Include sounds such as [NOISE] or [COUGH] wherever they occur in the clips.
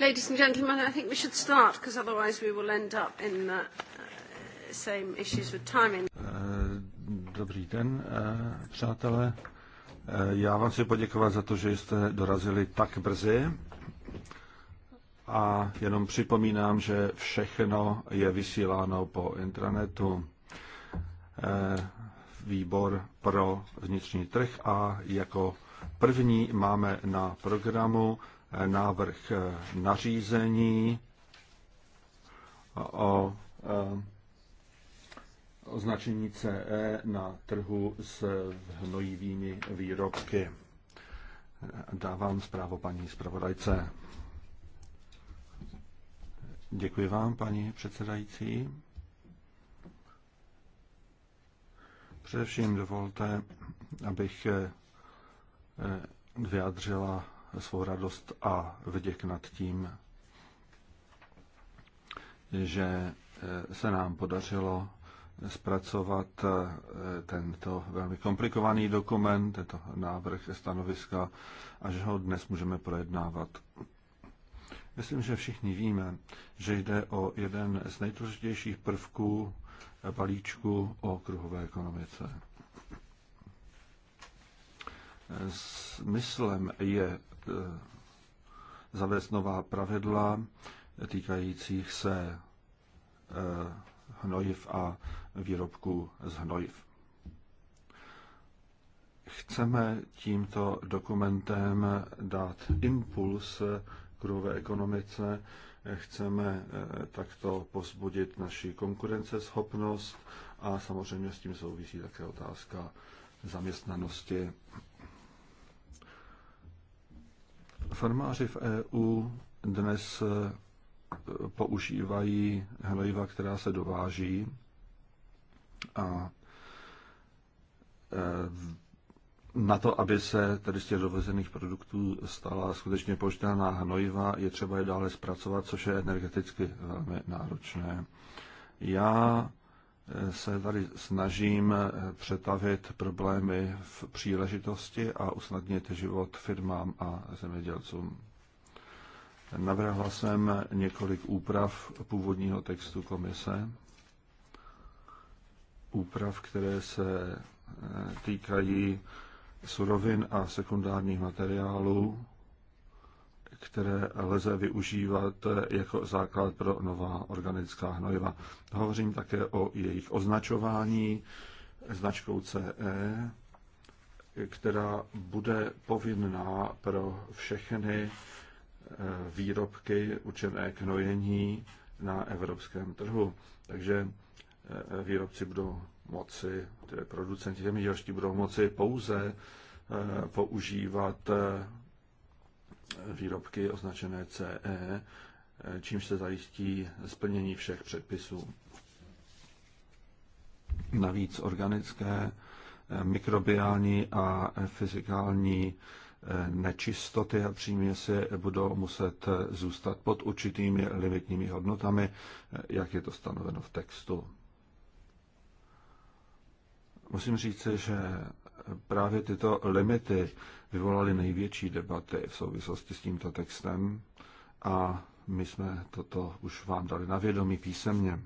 Ladies and gentlemen, I think we should start, because otherwise we will end up in the uh, same issues with timing. Eh, dobrý den, eh, přátelé. Eh, já vám chci poděkovat za to, že jste dorazili tak brzy. A jenom připomínám, že všechno je vysíláno po intranetu. Výbor pro vnitřní trh a jako první máme na programu návrh eh, nařízení o eh, označení CE na trhu s hnojivými výrobky. Dávám zprávu paní zpravodajce. Děkuji vám, paní předsedající. Především dovolte, abych eh, vyjádřila svou radost a vděk nad tím, že eh, se nám podařilo zpracovat eh, tento velmi komplikovaný dokument, tento návrh stanoviska a že ho dnes můžeme projednávat. Myslím, že všichni víme, že jde o jeden z nejdůležitějších prvků eh, balíčku o kruhové ekonomice. Smyslem je Eh, zavést nová pravidla týkajících se eh, hnojiv a výrobků z hnojiv. Chceme tímto dokumentem dát impuls kruhové ekonomice, chceme eh, takto pozbudit naši konkurenceschopnost a samozřejmě s tím souvisí také otázka zaměstnanosti Farmáři v EU dnes eh, používají hnojiva, která se dováží a eh, na to, aby se tedy z těch dovezených produktů stala skutečně požitelná hnojiva, je třeba je dále zpracovat, což je energeticky velmi náročné. Já se tady snažím eh, přetavit problémy v příležitosti a usnadnit život firmám a zemědělcům. Navrhla jsem několik úprav původního textu komise. Úprav, které se eh, týkají surovin a sekundárních materiálů, které lze využívat jako základ pro nová organická hnojiva. Hovořím také o jejich označování značkou CE, která bude povinná pro všechny eh, výrobky učené k hnojení na evropském trhu. Takže eh, výrobci budou moci, tedy producenti zemědělští budou moci pouze eh, používat výrobky označené CE, čímž se zajistí splnění všech předpisů. Navíc organické, eh, mikrobiální a fyzikální eh, nečistoty a příměsi budou muset eh, zůstat pod určitými limitními hodnotami, jak je to stanoveno v textu. Musím říct, že právě tyto limity vyvolaly největší debaty v souvislosti s tímto textem a my jsme toto už vám dali na vědomí písemně.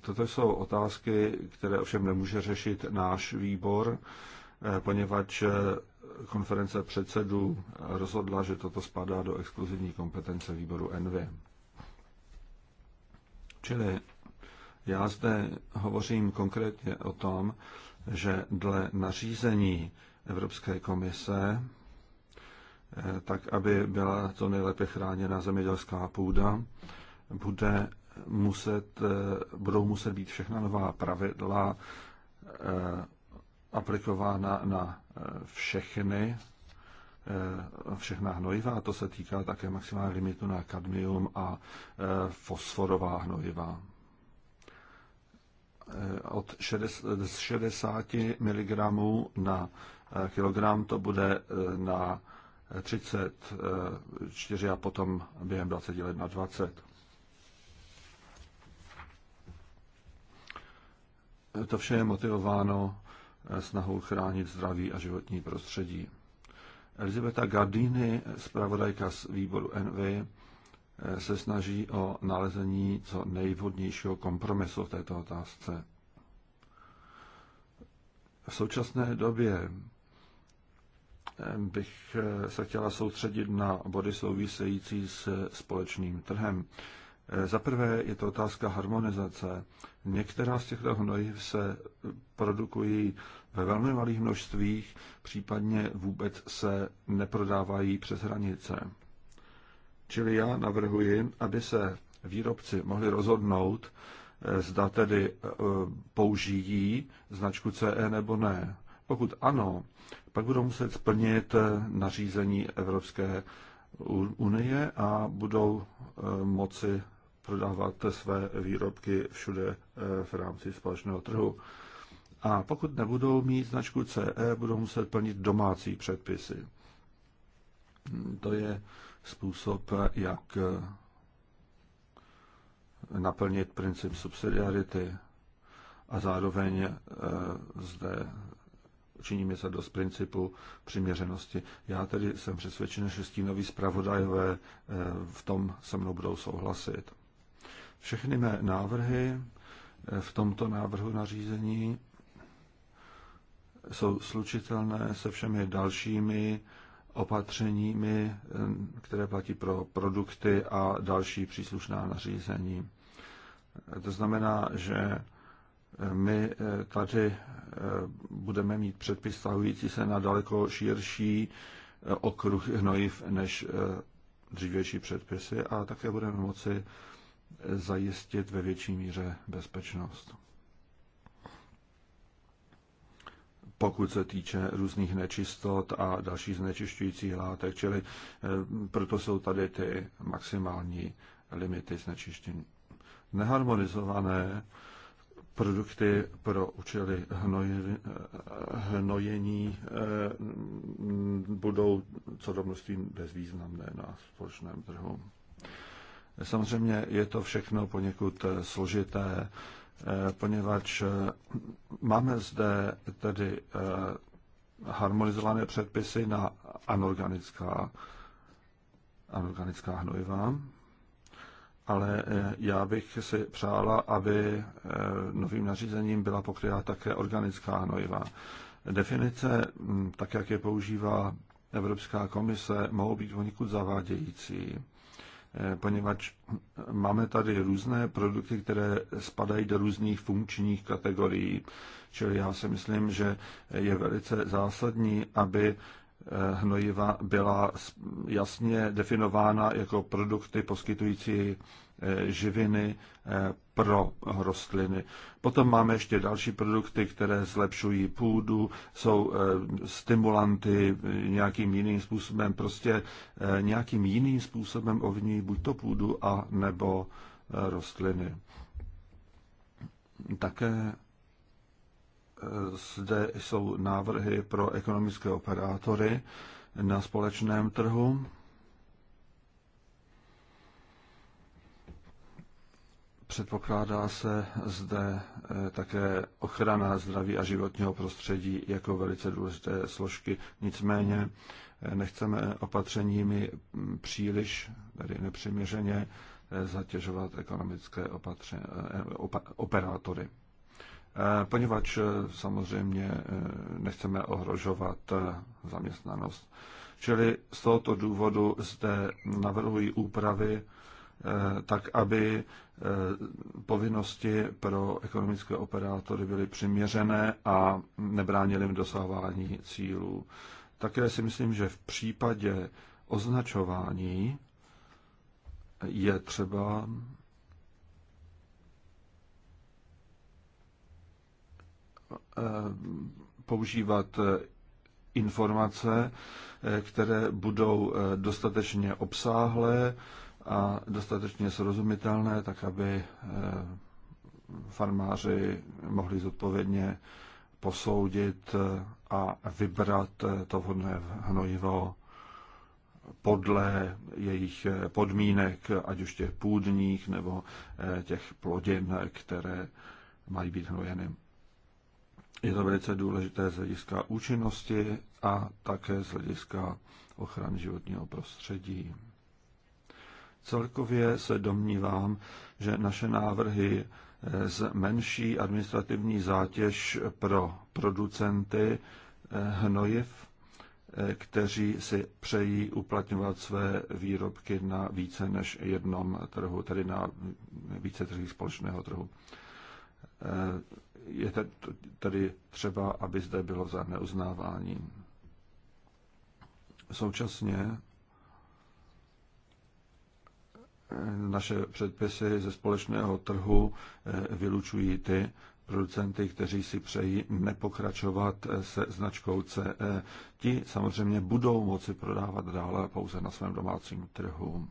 Toto jsou otázky, které ovšem nemůže řešit náš výbor, eh, poněvadž eh, konference předsedů rozhodla, že toto spadá do exkluzivní kompetence výboru NV. Čili já zde hovořím konkrétně o tom, že dle nařízení Evropské komise, eh, tak aby byla to nejlépe chráněna zemědělská půda, bude muset, eh, budou muset být všechna nová pravidla eh, aplikována na všechny všechna hnojiva, to se týká také maximální limitu na kadmium a fosforová hnojiva. Eh, od 60 mg na eh, kilogram to bude eh, na 34 a potom během 20 let na 20. To vše je motivováno snahou chránit zdraví a životní prostředí. Elizabeta Gardini, zpravodajka z výboru NV, se snaží o nalezení co nejvhodnějšího kompromisu v této otázce. V současné době eh, bych eh, se chtěla soustředit na body související s společným trhem. Eh, za prvé je to otázka harmonizace. Některá z těchto hnojiv se produkují ve velmi malých množstvích, případně vůbec se neprodávají přes hranice. Čili já navrhuji, aby se výrobci mohli rozhodnout, eh, zda tedy eh, použijí značku CE nebo ne. Pokud ano, pak budou muset splnit eh, nařízení Evropské unie a budou moci prodávat své výrobky všude v rámci společného trhu. A pokud nebudou mít značku CE, budou muset plnit domácí předpisy. To je způsob, jak eh, naplnit princip subsidiarity a zároveň eh, zde mi se dost principu přiměřenosti. Já tedy jsem přesvědčen, že stínoví zpravodajové eh, v tom se mnou budou souhlasit. Všechny mé návrhy v tomto návrhu nařízení jsou slučitelné se všemi dalšími opatřeními, které platí pro produkty a další příslušná nařízení. To znamená, že my eh, tady eh, budeme mít předpis stahující se na daleko širší eh, okruh hnojiv než dřívější předpisy a také budeme moci zajistit ve větší míře bezpečnost. pokud se týče různých nečistot a dalších znečišťujících látek, čili eh, proto jsou tady ty maximální limity znečištění. Neharmonizované produkty pro účely hnojení eh, budou co do množství bezvýznamné na společném trhu. Samozřejmě je to všechno poněkud složité Eh, poněvadž eh, máme zde tedy eh, harmonizované předpisy na anorganická, anorganická hnojiva, ale já bych si přála, aby novým nařízením byla pokryta také organická hnojiva. Definice, hm, tak jak je používá Evropská komise, mohou být poněkud zavádějící. Eh, poněvadž máme tady různé produkty, které spadají do různých funkčních kategorií. Čili já si myslím, že je velice zásadní, aby eh, hnojiva byla jasně definována jako produkty poskytující Eh, živiny eh, pro rostliny. Potom máme ještě další produkty, které zlepšují půdu, jsou eh, stimulanty nějakým jiným způsobem, prostě nějakým jiným způsobem ovní buď to půdu a nebo rostliny. Také zde jsou návrhy pro ekonomické operátory na společném trhu Předpokládá se zde eh, také ochrana zdraví a životního prostředí jako velice důležité složky. Nicméně eh, nechceme opatřeními mm, příliš, tedy nepřiměřeně, eh, zatěžovat ekonomické opatře, opa, operátory. Poněvadž samozřejmě nechceme ohrožovat zaměstnanost. Čili z tohoto důvodu zde navrhují úpravy, Eh, tak aby eh, povinnosti pro ekonomické operátory byly přiměřené a nebránily v dosahování cílů. Také si myslím, že v případě označování je třeba eh, používat informace, které budou dostatečně obsáhlé, a dostatečně srozumitelné, tak aby eh, farmáři mohli zodpovědně posoudit eh, a vybrat eh, to vhodné hnojivo podle jejich podmínek, ať už těch půdních nebo těch plodin, které mají být hnojeny. Je to velice důležité z hlediska účinnosti a také z hlediska ochrany životního prostředí. Celkově se domnívám, že naše návrhy eh, zmenší administrativní zátěž pro producenty eh, hnojiv, eh, kteří si přejí uplatňovat své výrobky na více než jednom trhu, tedy na více trhů společného trhu. Je tedy třeba, aby zde bylo vzájemné uznávání. Současně naše předpisy ze společného trhu eh, vylučují ty producenty, kteří si přejí nepokračovat eh, se značkou CE. Ti samozřejmě budou moci prodávat dále pouze na svém domácím trhu.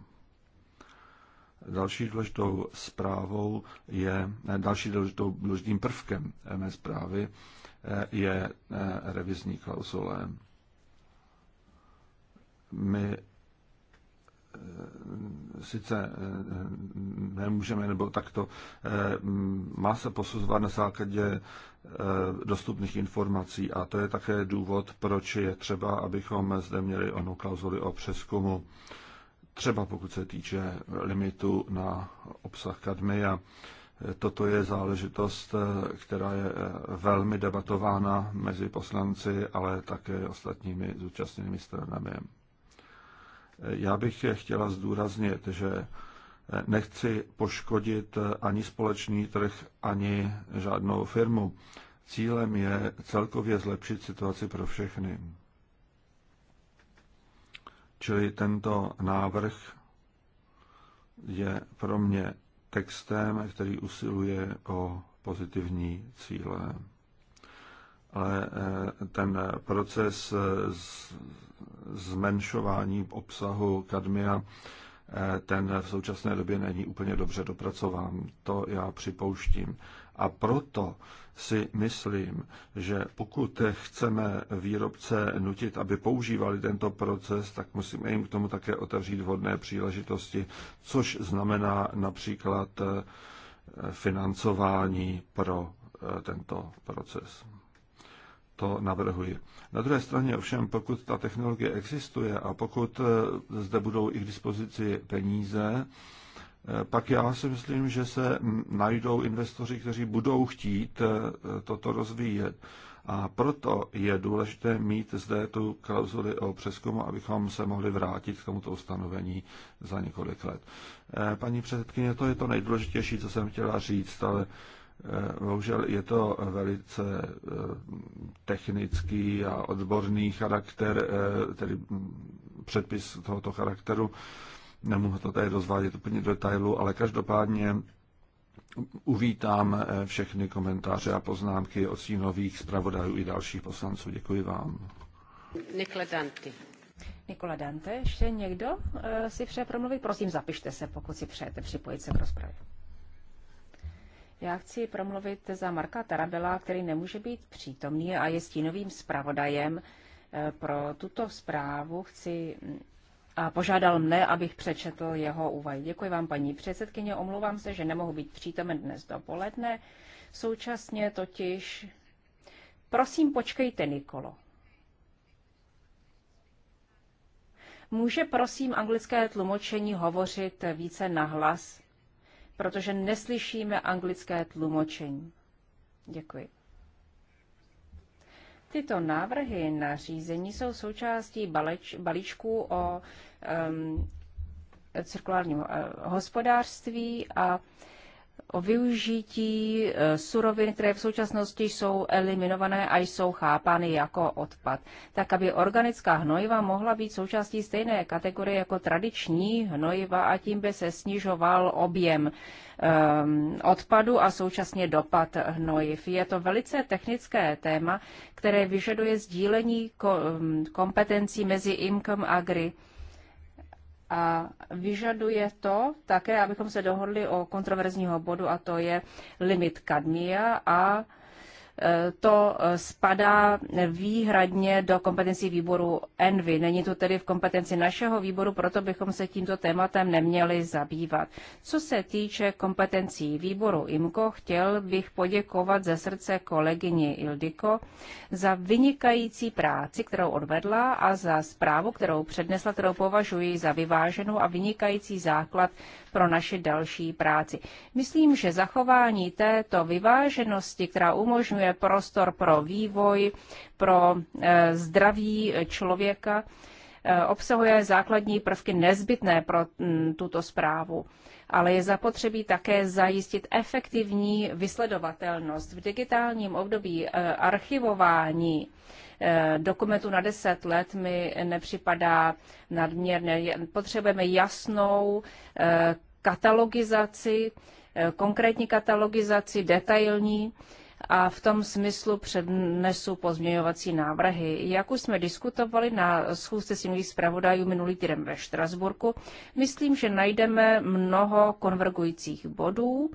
Další důležitou zprávou je, eh, další důležitou, důležitým prvkem mé zprávy je revizní klauzule. My Eh, sice eh, nemůžeme, nebo takto eh, má se posuzovat na základě dostupných informací a to je také důvod, proč je třeba, abychom zde měli onu klauzuli o přeskumu, třeba pokud se týče limitu na obsah kadmia. Toto je záležitost, která je velmi debatována mezi poslanci, ale také ostatními zúčastněnými stranami. Já bych chtěla zdůraznit, že nechci poškodit ani společný trh, ani žádnou firmu. Cílem je celkově zlepšit situaci pro všechny. Čili tento návrh je pro mě textem, který usiluje o pozitivní cíle ale eh, ten proces eh, zmenšování obsahu kadmia, eh, ten v současné době není úplně dobře dopracován. To já připouštím. A proto si myslím, že pokud chceme výrobce nutit, aby používali tento proces, tak musíme jim k tomu také otevřít vhodné příležitosti, což znamená například financování pro tento proces to navrhuji. Na druhé straně ovšem, pokud ta technologie existuje a pokud eh, zde budou i k dispozici peníze, eh, pak já si myslím, že se najdou investoři, kteří budou chtít eh, toto rozvíjet. A proto je důležité mít zde tu klauzuli o přeskumu, abychom se mohli vrátit k tomuto ustanovení za několik let. Paní předsedkyně, to je to nejdůležitější, co jsem chtěla říct, ale Eh, bohužel je to velice eh, technický a odborný charakter, eh, tedy hm, předpis tohoto charakteru. Nemůžu to tady rozvádět úplně do detailu, ale každopádně uvítám všechny komentáře a poznámky od nových zpravodajů i dalších poslanců. Děkuji vám. Nikola Dante. Nikola Dante, ještě někdo si přeje promluvit? Prosím, zapište se, pokud si přejete připojit se k rozpravě. Já chci promluvit za Marka Tarabela, který nemůže být přítomný a je stínovým zpravodajem eh, pro tuto zprávu. Chci mm, a požádal mne, abych přečetl jeho úvahy. Děkuji vám, paní předsedkyně. Omlouvám se, že nemohu být přítomen dnes dopoledne. Současně totiž... Prosím, počkejte, Nikolo. Může prosím anglické tlumočení hovořit více nahlas? protože neslyšíme anglické tlumočení. Děkuji. Tyto návrhy na řízení jsou součástí baleč, balíčků o um, cirkulárním uh, hospodářství a uh, o využití e, surovin, které v současnosti jsou eliminované a jsou chápány jako odpad, tak aby organická hnojiva mohla být součástí stejné kategorie jako tradiční hnojiva a tím by se snižoval objem um, odpadu a současně dopad hnojiv. Je to velice technické téma, které vyžaduje sdílení ko, ehm, kompetencí mezi IMKM a GRI. A vyžaduje to také, abychom se dohodli o kontroverzního bodu, a to je limit kadmia a to spadá výhradně do kompetencí výboru ENVY. Není to tedy v kompetenci našeho výboru, proto bychom se tímto tématem neměli zabývat. Co se týče kompetencí výboru IMKO, chtěl bych poděkovat ze srdce kolegyni Ildiko za vynikající práci, kterou odvedla a za zprávu, kterou přednesla, kterou považuji za vyváženou a vynikající základ pro naši další práci. Myslím, že zachování této vyváženosti, která umožňuje prostor pro vývoj, pro eh, zdraví člověka, eh, obsahuje základní prvky nezbytné pro mm, tuto zprávu ale je zapotřebí také zajistit efektivní vysledovatelnost. V digitálním období eh, archivování eh, dokumentu na 10 let mi nepřipadá nadměrně. Potřebujeme jasnou eh, katalogizaci, konkrétní katalogizaci, detailní, a v tom smyslu přednesu pozměňovací návrhy. Jak už jsme diskutovali na schůzce jiných zpravodajů minulý týden ve Štrasburku, myslím, že najdeme mnoho konvergujících bodů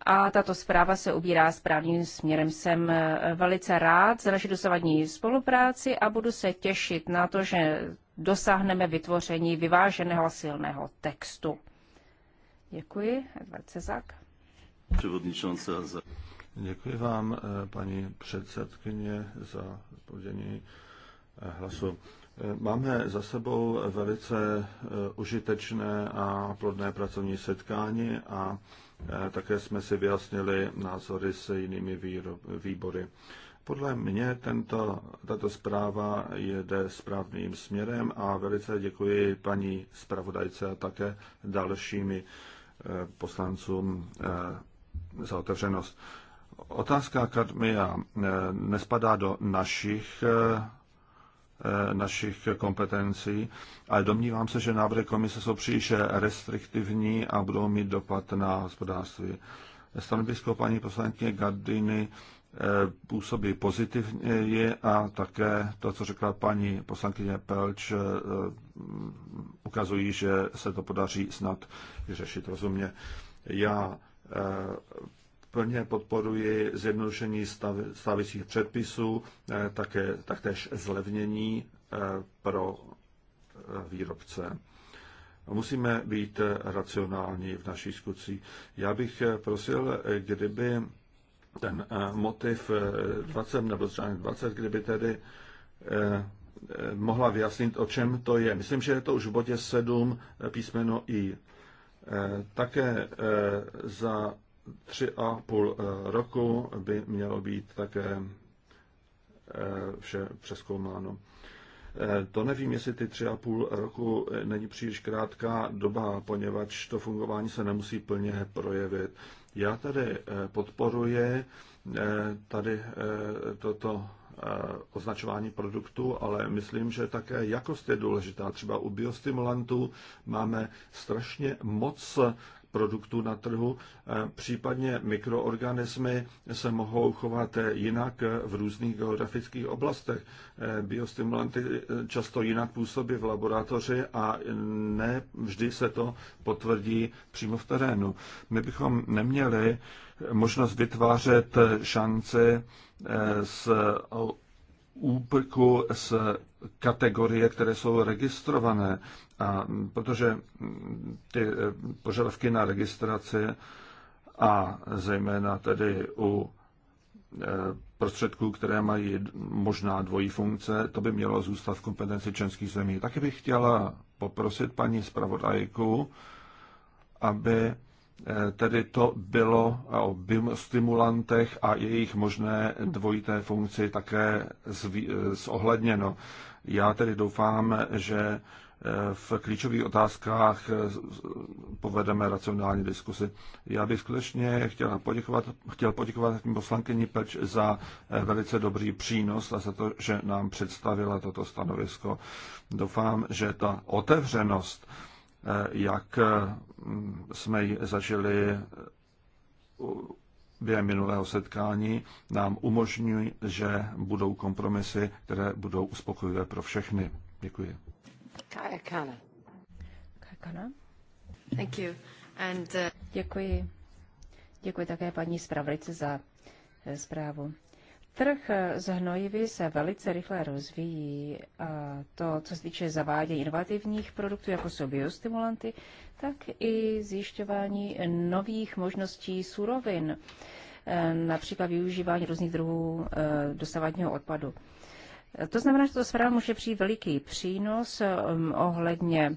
a tato zpráva se ubírá správným směrem. Jsem velice rád za naši dosavadní spolupráci a budu se těšit na to, že dosáhneme vytvoření vyváženého a silného textu. Děkuji, Edward Cezak. Děkuji vám, eh, paní předsedkyně, za podění eh, hlasu. Eh, máme za sebou velice užitečné a plodné pracovní setkání a také jsme si vyjasnili názory s jinými výbory. Podle mě tento, tato zpráva jede správným směrem a velice děkuji paní zpravodajce a také dalšími poslancům za otevřenost. Otázka kadmia eh, nespadá do našich, eh, eh, našich kompetencí, ale domnívám se, že návrhy komise jsou příliš restriktivní a budou mít dopad na hospodářství. Stanovisko paní poslankyně Gardiny působí pozitivně a také to, co řekla paní poslankyně Pelč, ukazují, že se to podaří snad vyřešit rozumně. Já plně podporuji zjednodušení stávajících předpisů, eh, také, taktéž zlevnění eh, pro eh, výrobce. Musíme být racionální v naší skutcích. Já bych prosil, kdyby ten motiv 20 nebo 20, kdyby tedy mohla vyjasnit, o čem to je. Myslím, že je to už v bodě 7 písmeno I. Také za tři a půl eh, roku by mělo být také eh, vše přeskoumáno. Eh, to nevím, jestli ty tři a půl roku není příliš krátká doba, poněvadž to fungování se nemusí plně projevit. Já tady podporuji tady toto označování produktu, ale myslím, že také jakost je důležitá. Třeba u biostimulantů máme strašně moc produktů na trhu. E, případně mikroorganismy se mohou chovat jinak v různých geografických oblastech. E, biostimulanty e, často jinak působí v laboratoři a ne vždy se to potvrdí přímo v terénu. My bychom neměli možnost vytvářet šance z úprku z kategorie, které jsou registrované. A protože ty eh, požadavky na registraci a zejména tedy u eh, prostředků, které mají možná dvojí funkce, to by mělo zůstat v kompetenci členských zemí. Taky bych chtěla poprosit paní zpravodajku, aby eh, tedy to bylo o stimulantech a jejich možné dvojité funkci také zohledněno. Já tedy doufám, že v klíčových otázkách eh, povedeme racionální diskusy. Já bych skutečně chtěl poděkovat, chtěl poděkovat poslankyni Peč za eh, velice dobrý přínos a za to, že nám představila toto stanovisko. Doufám, že ta otevřenost, eh, jak jsme ji zažili během minulého setkání, nám umožní, že budou kompromisy, které budou uspokojivé pro všechny. Děkuji. Thank you. And, uh... Děkuji. Děkuji také paní zpravodajce za eh, zprávu. Trh eh, s hnojivy se velice rychle rozvíjí. A to, co se týče zavádění inovativních produktů, jako jsou biostimulanty, tak i zjišťování nových možností surovin, eh, například využívání různých druhů dosavadního odpadu. To znamená, že to zpráva může přijít veliký přínos um, ohledně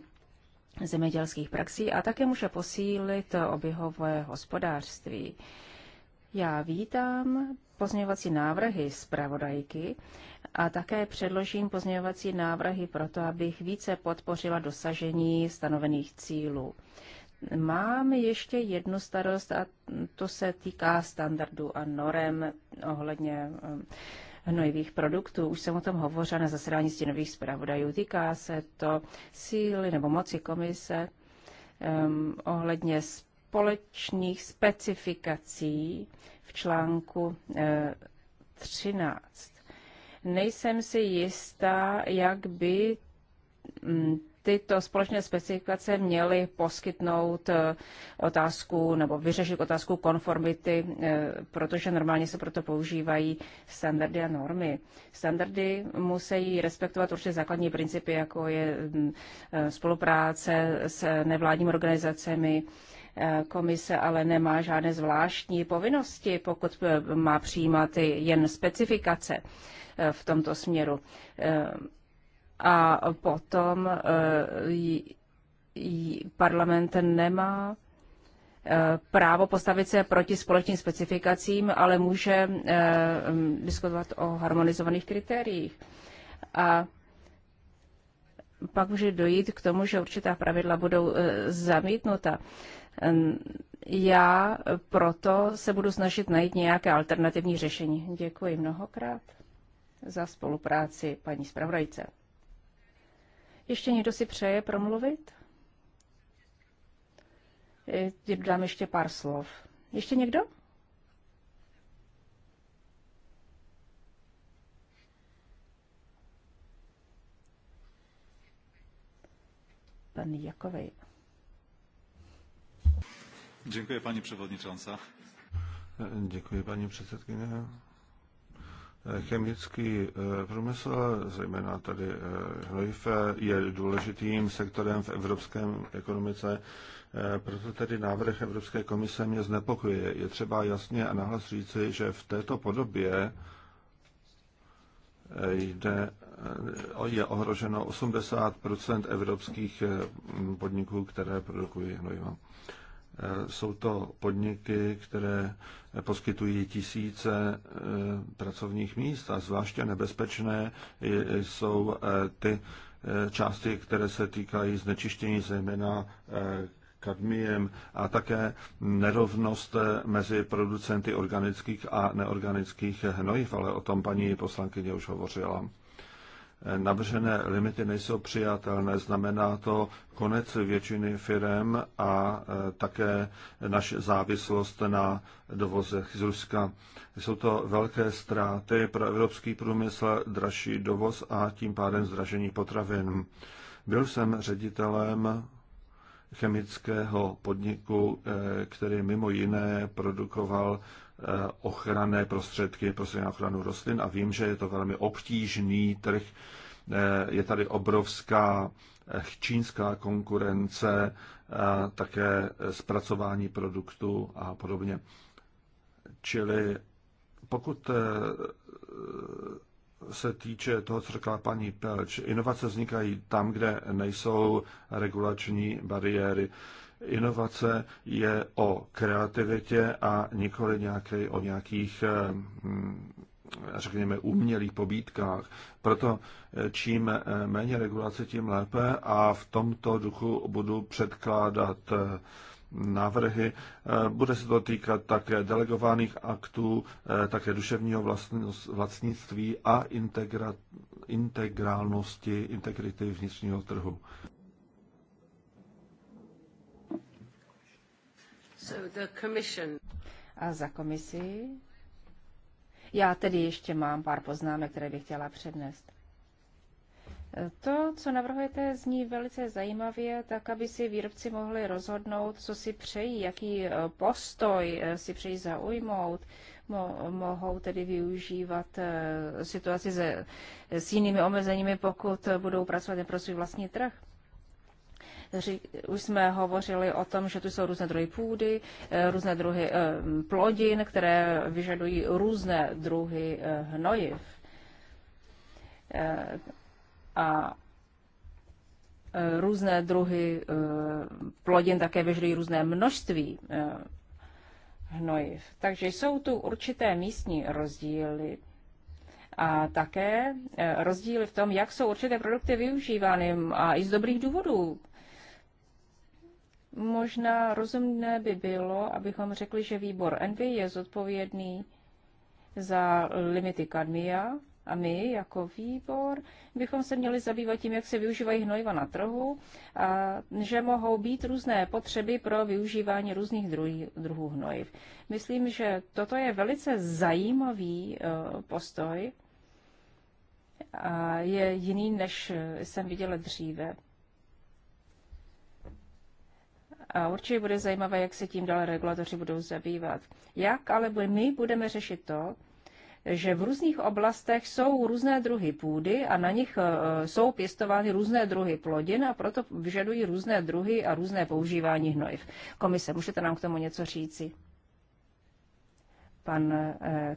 zemědělských praxí a také může posílit oběhové hospodářství. Já vítám pozměňovací návrhy zpravodajky a také předložím pozměňovací návrhy proto, abych více podpořila dosažení stanovených cílů. Mám ještě jednu starost a to se týká standardů a norem ohledně um, hnojivých produktů. Už jsem o tom hovořila na zasedání stěnových zpravodajů. Týká se to síly nebo moci komise um, ohledně společných specifikací v článku eh, 13. Nejsem si jistá, jak by mm, tyto společné specifikace měly poskytnout eh, otázku nebo vyřešit otázku konformity, eh, protože normálně se proto používají standardy a normy. Standardy musí respektovat určitě základní principy, jako je mm, eh, spolupráce s nevládními organizacemi, komise ale nemá žádné zvláštní povinnosti, pokud má přijímat jen specifikace v tomto směru a potom eh, parlament nemá eh, právo postavit se proti společným specifikacím, ale může eh, diskutovat o harmonizovaných kritériích. A pak může dojít k tomu, že určitá pravidla budou zamítnuta. Já proto se budu snažit najít nějaké alternativní řešení. Děkuji mnohokrát za spolupráci paní zpravodajce. Ještě někdo si přeje promluvit? Dám ještě pár slov. Ještě někdo? Pan Jakovej. Dziękuję pani Przewodnicząca. Dziękuję paní Przewodnicząca. Chemický eh, průmysl, zejména tady eh, Hnojife, eh, je důležitým sektorem v evropské ekonomice, proto tedy návrh Evropské komise mě znepokuje. Je třeba jasně a nahlas říci, že v této podobě jde, je ohroženo 80 evropských podniků, které produkují hnojiva. Eh, jsou to podniky, které poskytují tisíce eh, pracovních míst a zvláště nebezpečné jsou eh, ty části, které se týkají znečištění zejména kadmiem a také nerovnost mezi producenty organických a neorganických hnojiv, ale o tom paní poslankyně už hovořila navržené limity nejsou přijatelné. Znamená to konec většiny firm a e, také naše závislost na dovozech z Ruska. Jsou to velké ztráty pro evropský průmysl, dražší dovoz a tím pádem zdražení potravin. Byl jsem ředitelem chemického podniku, e, který mimo jiné produkoval Eh, ochranné prostředky, prostředky na ochranu rostlin a vím, že je to velmi obtížný trh. Eh, je tady obrovská eh, čínská konkurence, také zpracování produktů a podobně. Čili pokud se týče toho, co řekla paní Pelč, inovace vznikají tam, kde nejsou regulační bariéry inovace je o kreativitě a nikoli nějaké, o nějakých eh, řekněme, umělých pobídkách. Proto eh, čím eh, méně regulace, tím lépe a v tomto duchu budu předkládat návrhy. Bude se to týkat také delegovaných aktů, také duševního vlastnictví a integra, integrálnosti, integrity vnitřního trhu. So the commission. A za komisi? Já tedy ještě mám pár poznámek, které bych chtěla přednést. E, to, co navrhujete, zní velice zajímavě, tak aby si výrobci mohli rozhodnout, co si přejí, jaký e, postoj e, si přejí zaujmout. Mo- mohou tedy využívat situaci se, s jinými omezeními, pokud budou pracovat pro svůj vlastní trh. Už jsme hovořili o tom, že tu jsou různé druhy půdy, eh, různé druhy eh, plodin, které vyžadují různé druhy eh, hnojiv. A různé druhy plodin také vyžadují různé množství hnojiv. Takže jsou tu určité místní rozdíly a také rozdíly v tom, jak jsou určité produkty využívány a i z dobrých důvodů. Možná rozumné by bylo, abychom řekli, že výbor Envy je zodpovědný za limity kadmia a my jako výbor bychom se měli zabývat tím, jak se využívají hnojiva na trhu a že mohou být různé potřeby pro využívání různých druhů hnojiv. Myslím, že toto je velice zajímavý eh, postoj a je jiný, než jsem viděla dříve. A určitě bude zajímavé, jak se tím dále regulatoři budou zabývat. Jak ale my budeme řešit to, že v různých oblastech jsou různé druhy půdy a na nich e, jsou pěstovány různé druhy plodin a proto vyžadují různé druhy a různé používání hnojiv. Komise, můžete nám k tomu něco říci? Pan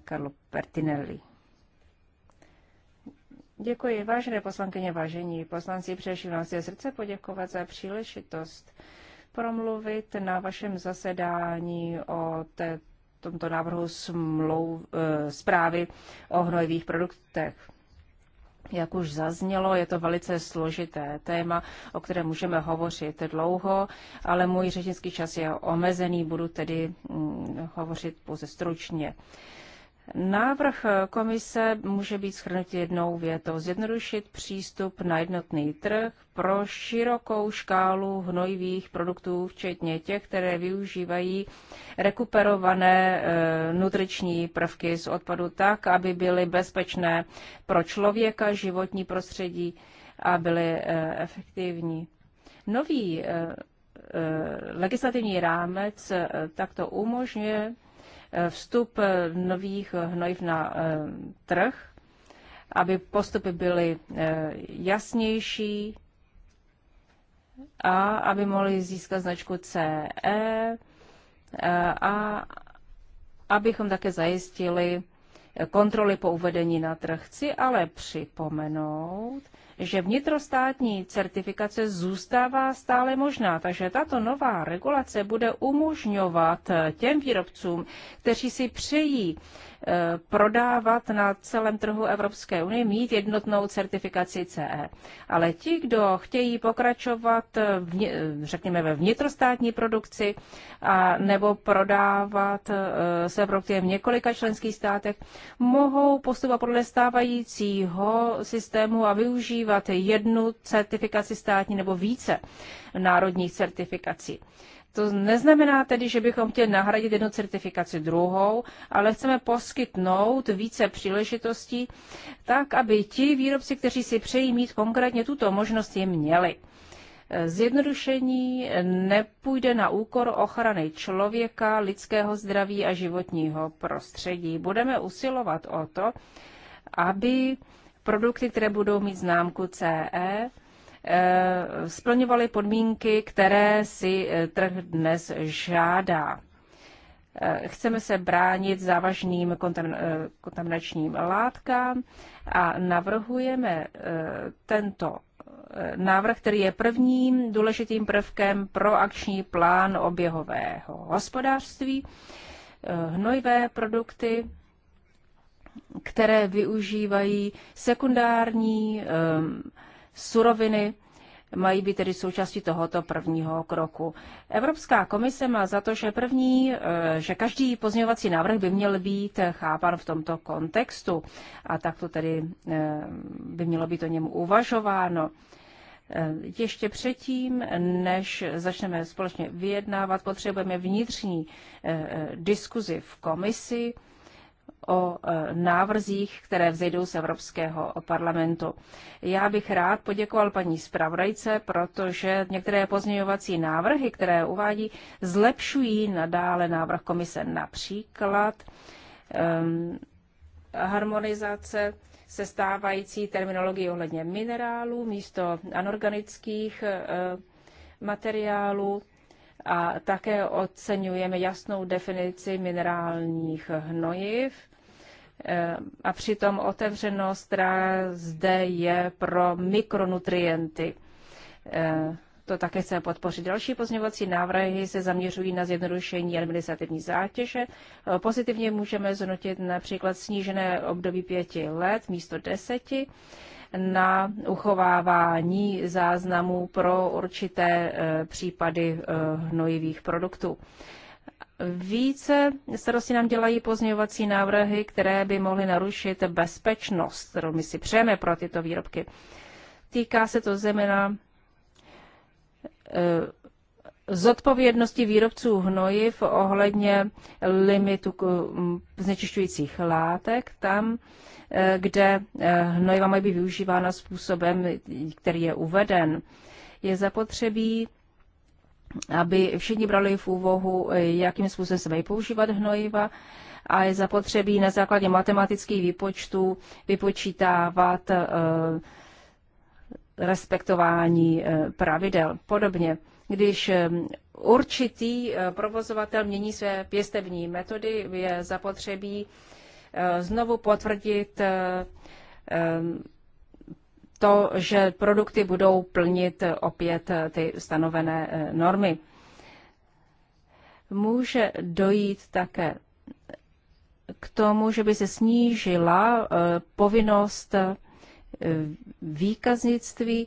Carlo e, Pertinelli. Děkuji, vážené poslankyně, vážení poslanci, především vám z srdce poděkovat za příležitost promluvit na vašem zasedání o té, tomto návrhu smlou, e, zprávy o hnojivých produktech. Jak už zaznělo, je to velice složité téma, o kterém můžeme hovořit dlouho, ale můj řečnický čas je omezený, budu tedy mm, hovořit pouze stručně. Návrh komise může být schrnut jednou větou. Zjednodušit přístup na jednotný trh pro širokou škálu hnojivých produktů, včetně těch, které využívají rekuperované eh, nutriční prvky z odpadu tak, aby byly bezpečné pro člověka, životní prostředí a byly eh, efektivní. Nový eh, legislativní rámec takto umožňuje vstup eh, nových eh, hnojiv na eh, trh, aby postupy byly jasnější a aby mohli získat značku CE a abychom také zajistili kontroly po uvedení na trh. Chci ale připomenout, že vnitrostátní certifikace zůstává stále možná, takže tato nová regulace bude umožňovat eh, těm výrobcům, kteří si přejí eh, prodávat na celém trhu Evropské unie, mít jednotnou certifikaci CE. Ale ti, kdo chtějí pokračovat, eh, v, řekněme, ve vnitrostátní produkci a nebo prodávat se produkty v několika členských státech, mohou postupovat podle stávajícího systému a využívat používat jednu certifikaci státní nebo více národních certifikací. To neznamená tedy, že bychom chtěli nahradit jednu certifikaci druhou, ale chceme poskytnout více příležitostí, tak aby ti výrobci, kteří si přejí mít konkrétně tuto možnost, je měli. Zjednodušení nepůjde na úkor ochrany člověka, lidského zdraví a životního prostředí. Budeme usilovat o to, aby produkty, které budou mít známku CE, eh, splňovaly podmínky, které si eh, trh dnes žádá. Eh, chceme se bránit závažným kontaminačním látkám a navrhujeme tento návrh, který je prvním důležitým prvkem pro akční plán oběhového hospodářství. Hnojivé produkty které využívají sekundární um, suroviny, mají být tedy součástí tohoto prvního kroku. Evropská komise má za to, že první, eh, že každý pozměňovací návrh by měl být chápan v tomto kontextu a takto tedy eh, by mělo být o něm uvažováno. Eh, ještě předtím, než začneme společně vyjednávat, potřebujeme vnitřní diskuzi v komisi, o e, návrzích, které vzejdou z Evropského parlamentu. Já bych rád poděkoval paní zpravodajce, protože některé pozměňovací návrhy, které uvádí, zlepšují nadále návrh komise. Například um, harmonizace se stávající terminologií ohledně minerálů místo anorganických uh, materiálů a také oceňujeme jasnou definici minerálních hnojiv a přitom otevřenost, která zde je pro mikronutrienty. E, to také chceme podpořit. Další pozměňovací návrhy se zaměřují na zjednodušení administrativní zátěže. E, pozitivně můžeme zhodnotit například snížené období pěti let místo deseti na uchovávání záznamů pro určité e, případy hnojivých produktů. Více starosti nám dělají pozměňovací návrhy, které by mohly narušit bezpečnost, kterou my si přejeme pro tyto výrobky. Týká se to zejména eh, zodpovědnosti výrobců hnojiv ohledně limitu mm, znečišťujících látek tam, eh, kde eh, hnojiva mají být využívána způsobem, který je uveden. Je zapotřebí aby všichni brali v úvahu, eh, jakým způsobem se mají používat hnojiva a je zapotřebí na základě matematických výpočtů vypočítávat eh, respektování eh, pravidel. Podobně, když určitý provozovatel mění své pěstební metody, je zapotřebí znovu potvrdit to, že produkty budou plnit opět ty stanovené eh, normy. Může dojít také k tomu, že by se snížila eh, povinnost eh, výkaznictví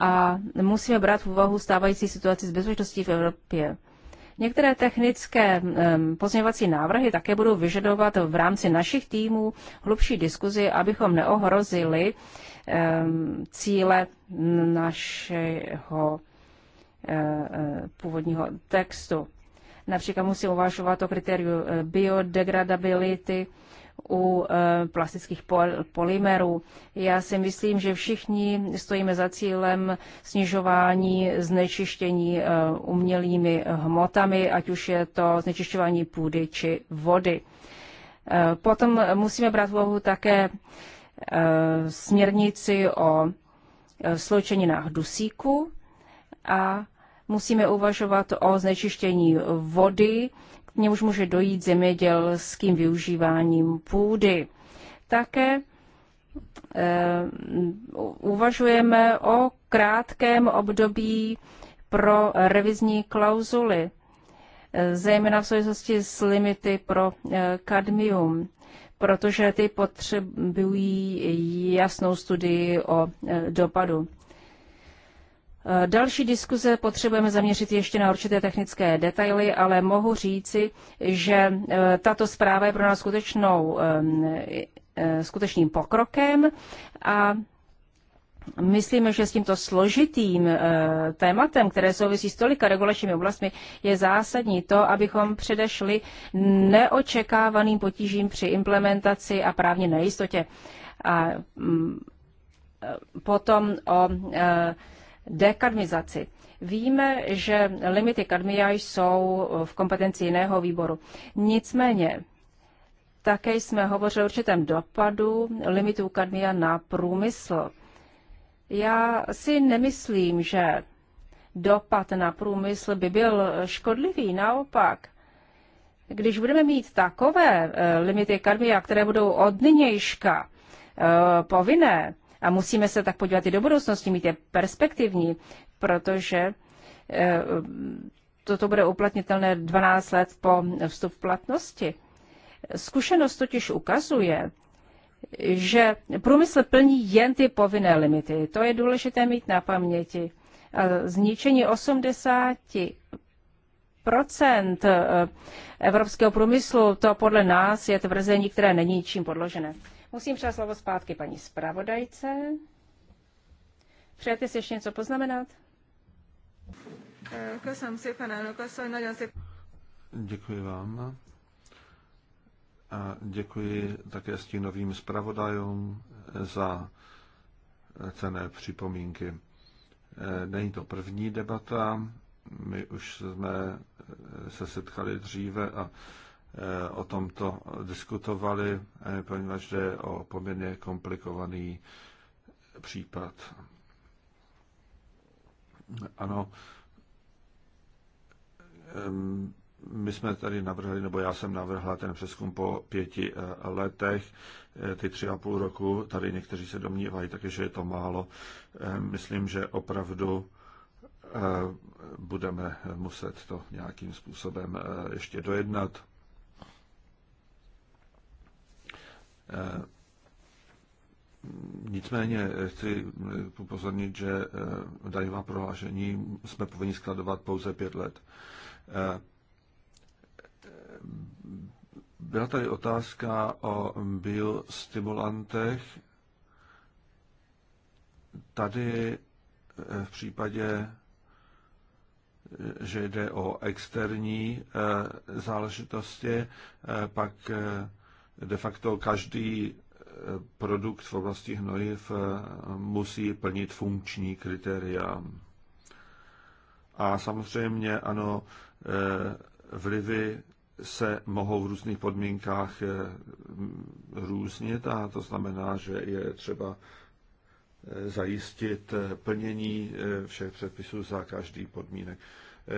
a musíme brát v úvahu stávající situaci s bezpečností v Evropě. Některé technické pozměňovací návrhy také budou vyžadovat v rámci našich týmů hlubší diskuzi, abychom neohrozili cíle našeho e, e, původního textu. Například musím uvažovat o kritériu e, biodegradability, u eh, plastických polymerů. Já si myslím, že všichni stojíme za cílem snižování znečištění eh, umělými hmotami, ať už je to znečišťování půdy či vody. Eh, potom musíme brát v úvahu také směrnici o sloučeninách dusíku a musíme uvažovat o znečištění vody, k němuž může dojít zemědělským využíváním půdy. Také eh, uvažujeme o krátkém období pro revizní klauzuly, eh, zejména v souvislosti s limity pro eh, kadmium, protože ty potřebují jasnou studii o dopadu. Eh, další diskuze potřebujeme zaměřit ještě na určité technické detaily, ale mohu říci, že eh, tato zpráva je pro nás skutečnou, ehm, eh, skutečným pokrokem a Myslíme, že s tímto složitým tématem, které souvisí s tolika regulačními oblastmi, je zásadní to, abychom předešli neočekávaným potížím při implementaci a právně nejistotě. A mm, potom o dekadmizaci. Víme, že limity kadmia jsou v kompetenci jiného výboru. Nicméně, také jsme hovořili o určitém dopadu limitů kadmia na průmysl. Já si nemyslím, že dopad na průmysl by byl škodlivý. Naopak, když budeme mít takové eh, limity kadmia, které budou od nynějška eh, povinné, a musíme se tak podívat i do budoucnosti, mít je perspektivní, protože eh, toto bude uplatnitelné 12 let po vstup v platnosti. Zkušenost totiž ukazuje, že průmysl plní jen ty povinné limity. To je důležité mít na paměti. Zničení 80 eh, evropského průmyslu, to podle nás je tvrzení, které není ničím podložené. Musím přát slovo zpátky paní zpravodajce. Přejete si ještě něco poznamenat? Děkuji vám. A děkuji také stínovým zpravodajům za cené připomínky. Není to první debata, my už jsme se setkali dříve a o tomto diskutovali, eh, poněvadž jde o poměrně komplikovaný případ. Ano, my jsme tady navrhli, nebo já jsem navrhla ten přeskum po pěti eh, letech, eh, ty tři a půl roku, tady někteří se domnívají také, že je to málo. Myslím, že opravdu budeme muset to nějakým způsobem ještě dojednat. Eh, nicméně eh, chci eh, upozornit, že daňová prohlášení jsme povinni skladovat pouze pět let. Byla tady otázka o biostimulantech. Tady v případě, že jde o externí záležitosti, pak de facto každý eh, produkt v oblasti hnojiv eh, musí plnit funkční kritéria. A samozřejmě, ano, eh, vlivy se mohou v různých podmínkách různit a to znamená, že je třeba zajistit plnění všech předpisů za každý podmínek.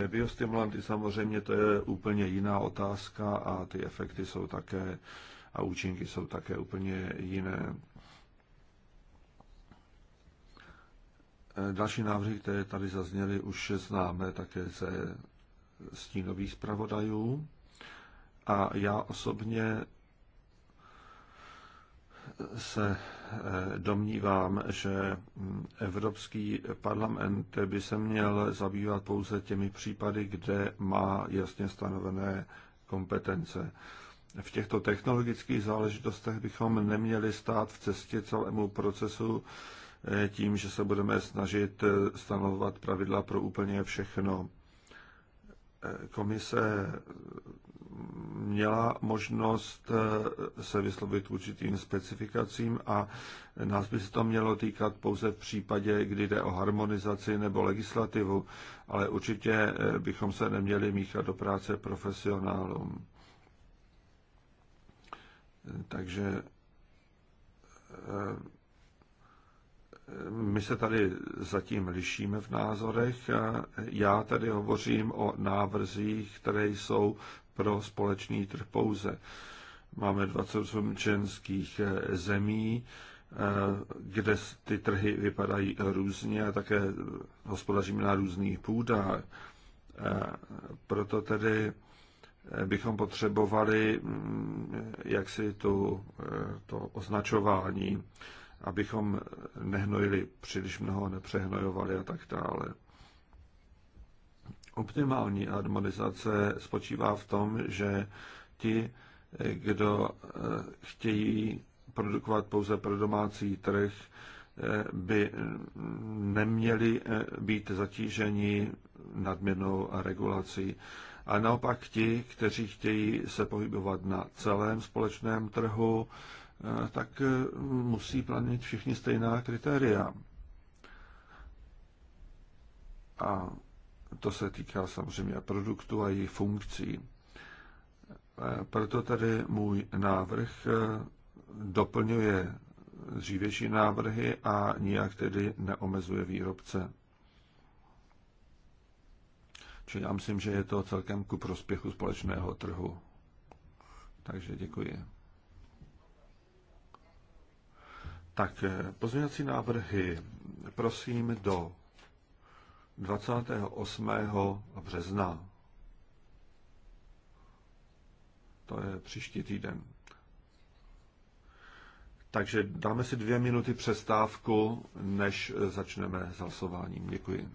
Biostimulanty samozřejmě to je úplně jiná otázka a ty efekty jsou také a účinky jsou také úplně jiné. Eh, další návrhy, které tady zazněly, už známe také ze stínových zpravodajů. A já osobně se eh, domnívám, že hm, Evropský parlament by se měl zabývat pouze těmi případy, kde má jasně stanovené kompetence v těchto technologických záležitostech bychom neměli stát v cestě celému procesu eh, tím, že se budeme snažit eh, stanovovat pravidla pro úplně všechno. Eh, komise mm, měla možnost se vyslovit určitým specifikacím a nás by se to mělo týkat pouze v případě, kdy jde o harmonizaci nebo legislativu, ale určitě bychom se neměli míchat do práce profesionálům. Takže eh, my se tady zatím lišíme v názorech. Já tady hovořím o návrzích, které jsou pro společný trh pouze. Máme 28 členských eh, zemí, eh, kde ty trhy vypadají různě a také hospodaříme na různých půdách. Proto tedy bychom potřebovali mm, jaksi tu, eh, to označování, abychom nehnojili příliš mnoho, nepřehnojovali a tak dále. Optimální harmonizace spočívá v tom, že ti, eh, kdo eh, chtějí produkovat pouze pro domácí trh, by mm, neměli být zatíženi nadměrnou regulací a naopak ti, kteří chtějí se pohybovat na celém společném trhu, eh, tak eh, musí plnit všichni stejná kritéria. A to se týká samozřejmě produktu a jejich funkcí. Eh, proto tady můj návrh doplňuje dřívější návrhy a nijak tedy neomezuje výrobce. Čili já myslím, že je to celkem ku prospěchu společného trhu. Takže děkuji. Tak eh, pozměňovací návrhy prosím do 28. března. To je příští týden. Takže dáme si dvě minuty přestávku, než začneme s hlasováním. Děkuji.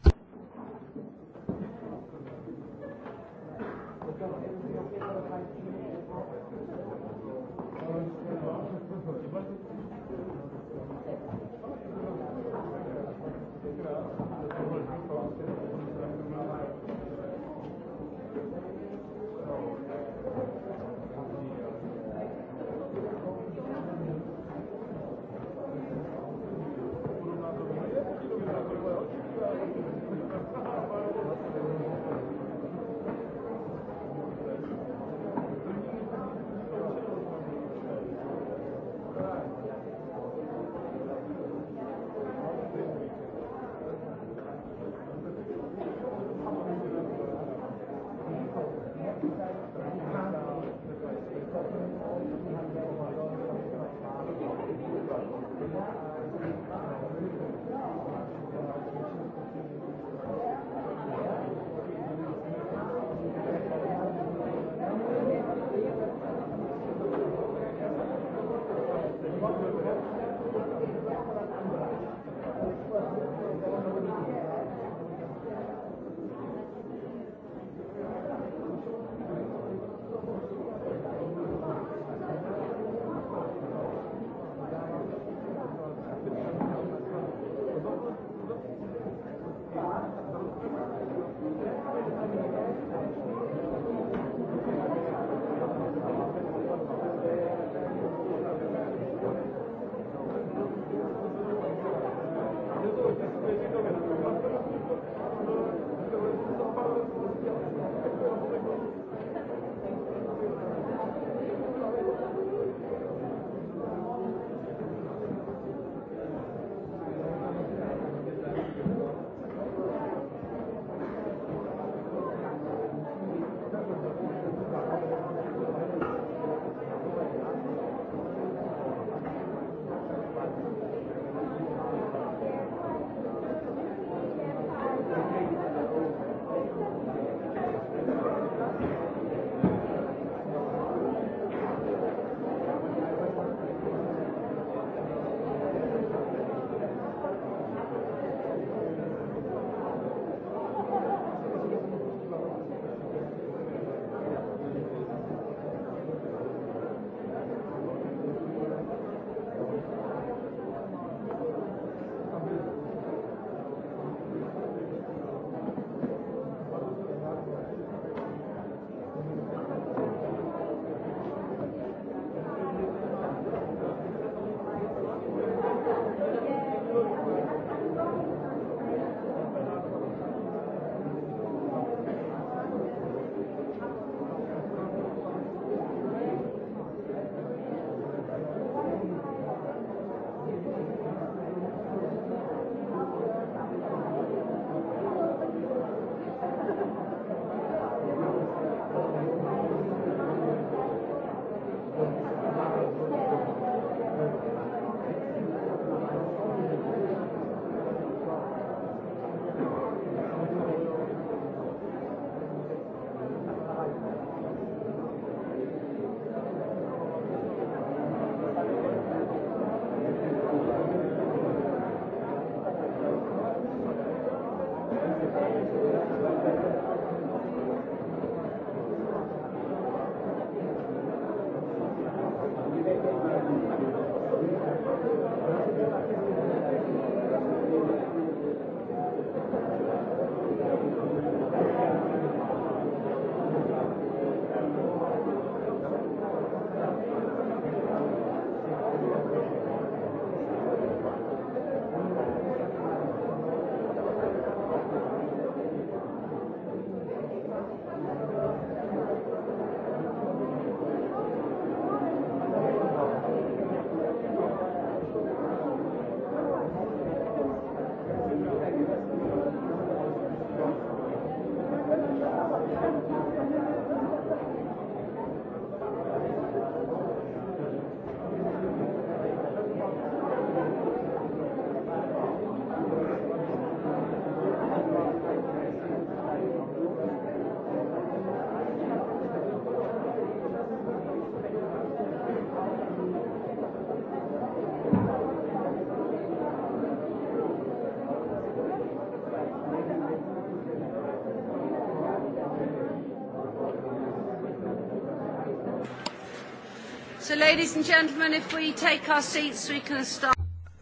ladies and gentlemen, if we take our seats, we can start.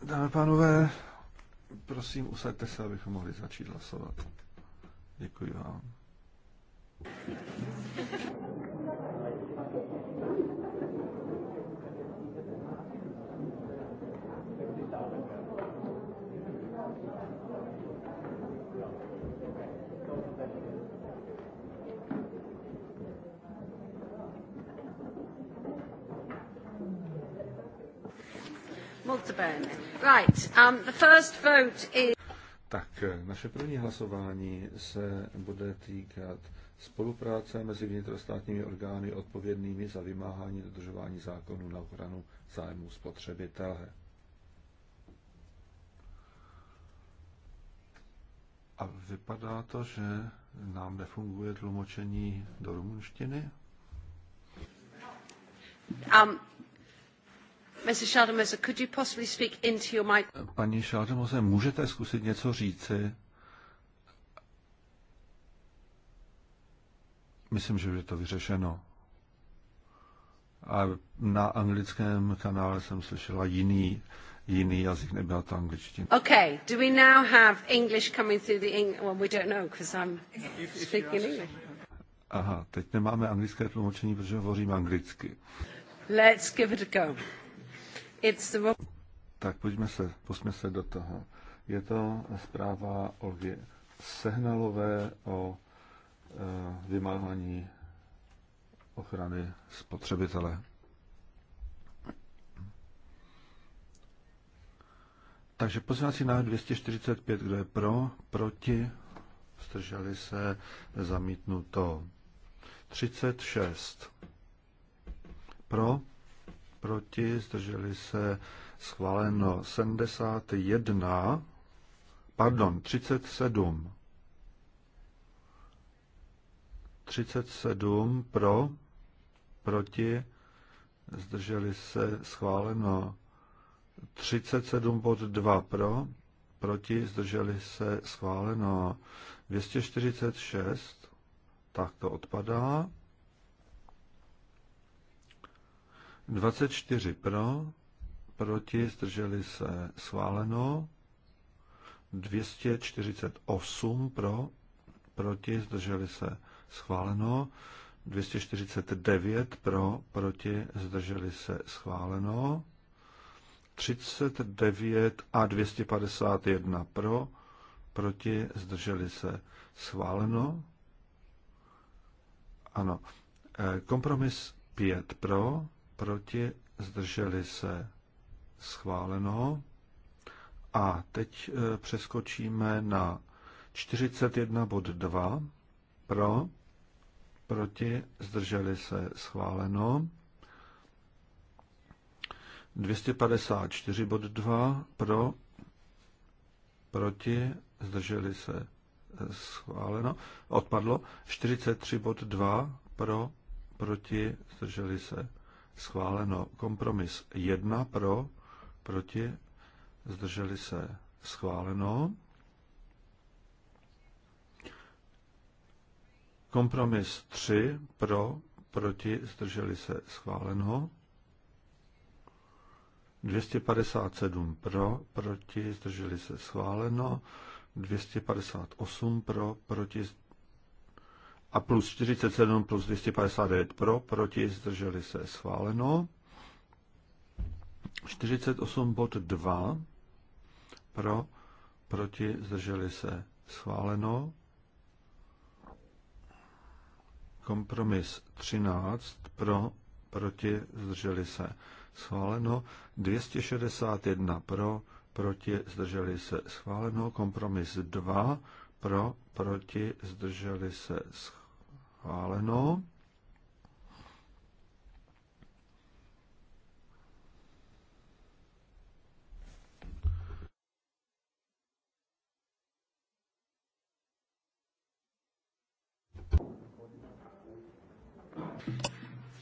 Dámy a pánové, prosím, usaďte se, abychom mohli začít hlasovat. Děkuji vám. Right, um, the first vote is... Tak, eh, naše první hlasování se bude týkat spolupráce mezi vnitrostátními orgány odpovědnými za vymáhání dodržování zákonů na ochranu zájmu spotřebitele. A vypadá to, že nám nefunguje tlumočení do rumunštiny? Um, Mrs. Schaldemose, could Paní Schaldemose, můžete zkusit něco říci? Myslím, že je to vyřešeno. A na anglickém kanále jsem slyšela jiný, jiný jazyk, nebyla to angličtina. Okay, do we now have English coming through the English? Well, we don't know, because I'm speaking English. Aha, teď nemáme anglické tlumočení, protože hovořím anglicky. Let's give it a go. It's the... Tak pojďme se, pojďme se do toho. Je to zpráva Olgy Sehnalové o e, vymáhání ochrany spotřebitele. Takže pozvací návrh 245, kdo je pro, proti, zdrželi se, zamítnuto. 36 pro, proti, zdrželi se schváleno 71, pardon, 37. 37 pro, proti, zdrželi se schváleno 37 bod 2 pro, proti, zdrželi se schváleno 246, tak to odpadá. 24 pro, proti, zdrželi se schváleno. 248 pro, proti, zdrželi se schváleno. 249 pro, proti, zdrželi se schváleno. 39 a 251 pro, proti, zdrželi se schváleno. Ano. E, kompromis 5 pro, proti, zdrželi se schváleno. A teď e, přeskočíme na 41 bod 2 pro, proti, zdrželi se schváleno. 254 bod 2 pro, proti, zdrželi se e, schváleno. Odpadlo 43 bod 2 pro, proti, zdrželi se schváleno. Kompromis 1 pro, proti, zdrželi se, schváleno. Kompromis 3 pro, proti, zdrželi se, schváleno. 257 pro, proti, zdrželi se, schváleno. 258 pro, proti, a plus 47 plus 259 pro, proti zdrželi se schváleno. 48 bod 2 pro, proti zdrželi se schváleno. Kompromis 13 pro, proti zdrželi se schváleno. 261 pro, proti zdrželi se schváleno. Kompromis 2 pro, proti zdrželi se schváleno Schváleno.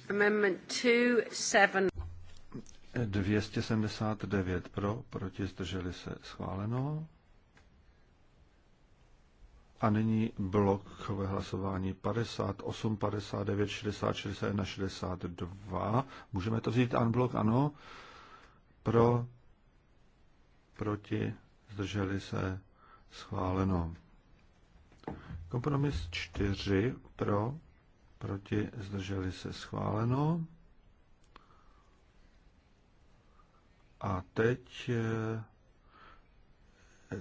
Amendment 279. 279 pro, proti zdrželi se schváleno. A nyní blokové hlasování 58, 59, 60, 61, 62. Můžeme to vzít unblock, ano? Pro, proti, zdrželi se, schváleno. Kompromis 4 pro, proti, zdrželi se, schváleno. A teď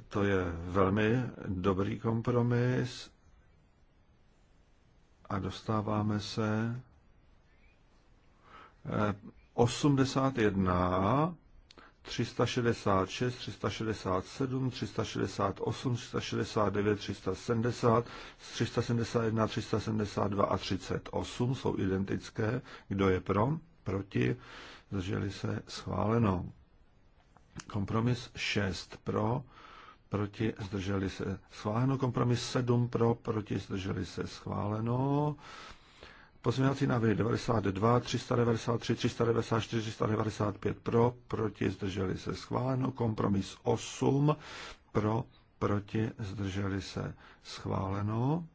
to je velmi dobrý kompromis a dostáváme se 81, 366, 367, 368, 369, 370, 371, 372 a 38 jsou identické. Kdo je pro? Proti? Zdrželi se schváleno. Kompromis 6 pro, proti, zdrželi se schváleno. Kompromis 7 pro, proti, zdrželi se schváleno. Pozměňovací návrhy 92, 393, 394, 395 pro, proti, zdrželi se schváleno. Kompromis 8 pro, proti, zdrželi se schváleno.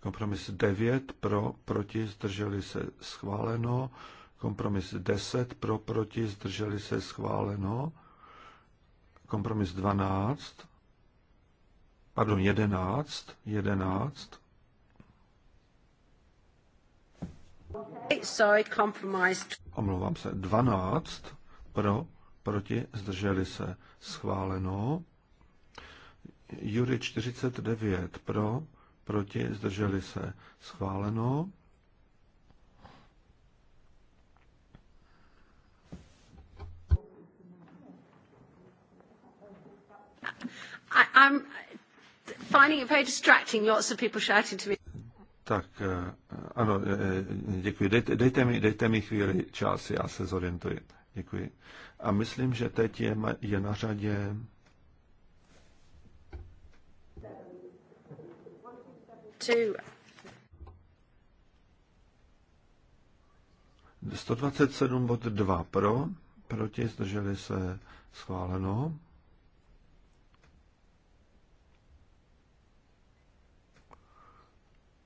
Kompromis 9 pro, proti, zdrželi se schváleno. Kompromis 10 pro, proti, zdrželi se schváleno. Kompromis 12. Pardon, 11. 11. Sorry, compromised. Omlouvám se. 12 pro, proti, zdrželi se. Schváleno. Jury 49 pro, proti, zdrželi se. Schváleno. I'm finding it very distracting, lots of people shouting to me. Tak, eh, ano, eh, eh, děkuji. Dejte, dejte, mi, dejte mi chvíli čas, já se zorientuji. Děkuji. A myslím, že teď je, je na řadě... Two. 127 bod 2 pro, proti, zdrželi se schváleno.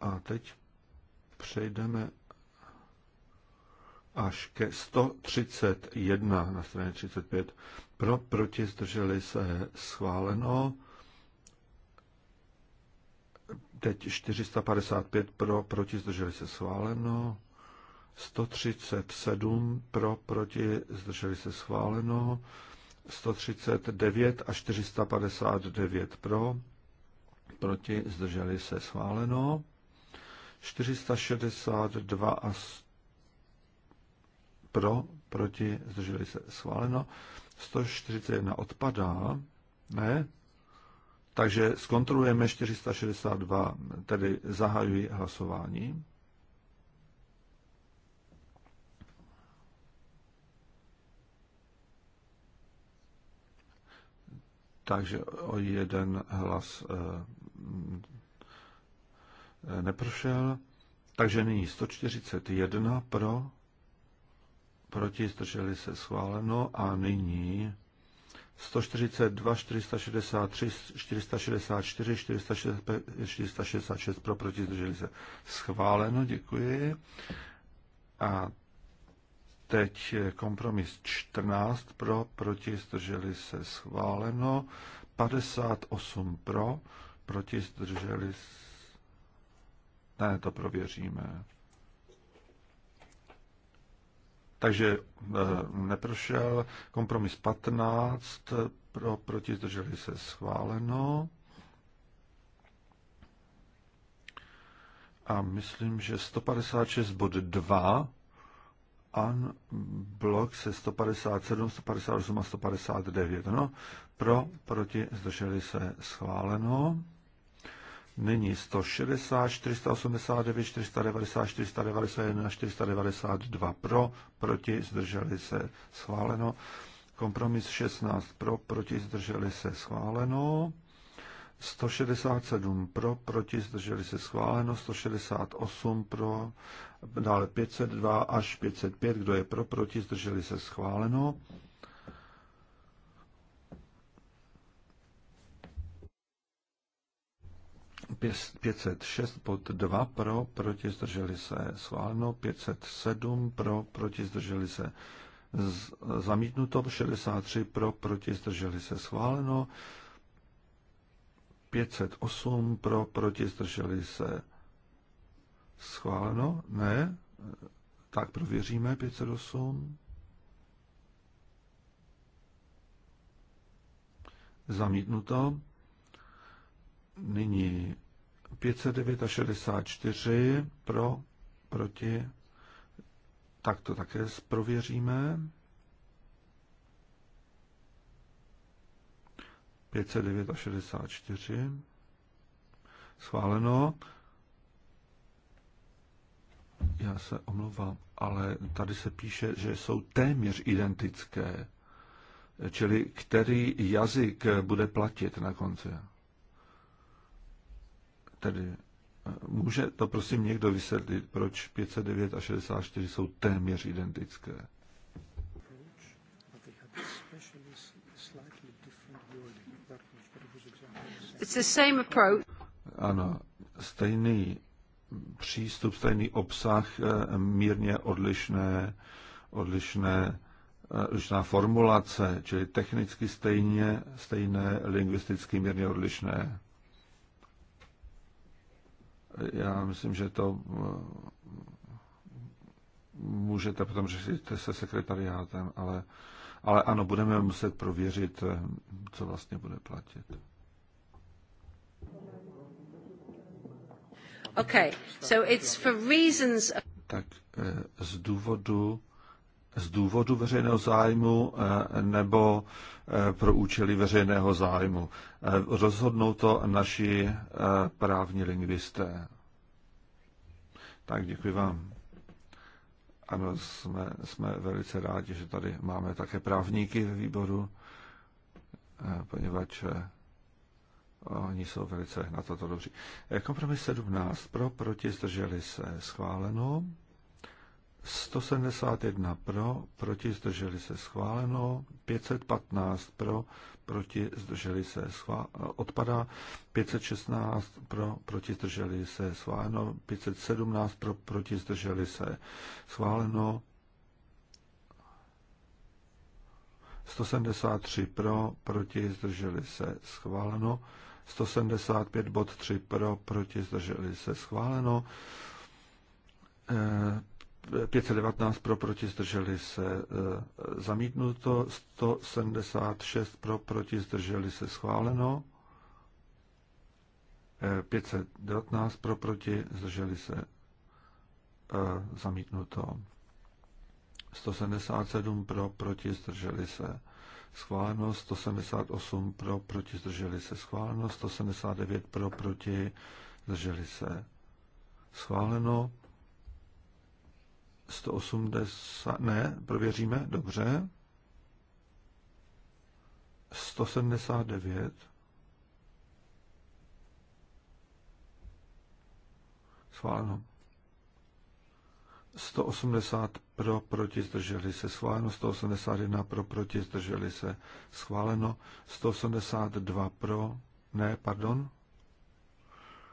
A teď přejdeme až ke 131 na straně 35. Pro, proti, zdrželi se schváleno. Teď 455 pro, proti, zdrželi se schváleno. 137 pro, proti, zdrželi se schváleno. 139 a 459 pro, proti, zdrželi se schváleno. 462 a pro, proti, zdrželi se, schváleno. 141 odpadá, ne? Takže zkontrolujeme 462, tedy zahajuji hlasování. Takže o jeden hlas eh, Eh, neprošel. Takže nyní 141 pro, proti, zdrželi se schváleno a nyní 142, 463, 464, 466 pro, proti, zdrželi se schváleno, děkuji. A teď kompromis 14 pro, proti, zdrželi se schváleno, 58 pro, proti, zdrželi se ne, to prověříme. Takže eh, neprošel kompromis 15, pro, proti zdrželi se schváleno. A myslím, že 156 bod 2 an blok se 157, 158 a 159. No, pro, proti zdrželi se schváleno. Nyní 160, 489, 490, 491, 492 pro, proti, zdrželi se, schváleno. Kompromis 16 pro, proti, zdrželi se, schváleno. 167 pro, proti, zdrželi se, schváleno. 168 pro, dále 502 až 505, kdo je pro, proti, zdrželi se, schváleno. 506 pod 2 pro, proti zdrželi se schváleno, 507 pro, proti zdrželi se z, zamítnuto, 63 pro, proti zdrželi se schváleno, 508 pro, proti zdrželi se schváleno, ne, tak prověříme 508. Zamítnuto. Nyní 509 pro, proti, tak to také prověříme. 569 Schváleno. Já se omlouvám, ale tady se píše, že jsou téměř identické. Čili který jazyk bude platit na konci? Tedy eh, může to prosím někdo vysvětlit, proč 509 a 64 jsou téměř identické? It's the same approach. Ano, stejný přístup, stejný obsah, eh, mírně odlišné, odlišné eh, odlišná formulace, čili technicky stejně, stejné, lingvisticky mírně odlišné. Já myslím, že to eh, můžete potom řešit se sekretariátem, ale, ale ano, budeme muset prověřit, eh, co vlastně bude platit. Okay, so it's for reasons... Tak eh, z důvodu z důvodu veřejného zájmu eh, nebo eh, pro účely veřejného zájmu. Eh, rozhodnou to naši právní lingvisté. Tak děkuji vám. Ano, jsme, jsme velice rádi, že tady máme také právníky ve výboru, poněvadž oni jsou velice na toto dobří. Kompromis 17. Pro, proti, zdrželi se. Schváleno. 171 pro, proti zdrželi se schváleno, 515 pro, proti zdrželi se schváleno, odpadá, 516 pro, proti zdrželi se schváleno, 517 pro, proti zdrželi se schváleno, 173 pro, proti zdrželi se schváleno, 175 bod 3 pro, proti zdrželi se schváleno, 519 pro, proti, zdrželi se e, zamítnuto, 176 pro, proti, zdrželi se schváleno, 519 e, pro, proti, zdrželi se e, zamítnuto, 177 pro, proti, zdrželi se schváleno, 178 pro, proti, zdrželi se schváleno, 179 pro, proti, zdrželi se schváleno, 180, ne, prověříme, dobře. 179. Schváleno. 180 pro, proti, zdrželi se, schváleno. 181 pro, proti, zdrželi se, schváleno. 182 pro, ne, pardon.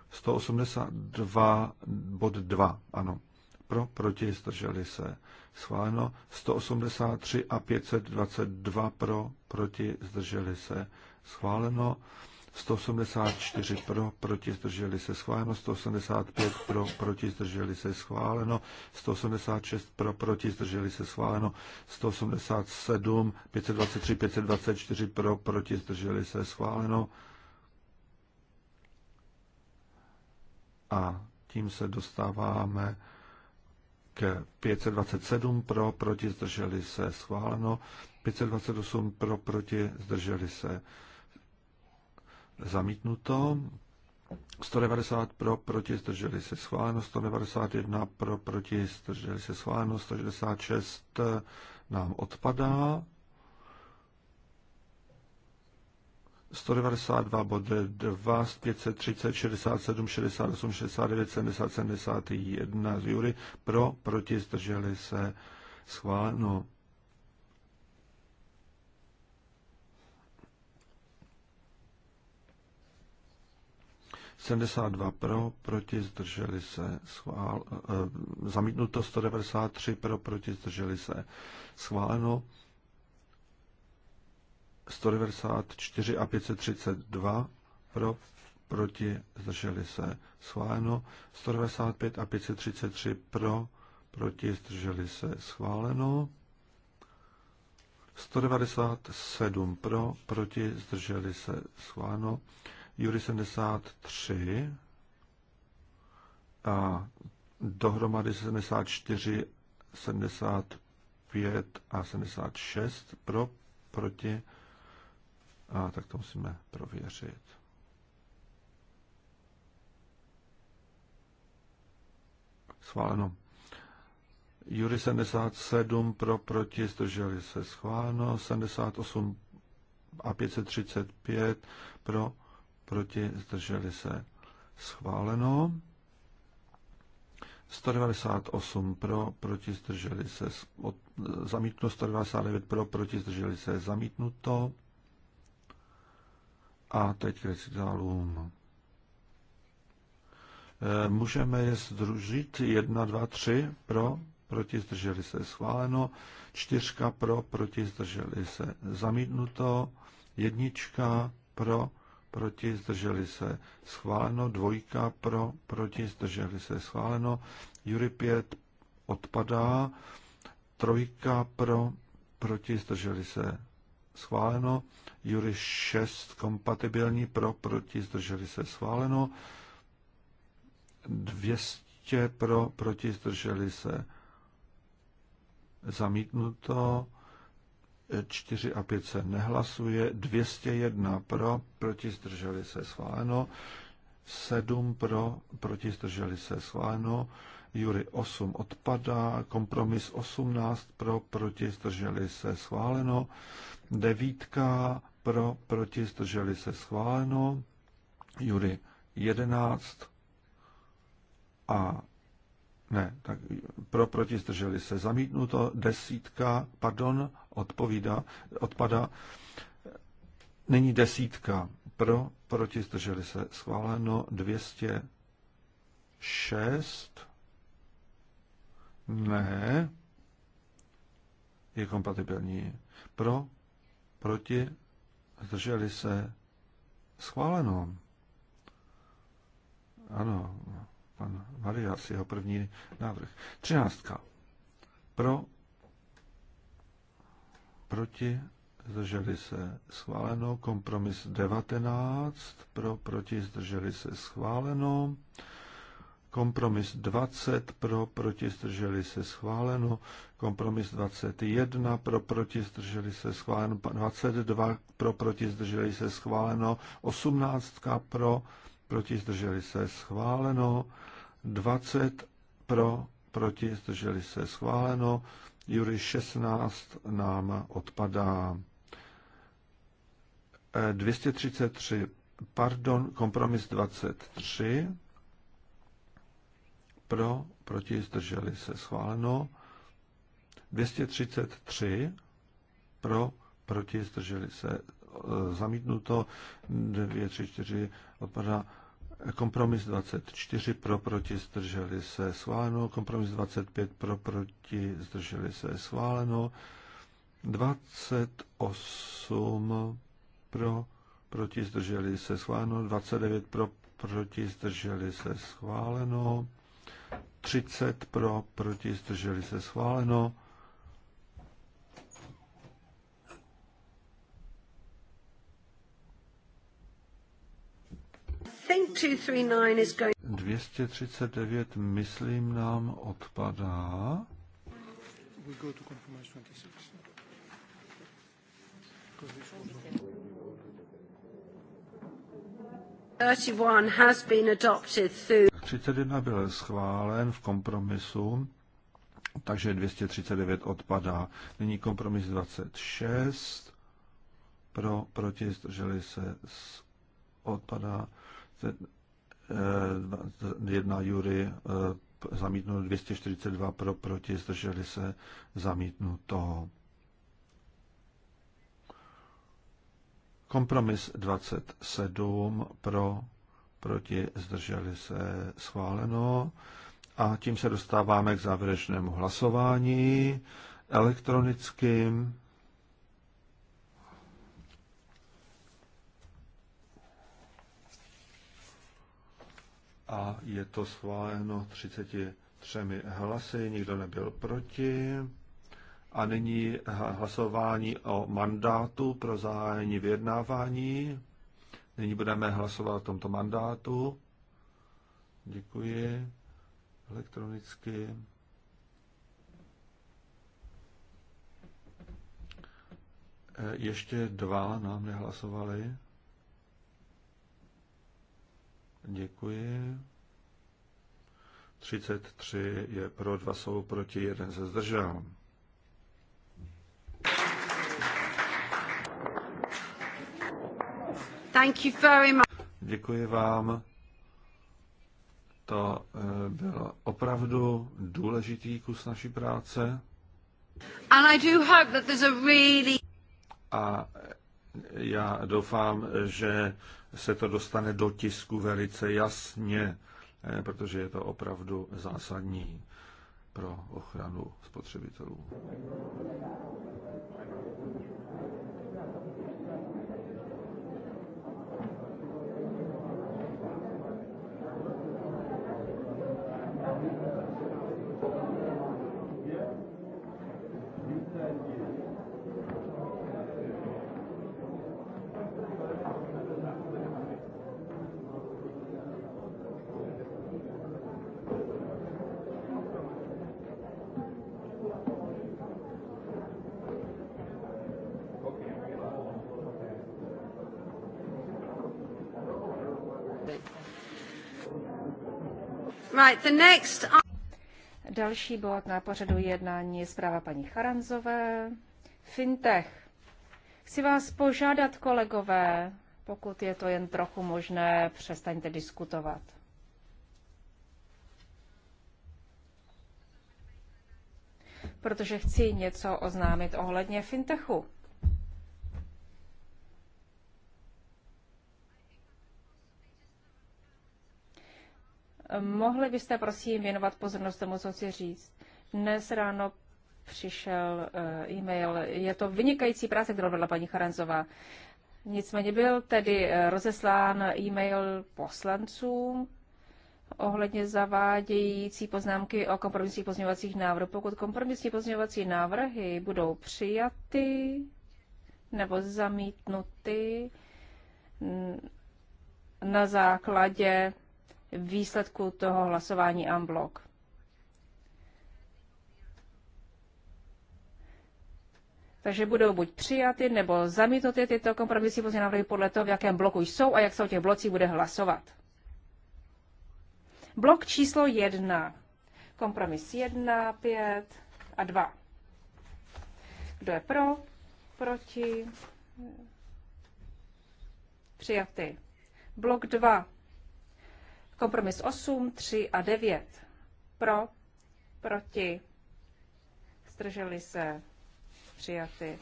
182 bod 2, ano pro, proti, zdrželi se. Schváleno 183 a 522 pro, proti, zdrželi se. Schváleno 184 pro, proti, zdrželi se. Schváleno 185 pro, proti, zdrželi se. Schváleno 186 pro, proti, zdrželi se. Schváleno 187, 523, 524 pro, proti, zdrželi se. Schváleno a tím se dostáváme 527 pro, proti, zdrželi se, schváleno. 528 pro, proti, zdrželi se, zamítnuto. 190 pro, proti, zdrželi se, schváleno. 191 pro, proti, zdrželi se, schváleno. 166 nám odpadá. 192 bod 2 z 530, 67, 68, 69, 70, 71 z jury pro, proti, zdrželi se schváleno. pro, proti zdrželi se schvál, eh, zamítnuto 193 pro, proti zdrželi se schváleno. 194 a 532 pro, proti, zdrželi se. Schváleno 195 a 533 pro, proti, zdrželi se. Schváleno 197 pro, proti, zdrželi se. Schváleno Jury 73 a dohromady 74, 75 a 76 pro, proti, a tak to musíme prověřit. Schváleno. Jury 77 pro, proti, zdrželi se schváleno. 78 a 535 pro, proti, zdrželi se schváleno. 198 pro, proti zdrželi se, od, zamítnuto 199 pro, proti zdrželi se, zamítnuto. A teď k recitálům. E, můžeme je združit 1, 2, 3 pro, proti zdrželi se schváleno, čtyřka pro, proti zdrželi se zamítnuto, jednička pro, proti zdrželi se schváleno, dvojka pro, proti zdrželi se schváleno, Jury 5 odpadá, trojka pro, proti zdrželi se schváleno. Jury 6 kompatibilní pro, proti, zdrželi se schváleno. 200 pro, proti, zdrželi se zamítnuto. 4 a 5 se nehlasuje. 201 pro, proti, zdrželi se schváleno. 7 pro, proti, zdrželi se schváleno. Jury 8 odpadá, kompromis 18 pro, proti, zdrželi se schváleno, devítka pro, proti, zdrželi se schváleno, Jury 11 a ne, tak pro, proti, zdrželi se zamítnuto, desítka, pardon, odpovídá, odpada, není desítka, pro, proti, zdrželi se schváleno, 206 6 ne. Je kompatibilní. Pro, proti, zdrželi se, schváleno. Ano, pan Marias, jeho první návrh. Třináctka. Pro, proti, zdrželi se, schváleno. Kompromis 19, pro, proti, zdrželi se, schváleno. Kompromis 20 pro, proti, zdrželi se schváleno. Kompromis 21 pro, proti, zdrželi se schváleno. 22 pro, proti, zdrželi se schváleno. 18 pro, proti, zdrželi se schváleno. 20 pro, proti, zdrželi se schváleno. Jury 16 nám odpadá. 233, eh, pardon, kompromis 23 pro, proti, zdrželi se schváleno. 233 pro, proti, zdrželi se e, zamítnuto. 4, odpadá. Kompromis 24 pro, proti, zdrželi se schváleno. Kompromis 25 pro, proti, zdrželi se schváleno. 28 pro, proti, zdrželi se schváleno. 29 pro, proti, zdrželi se schváleno. 30 pro, proti, zdrželi se schváleno. Think 239 is going... 239, myslím, nám odpadá. We go to compromise 26. Thirty-one has been adopted through. 31 byl schválen v kompromisu, takže 239 odpadá. Nyní kompromis 26. Pro, proti, zdrželi se, odpadá. Eh, jedna jury eh, zamítnut 242 pro, proti, zdrželi se, zamítnuto. Kompromis 27 pro, proti, zdrželi se, schváleno. A tím se dostáváme k závěrečnému hlasování elektronickým. A je to schváleno 33 hlasy, nikdo nebyl proti. A nyní hlasování o mandátu pro zahájení vyjednávání. Nyní budeme hlasovat o tomto mandátu. Děkuji. Elektronicky. E, ještě dva nám nehlasovali. Děkuji. 33 je pro, dva jsou proti, jeden se zdržel. Thank you very much. Děkuji vám. To eh, byl opravdu důležitý kus naší práce. And I do hope that there's a really... A já doufám, že se to dostane do tisku velice jasně, eh, protože je to opravdu zásadní pro ochranu spotřebitelů. Right, the next... Další bod na pořadu jednání je zpráva paní Charanzové. Fintech. Chci vás požádat, kolegové, pokud je to jen trochu možné, přestaňte diskutovat. Protože chci něco oznámit ohledně fintechu. Mohli byste prosím věnovat pozornost tomu, co chci říct? Dnes ráno přišel eh, e-mail. Je to vynikající práce, kterou vedla paní Charanzová. Nicméně byl tedy eh, rozeslán e-mail poslancům ohledně zavádějící poznámky o kompromisních pozměňovacích návrhů. Pokud kompromisní pozměňovací návrhy budou přijaty nebo zamítnuty mm, na základě výsledku toho hlasování unblock. Takže budou buď přijaty nebo zamítnuty tyto kompromisní pozměňovací podle toho, v jakém bloku jsou a jak se o těch blocích bude hlasovat. Blok číslo 1. Kompromis 1, 5 a 2. Kdo je pro? Proti? Přijaty. Blok 2. Kompromis 8, 3 a 9. Pro, proti, zdrželi se, přijaty.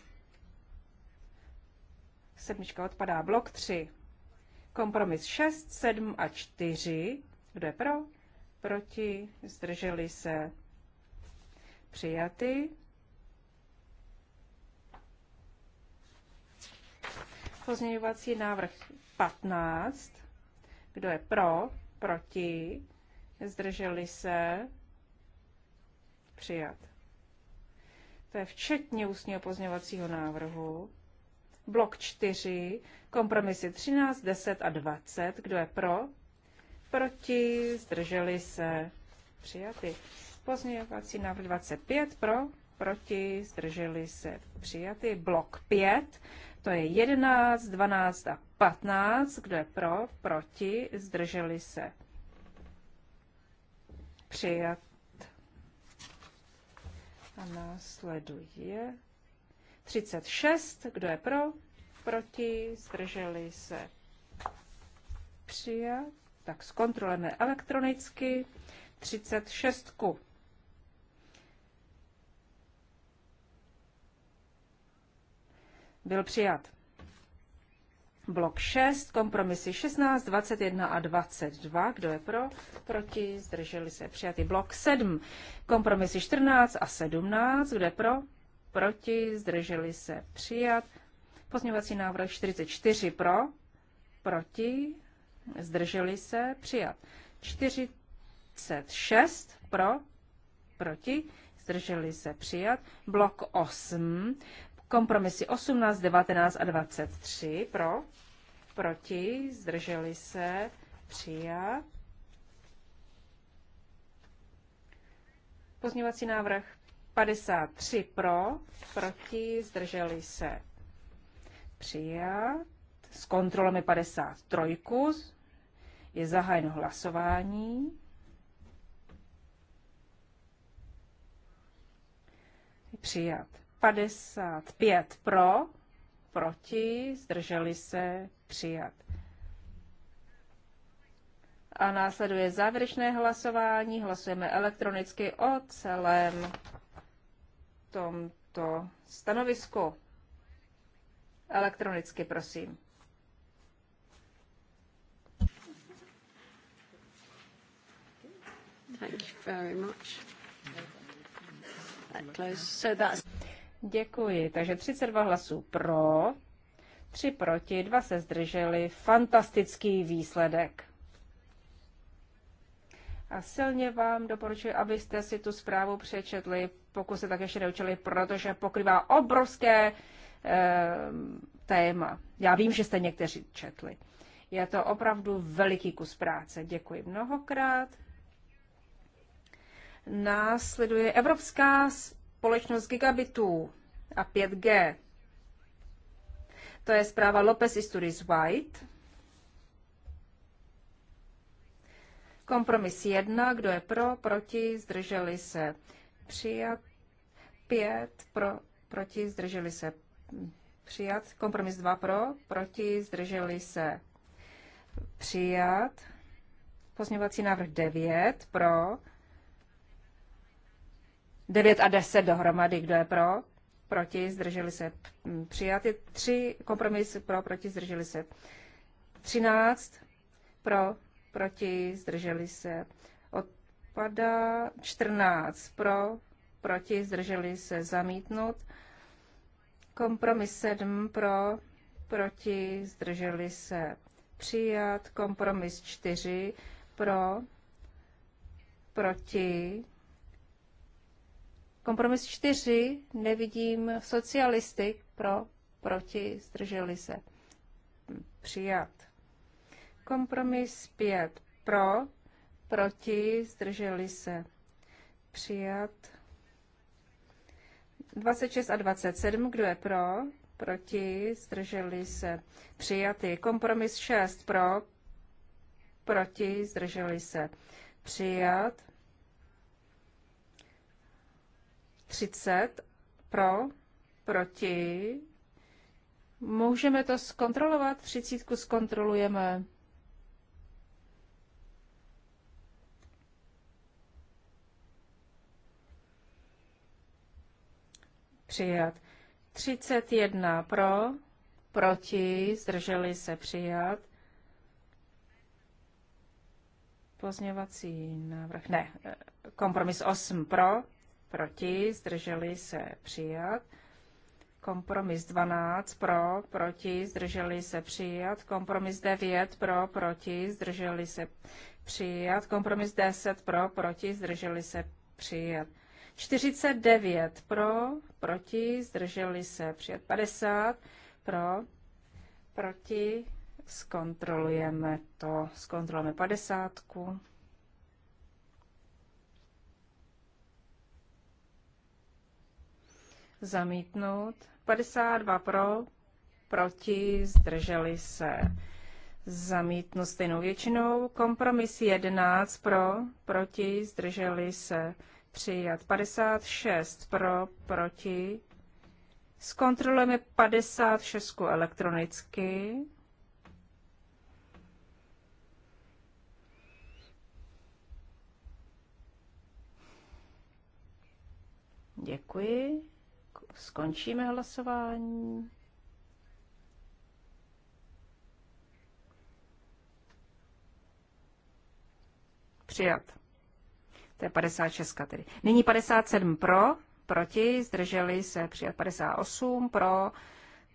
Sedmička odpadá. Blok 3. Kompromis 6, 7 a 4. Kdo je pro? Proti, zdrželi se, přijaty. Pozměňovací návrh 15. Kdo je pro? proti, zdrželi se, přijat. To je včetně ústního pozněvacího návrhu. Blok 4, kompromisy 13, 10 a 20. Kdo je pro? Proti, zdrželi se, přijaty. Pozměňovací návrh 25 pro, proti, zdrželi se, přijaty. Blok 5, to je 11, 12 a 15. Kdo je pro? Proti? Zdrželi se? Přijat. A následuje 36. Kdo je pro? Proti? Zdrželi se? Přijat. Tak zkontrolujeme elektronicky 36. byl přijat. Blok 6, kompromisy 16, 21 a 22. Kdo je pro? Proti? Zdrželi se přijatý. Blok 7, kompromisy 14 a 17. Kdo je pro? Proti? Zdrželi se přijat. Pozměňovací návrh 44 pro? Proti? Zdrželi se přijat. 46 pro? Proti? Zdrželi se přijat. Blok 8, Kompromisy 18, 19 a 23 pro, proti, zdrželi se, přijat. Pozměňovací návrh 53 pro, proti, zdrželi se, přijat. S kontrolami 53 je zahájeno hlasování. Přijat. 55 pro, proti, zdrželi se, přijat. A následuje závěrečné hlasování. Hlasujeme elektronicky o celém tomto stanovisku. Elektronicky, prosím. Thank you very much. That close. So that's Děkuji. Takže 32 hlasů pro, 3 proti, 2 se zdrželi. Fantastický výsledek. A silně vám doporučuji, abyste si tu zprávu přečetli, pokud se tak ještě neučili, protože pokrývá obrovské e, téma. Já vím, že jste někteří četli. Je to opravdu veliký kus práce. Děkuji mnohokrát. Následuje Evropská společnost gigabitů a 5G. To je zpráva Lopez Isturiz White. Kompromis 1, kdo je pro, proti, zdrželi se přijat. 5, pro, proti, zdrželi se přijat. Kompromis 2 pro, proti, zdrželi se přijat. Pozměňovací návrh 9 pro, 9 a 10 dohromady. Kdo je pro? Proti, zdrželi se přijaty. 3 kompromis pro, proti, zdrželi se 13 pro, proti, zdrželi se odpadá. 14 pro, proti, zdrželi se zamítnut. Kompromis 7 pro, proti, zdrželi se přijat. Kompromis 4 pro, proti, Kompromis čtyři nevidím socialisty pro, proti, zdrželi se. Přijat. Kompromis pět pro, proti, zdrželi se. Přijat. 26 a 27, kdo je pro, proti, zdrželi se. Přijaty. Kompromis 6 pro, proti, zdrželi se. Přijat. 30 pro, proti. Můžeme to zkontrolovat? Třicítku zkontrolujeme. Přijat. 31 pro, proti, zdrželi se přijat. Pozměvací návrh, ne, kompromis 8 pro, proti, zdrželi se přijat. Kompromis 12 pro, proti, zdrželi se přijat. Kompromis 9 pro, proti, zdrželi se přijat. Kompromis 10 pro, proti, zdrželi se přijat. 49 pro, proti, zdrželi se přijat. 50 pro, proti, zkontrolujeme to, zkontrolujeme 50. zamítnout. 52 pro, proti, zdrželi se. Zamítnu stejnou většinou. Kompromis 11 pro, proti, zdrželi se. Přijat 56 pro, proti. Zkontrolujeme 56 elektronicky. Děkuji. Skončíme hlasování. Přijat. To je 56 tedy. Nyní 57 pro, proti, zdrželi se přijat 58 pro,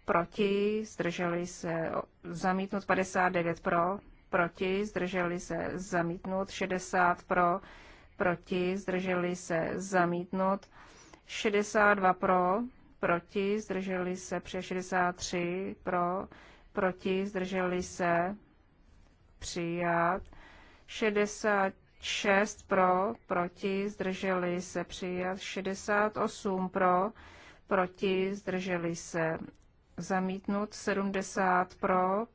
proti, zdrželi se zamítnout 59 pro, proti, zdrželi se zamítnout 60 pro, proti, zdrželi se zamítnout 62 pro, proti, zdrželi se při 63 pro, proti, zdrželi se přijat. 66 pro, proti, zdrželi se přijat. 68 pro, proti, zdrželi se zamítnut. 70 pro,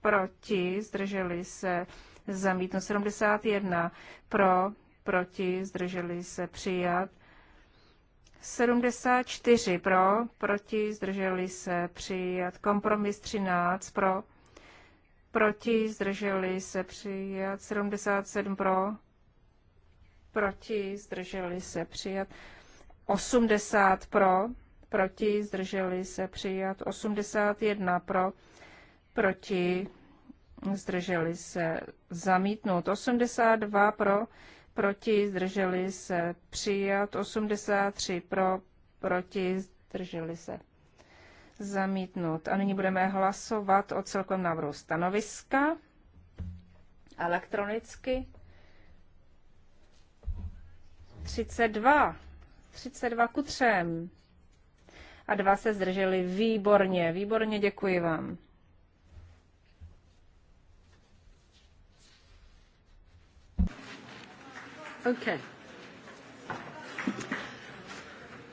proti, zdrželi se zamítnout. 71 pro, proti, zdrželi se přijat. 74 pro, proti, zdrželi se přijat. Kompromis 13 pro, proti, zdrželi se přijat. 77 pro, proti, zdrželi se přijat. 80 pro, proti, zdrželi se přijat. 81 pro, proti, zdrželi se zamítnout. 82 pro, proti, zdrželi se přijat, 83 pro, proti, zdrželi se zamítnut. A nyní budeme hlasovat o celkovém návrhu stanoviska elektronicky. 32. 32 ku 3. A dva se zdrželi. Výborně, výborně, děkuji vám. Okay.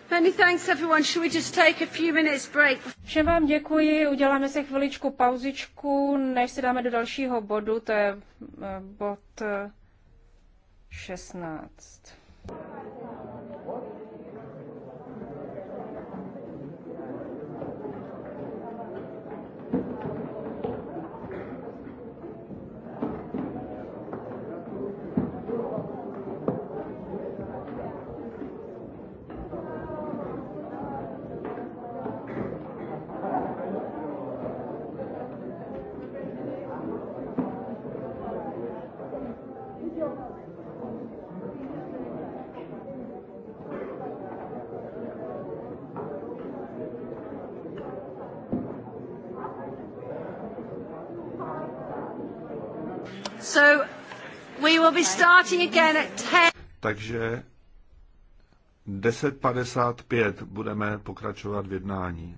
Many thanks everyone. Should we just take a few minutes break? Všem vám děkuji, uděláme si chviličku pauzičku, než se dáme do dalšího bodu, to je eh, bod 16. Eh, Takže 10.55 budeme pokračovat v jednání.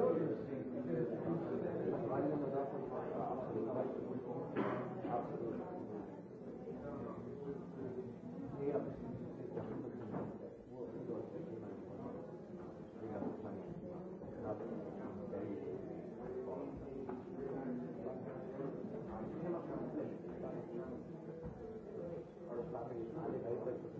ಆಗಿ ಕೈ ಕಟ್ಟು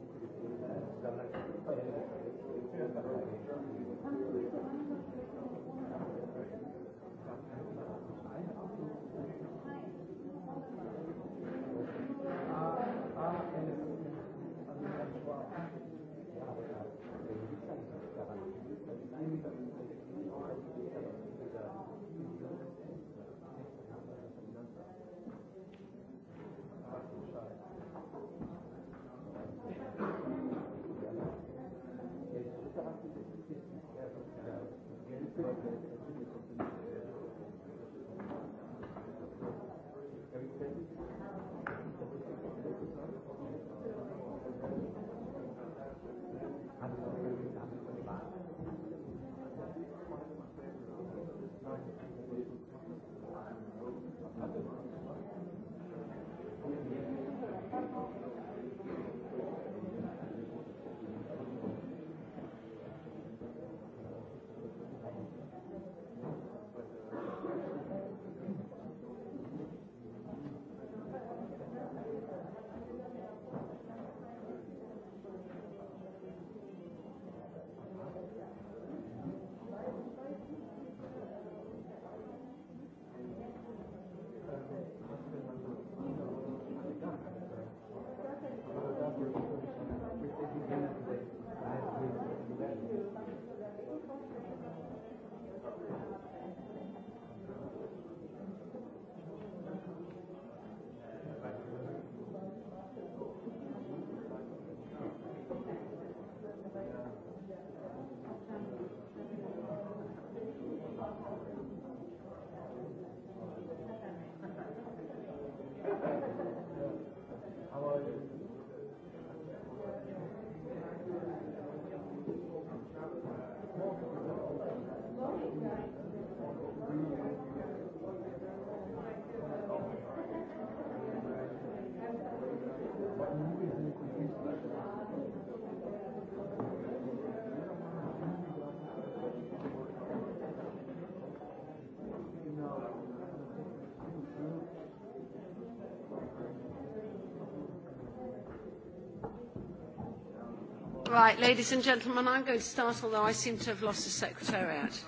Right, ladies and gentlemen, I'm going to start, although I seem to have lost the secretariat.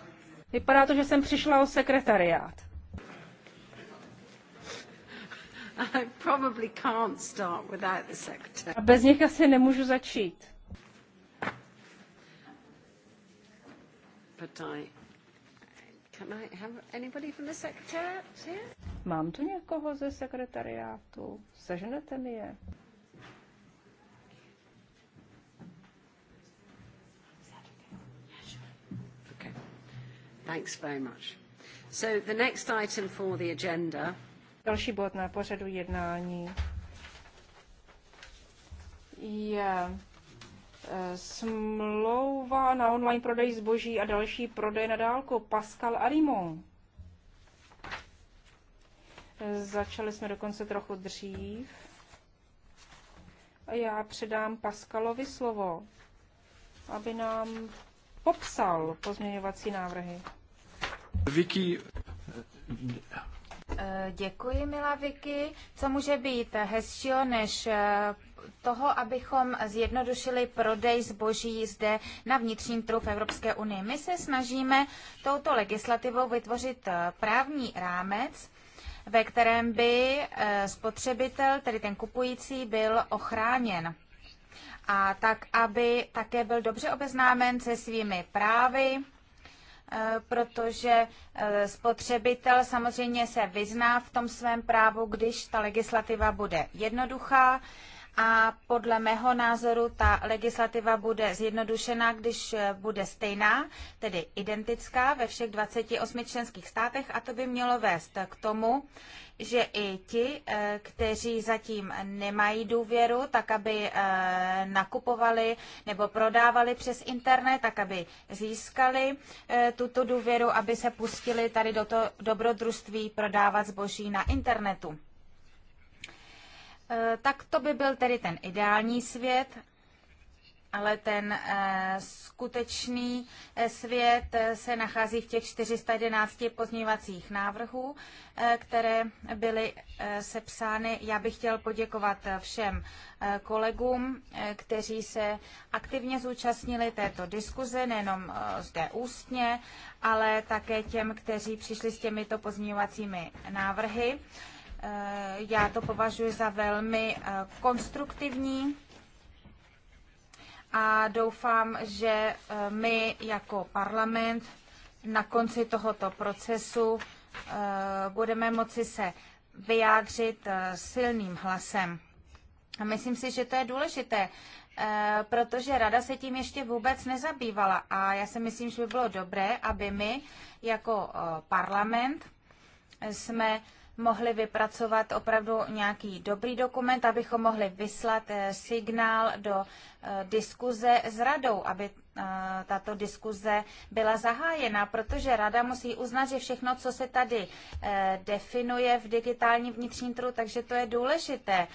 Vypadá to, že jsem přišla o sekretariát. [LAUGHS] I probably can't start without the secretary. A bez nich asi nemůžu začít. But I, can I have anybody from the secretariat here? Mám tu někoho ze sekretariátu. Seženete mi je? Thanks very much. So the next item for the agenda. Další bod na pořadu jednání je eh, smlouva na online prodej zboží a další prodej na dálku Pascal Arimon. Začali jsme dokonce trochu dřív. A já předám Pascalovi slovo, aby nám popsal pozměňovací návrhy. Vicky. Eh, děkuji, milá Vicky. Co může být hezčího než eh, toho, abychom zjednodušili prodej zboží zde na vnitřním trhu v Evropské unii. My se snažíme touto legislativou vytvořit eh, právní rámec, ve kterém by spotřebitel, tedy ten kupující, byl ochráněn. A tak, aby také byl dobře obeznámen se svými právy, Eh, protože eh, spotřebitel samozřejmě se vyzná v tom svém právu, když ta legislativa bude jednoduchá a podle mého názoru ta legislativa bude zjednodušena, když bude stejná, tedy identická ve všech 28 členských státech a to by mělo vést k tomu, že i ti, eh, kteří zatím nemají důvěru, tak aby eh, nakupovali nebo prodávali přes internet, tak aby získali eh, tuto důvěru, aby se pustili tady do toho dobrodružství prodávat zboží na internetu. Eh, tak to by byl tedy ten ideální svět, ale ten eh, skutečný eh, svět se nachází v těch 411 pozměňovacích návrhů, které byly sepsány. Já bych chtěl poděkovat všem kolegům, kteří se aktivně zúčastnili této diskuze, nejenom zde ústně, ale také těm, kteří přišli s těmito pozměňovacími návrhy. Eh, já to považuji za velmi eh, konstruktivní a doufám, že eh, my jako parlament na konci tohoto procesu budeme moci se vyjádřit silným hlasem. A myslím si, že to je důležité, protože rada se tím ještě vůbec nezabývala a já si myslím, že by bylo dobré, aby my jako parlament jsme mohli vypracovat opravdu nějaký dobrý dokument, abychom mohli vyslat eh, signál do eh, diskuze s radou, aby eh, tato diskuze byla zahájena, protože rada musí uznat, že všechno, co se tady definuje v digitálním vnitřním trhu, takže to je důležité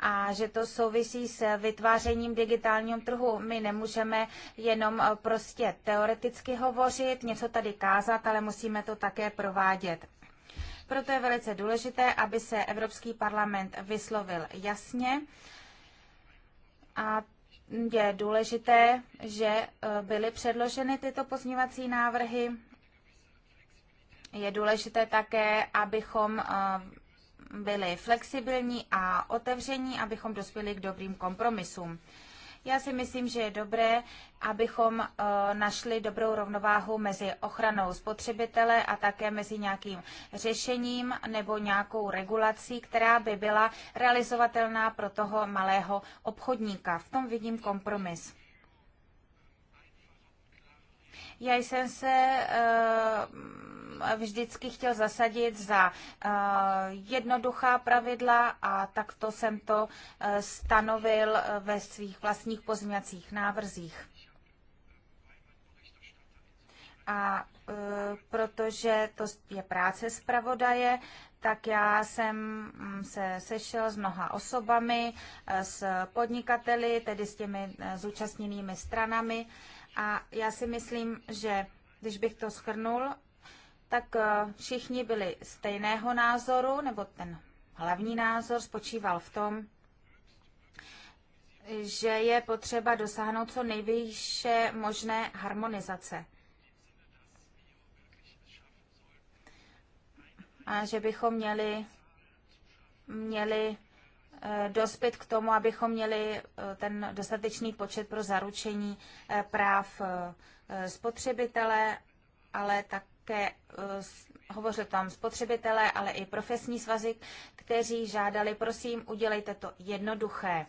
a že to souvisí s vytvářením digitálního trhu. My nemůžeme jenom prostě teoreticky hovořit, něco tady kázat, ale musíme to také provádět. Proto je velice důležité, aby se Evropský parlament vyslovil jasně a je důležité, že e, byly předloženy tyto pozměňovací návrhy. Je důležité také, abychom e, byli flexibilní a otevření, abychom dospěli k dobrým kompromisům. Já si myslím, že je dobré, abychom eh, našli dobrou rovnováhu mezi ochranou spotřebitele a také mezi nějakým řešením nebo nějakou regulací, která by byla realizovatelná pro toho malého obchodníka. V tom vidím kompromis. Já jsem se eh, vždycky chtěl zasadit za eh, jednoduchá pravidla a takto jsem to eh, stanovil eh, ve svých vlastních pozměňacích návrzích. A protože to je práce zpravodaje, tak já jsem mm, se sešel s mnoha osobami, s podnikateli, tedy s těmi zúčastněnými stranami. A já si myslím, že když bych to schrnul, tak eh, všichni byli stejného názoru, nebo ten hlavní názor spočíval v tom, že je potřeba dosáhnout co nejvyšší možné harmonizace. A že bychom měli, měli eh, dospět k tomu, abychom měli eh, ten dostatečný počet pro zaručení práv spotřebitele, ale tak také eh, hovořil tam spotřebitelé, ale i profesní svazy, kteří žádali, prosím, udělejte to jednoduché.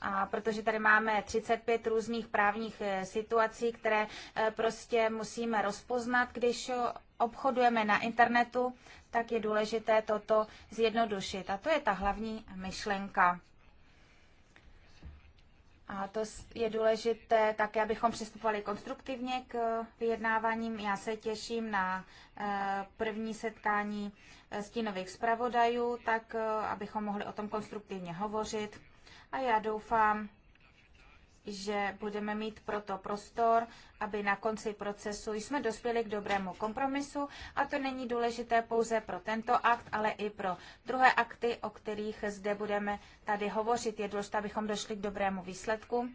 A protože tady máme 35 různých právních eh, situací, které eh, prostě musíme rozpoznat, když obchodujeme na internetu, tak je důležité toto zjednodušit. A to je ta hlavní myšlenka. A to je důležité také, abychom přistupovali konstruktivně k eh, vyjednáváním. Já se těším na eh, první setkání eh, stínových zpravodajů, tak abychom mohli o tom konstruktivně hovořit. A já doufám, že budeme mít proto prostor, aby na konci procesu jsme dospěli k dobrému kompromisu a to není důležité pouze pro tento akt, ale i pro druhé akty, o kterých zde budeme tady hovořit. Je důležité, abychom došli k dobrému výsledku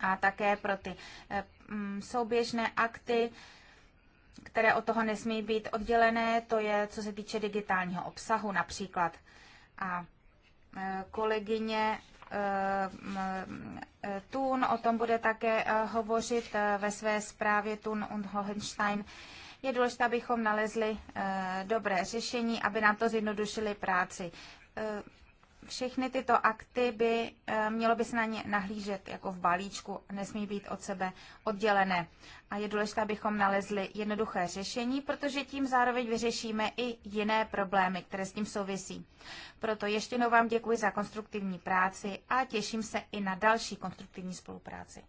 a také pro ty eh, mm, souběžné akty, které od toho nesmí být oddělené, to je co se týče digitálního obsahu například. A eh, kolegyně Thun, o tom bude také eh, hovořit eh, ve své zprávě Thun und Hohenstein. Je důležité, abychom nalezli eh, dobré řešení, aby nám to zjednodušili práci všechny tyto akty by, eh, mělo by se na ně nahlížet jako v balíčku, nesmí být od sebe oddělené. A je důležité, abychom nalezli jednoduché řešení, protože tím zároveň vyřešíme i jiné problémy, které s tím souvisí. Proto ještě jednou vám děkuji za konstruktivní práci a těším se i na další konstruktivní spolupráci.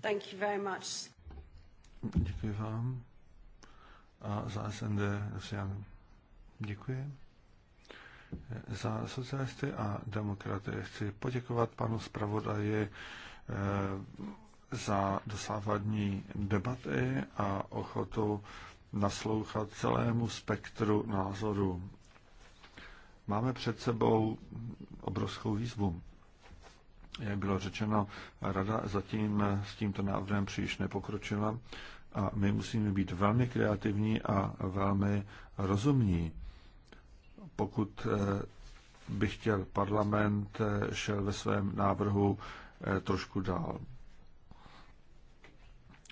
Thank you very much. Děkuji vám. A za SND Rusianu. Děkuji. Za socialisty a demokraty chci poděkovat panu zpravodaji eh, za dosávadní debaty a ochotu naslouchat celému spektru názorů. Máme před sebou obrovskou výzvu. Jak bylo řečeno, rada zatím s tímto návrhem příliš nepokročila a my musíme být velmi kreativní a velmi rozumní pokud eh, by chtěl parlament, eh, šel ve svém návrhu eh, trošku dál.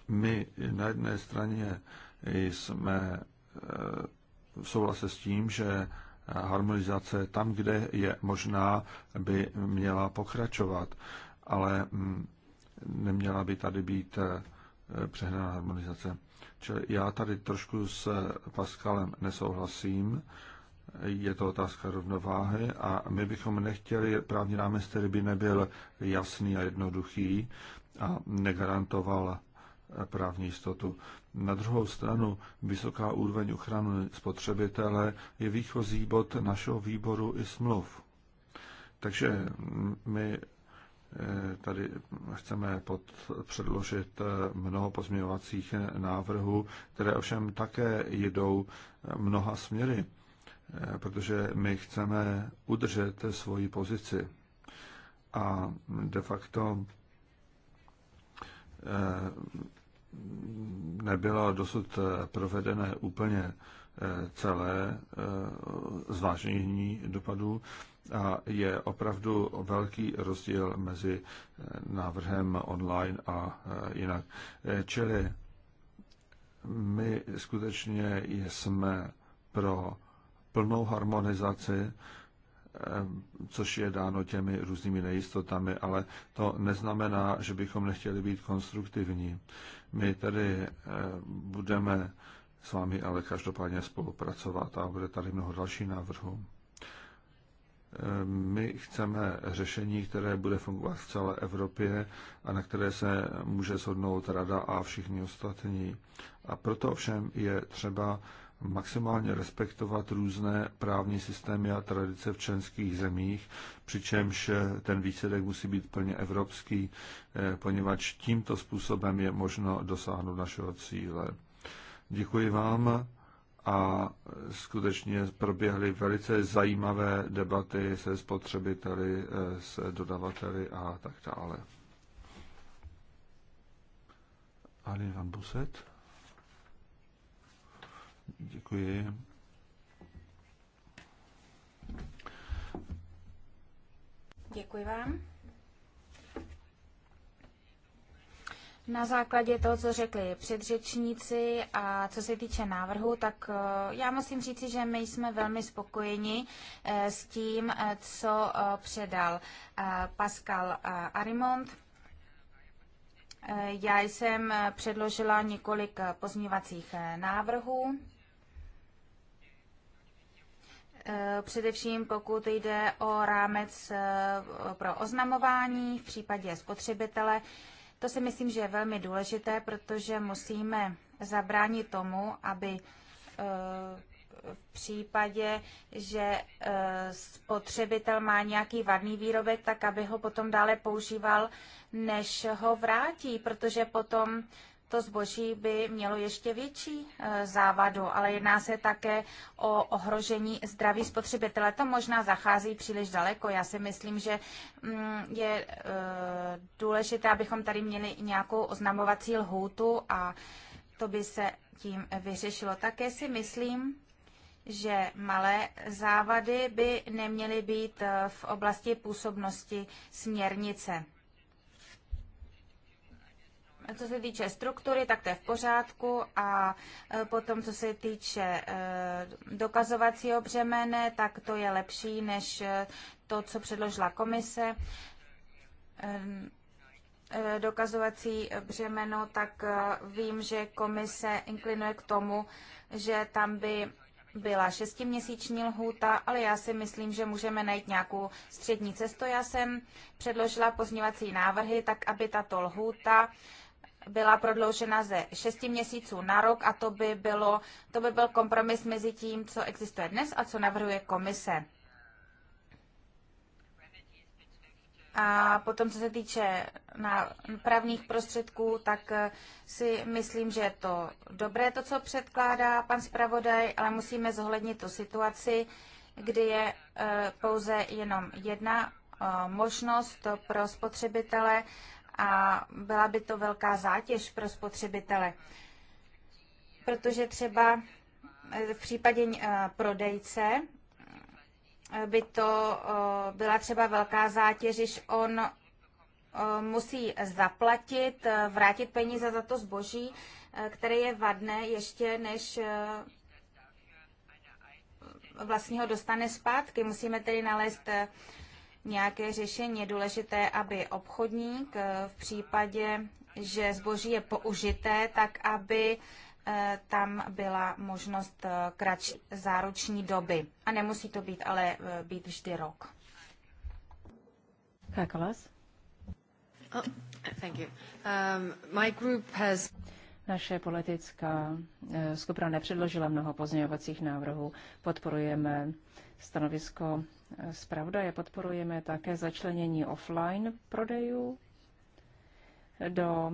My na jedné straně jsme v souhlase s tím, že harmonizace tam, kde je možná, by měla pokračovat, ale hm, neměla by tady být přehnaná harmonizace. Čili já tady trošku s Pascalem nesouhlasím, je to otázka rovnováhy a my bychom nechtěli právní rámec, který by nebyl jasný a jednoduchý a negarantoval právní jistotu. Na druhou stranu vysoká úroveň ochrany spotřebitele je výchozí bod našeho výboru i smluv. Takže my eh, tady chceme pod, předložit eh, mnoho pozměňovacích návrhů, které ovšem také jedou eh, mnoha směry. Eh, protože my chceme udržet svoji pozici. A de facto eh, nebylo dosud provedené úplně eh, celé zvážení dopadů a je opravdu velký rozdíl mezi návrhem online a jinak. Čili my skutečně jsme pro plnou harmonizaci, eh, což je dáno těmi různými nejistotami, ale to neznamená, že bychom nechtěli být konstruktivní. My tedy eh, budeme s vámi ale každopádně spolupracovat a bude tady mnoho dalších návrhů. Eh, my chceme řešení, které bude fungovat v celé Evropě a na které se může shodnout Rada a všichni ostatní. A proto ovšem je třeba maximálně respektovat různé právní systémy a tradice v členských zemích, přičemž eh, ten výsledek musí být plně evropský, eh, poněvadž tímto způsobem je možno dosáhnout našeho cíle. Děkuji vám a eh, skutečně proběhly velice zajímavé debaty se spotřebiteli, se dodavateli a tak dále. Ali van Buset. Děkuji. Děkuji vám. Na základě toho, co řekli předřečníci a co se týče návrhu, tak eh, já musím říci, že my jsme velmi spokojeni eh, s tím, eh, co předal Pascal Arimont. Já jsem předložila několik pozměňovacích návrhů. Eh, především pokud jde o rámec eh, pro oznamování v případě spotřebitele, to si myslím, že je velmi důležité, protože musíme zabránit tomu, aby eh, v případě, že spotřebitel má nějaký vadný výrobek, tak aby ho potom dále používal, než ho vrátí, protože potom to zboží by mělo ještě větší e, závadu, ale jedná se také o ohrožení zdraví spotřebitele. To možná zachází příliš daleko. Já si myslím, že mm, je e, důležité, abychom tady měli nějakou oznamovací lhůtu a to by se tím vyřešilo. Také si myslím, že malé závady by neměly být e, v oblasti působnosti směrnice. Co se týče struktury, tak to je v pořádku a e, potom, co se týče e, dokazovacího břemene, tak to je lepší než e, to, co předložila komise. Dokazovací břemeno, tak vím, že komise inklinuje k tomu, že tam by byla šestiměsíční lhůta, ale já si myslím, že můžeme najít nějakou střední cestu. Já jsem předložila pozměňovací návrhy, tak aby tato lhůta byla prodloužena ze 6 měsíců na rok a to by, bylo, to by byl kompromis mezi tím, co existuje dnes a co navrhuje komise. A potom, co se týče na právních prostředků, tak eh, si myslím, že je to dobré, to, co předkládá pan zpravodaj, ale musíme zohlednit tu situaci, kdy je eh, pouze jenom jedna eh, možnost pro spotřebitele a byla by to velká zátěž pro spotřebitele, protože třeba eh, v případě eh, prodejce eh, by to byla třeba velká zátěž, když on musí zaplatit, vrátit peníze za to zboží, které je vadné ještě než vlastního dostane zpátky. Musíme tedy nalézt nějaké řešení. Je důležité, aby obchodník eh, v případě, že zboží je použité, tak aby eh, tam byla možnost eh, kratší záruční doby. A nemusí to být ale být vždy rok. Kakalas? Oh, thank you. Um, my group has... Naše politická skupina nepředložila mnoho pozměňovacích návrhů. Podporujeme stanovisko je podporujeme také začlenění offline prodejů do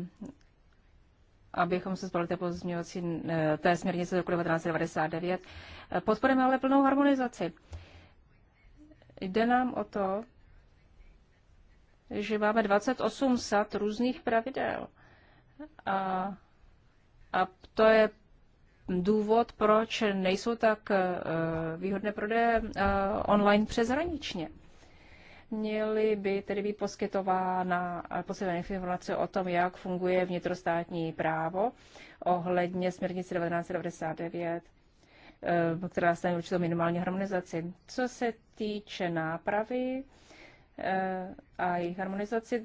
abychom se zbavili té eh, té směrnice z roku 1999. Podporujeme ale plnou harmonizaci. Jde nám o to, že máme 28 sad různých pravidel. A, a to je důvod, proč nejsou tak eh, výhodné prodeje eh, online přeshraničně. Měly by tedy být poskytována eh, poslední informace o tom, jak funguje vnitrostátní právo ohledně směrnice 1999 která stane určitou minimální harmonizaci. Co se týče nápravy a jejich harmonizaci,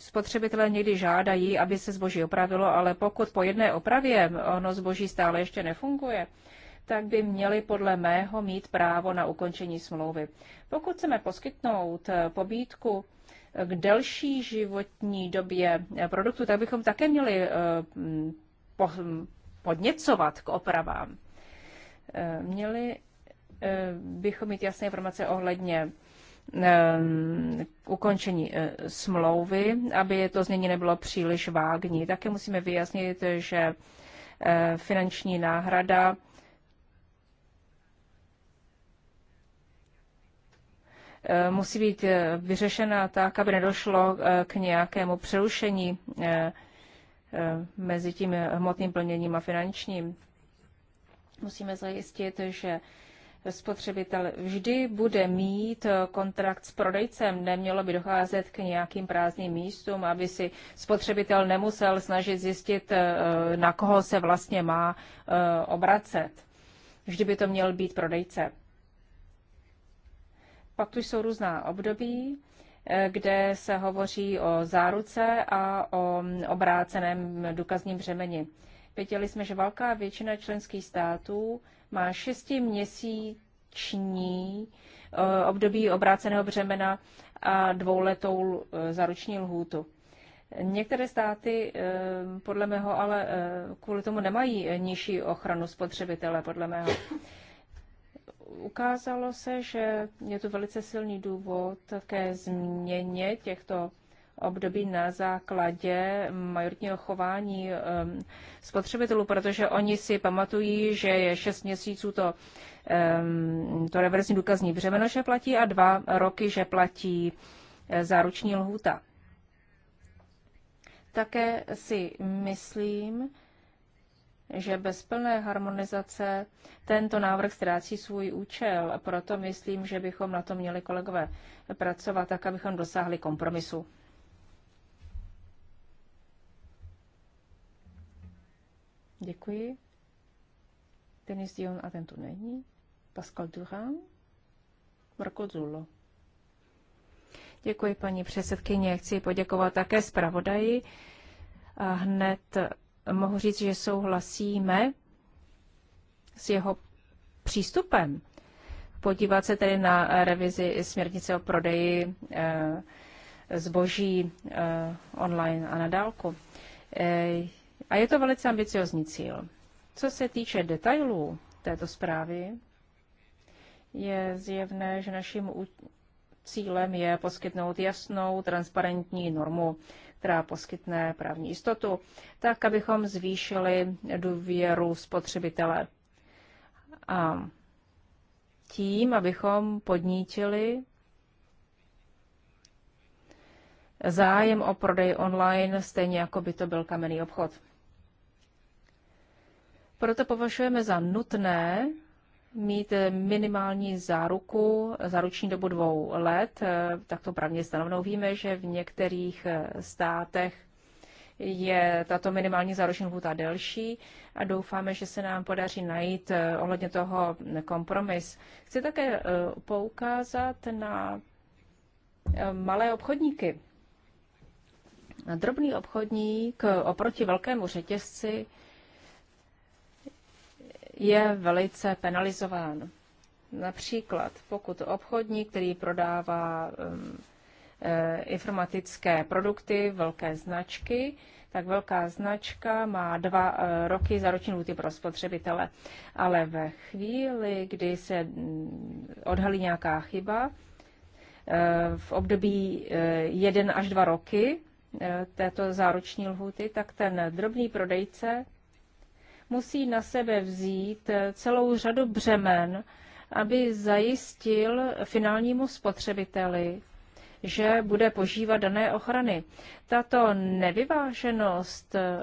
Spotřebitelé někdy žádají, aby se zboží opravilo, ale pokud po jedné opravě ono zboží stále ještě nefunguje, tak by měli podle mého mít právo na ukončení smlouvy. Pokud chceme poskytnout eh, pobídku eh, k delší životní době eh, produktu, tak bychom také měli mm, mm, podněcovat k opravám. Měli bychom mít jasné informace ohledně Ehm, ukončení e, smlouvy, aby to znění nebylo příliš vágní. Také musíme vyjasnit, že e, finanční náhrada e, musí být vyřešena tak, aby nedošlo k nějakému přerušení mezi tím hmotným plněním a finančním. Musíme zajistit, že spotřebitel vždy bude mít eh, kontrakt s prodejcem, nemělo by docházet k nějakým prázdným místům, aby si spotřebitel nemusel snažit zjistit, eh, na koho se vlastně má eh, obracet. Vždy by to měl být prodejce. Pak tu jsou různá období, kde se hovoří o záruce a o mm, obráceném důkazním břemeni. Věděli jsme, že velká většina členských států má šestiměsíční eh, období obráceného břemena a dvouletou eh, zaruční lhůtu. Některé státy eh, podle mého ale kvůli tomu nemají nižší ochranu spotřebitele, podle mého. Ukázalo se, že je tu velice silný důvod ke změně těchto období na základě majoritního chování ehm, spotřebitelů, protože oni si pamatují, že je 6 měsíců to, ehm, to reverzní důkazní břemeno, že platí a dva roky, že platí eh, záruční lhůta. Také si myslím, že bez plné harmonizace tento návrh ztrácí svůj účel. Proto myslím, že bychom na to měli kolegové pracovat tak, abychom dosáhli kompromisu. Děkuji. Denis Dion a ten tu není. Pascal Durán. Marco Zullo. Děkuji, paní předsedkyně. Chci poděkovat také zpravodaji. A hned mohu říct, že souhlasíme s jeho přístupem. Podívat se tedy na revizi směrnice o prodeji eh, zboží eh, online a na dálku. Eh, a je to velice ambiciozní cíl. Co se týče detailů této zprávy, je zjevné, že naším cílem je poskytnout jasnou, transparentní normu, která poskytne právní jistotu, tak abychom zvýšili důvěru spotřebitele. A tím, abychom podnítili zájem o prodej online, stejně jako by to byl kamenný obchod. Proto považujeme za nutné mít minimální záruku, záruční dobu dvou let, takto právně stanovnou. Víme, že v některých státech je tato minimální záruční lhůta delší a doufáme, že se nám podaří najít eh, ohledně toho kompromis. Chci také eh, poukázat na eh, malé obchodníky. Drobný obchodník oproti velkému řetězci je velice penalizován. Například pokud obchodník, který prodává um, e, informatické produkty, velké značky, tak velká značka má dva e, roky roční lhuty pro spotřebitele. Ale ve chvíli, kdy se mm, odhalí nějaká chyba, e, v období jeden až dva roky této záruční lhuty, tak ten drobný prodejce musí na sebe vzít eh, celou řadu břemen, aby zajistil finálnímu spotřebiteli, že bude požívat dané ochrany. Tato nevyváženost eh,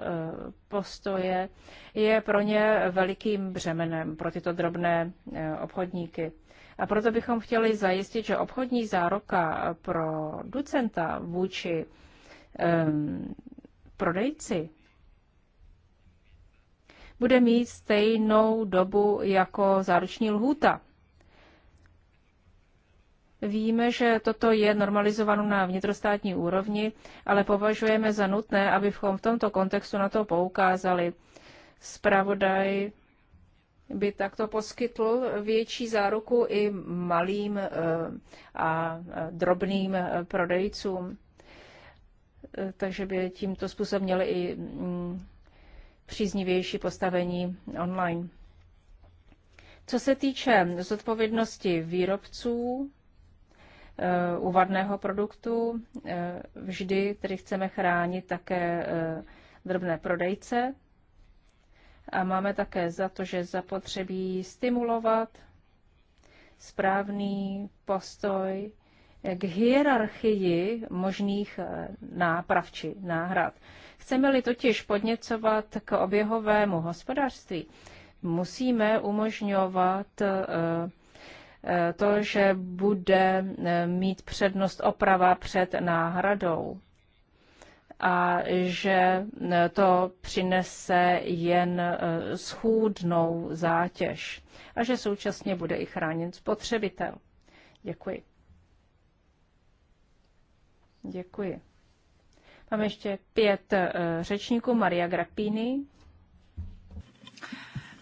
postoje je pro ně velikým břemenem pro tyto drobné eh, obchodníky. A proto bychom chtěli zajistit, že obchodní zároka pro ducenta vůči um, prodejci bude mít stejnou dobu jako záruční lhůta. Víme, že toto je normalizováno na vnitrostátní úrovni, ale považujeme za nutné, abychom v tomto kontextu na to poukázali. Spravodaj by takto poskytl větší záruku i malým eh, a eh, drobným eh, prodejcům. Takže by tímto způsobem měli i mm, příznivější postavení online. Co se týče zodpovědnosti výrobců eh, uvadného produktu, eh, vždy tedy chceme chránit také eh, drobné prodejce a máme také za to, že zapotřebí stimulovat správný postoj k hierarchii možných náprav či náhrad. Chceme-li totiž podněcovat k oběhovému hospodářství, musíme umožňovat eh, eh, to, že bude eh, mít přednost oprava před náhradou a že to přinese jen schůdnou zátěž a že současně bude i chráněn spotřebitel. Děkuji. Děkuji. Mám ještě pět eh, řečníků. Maria Grappini.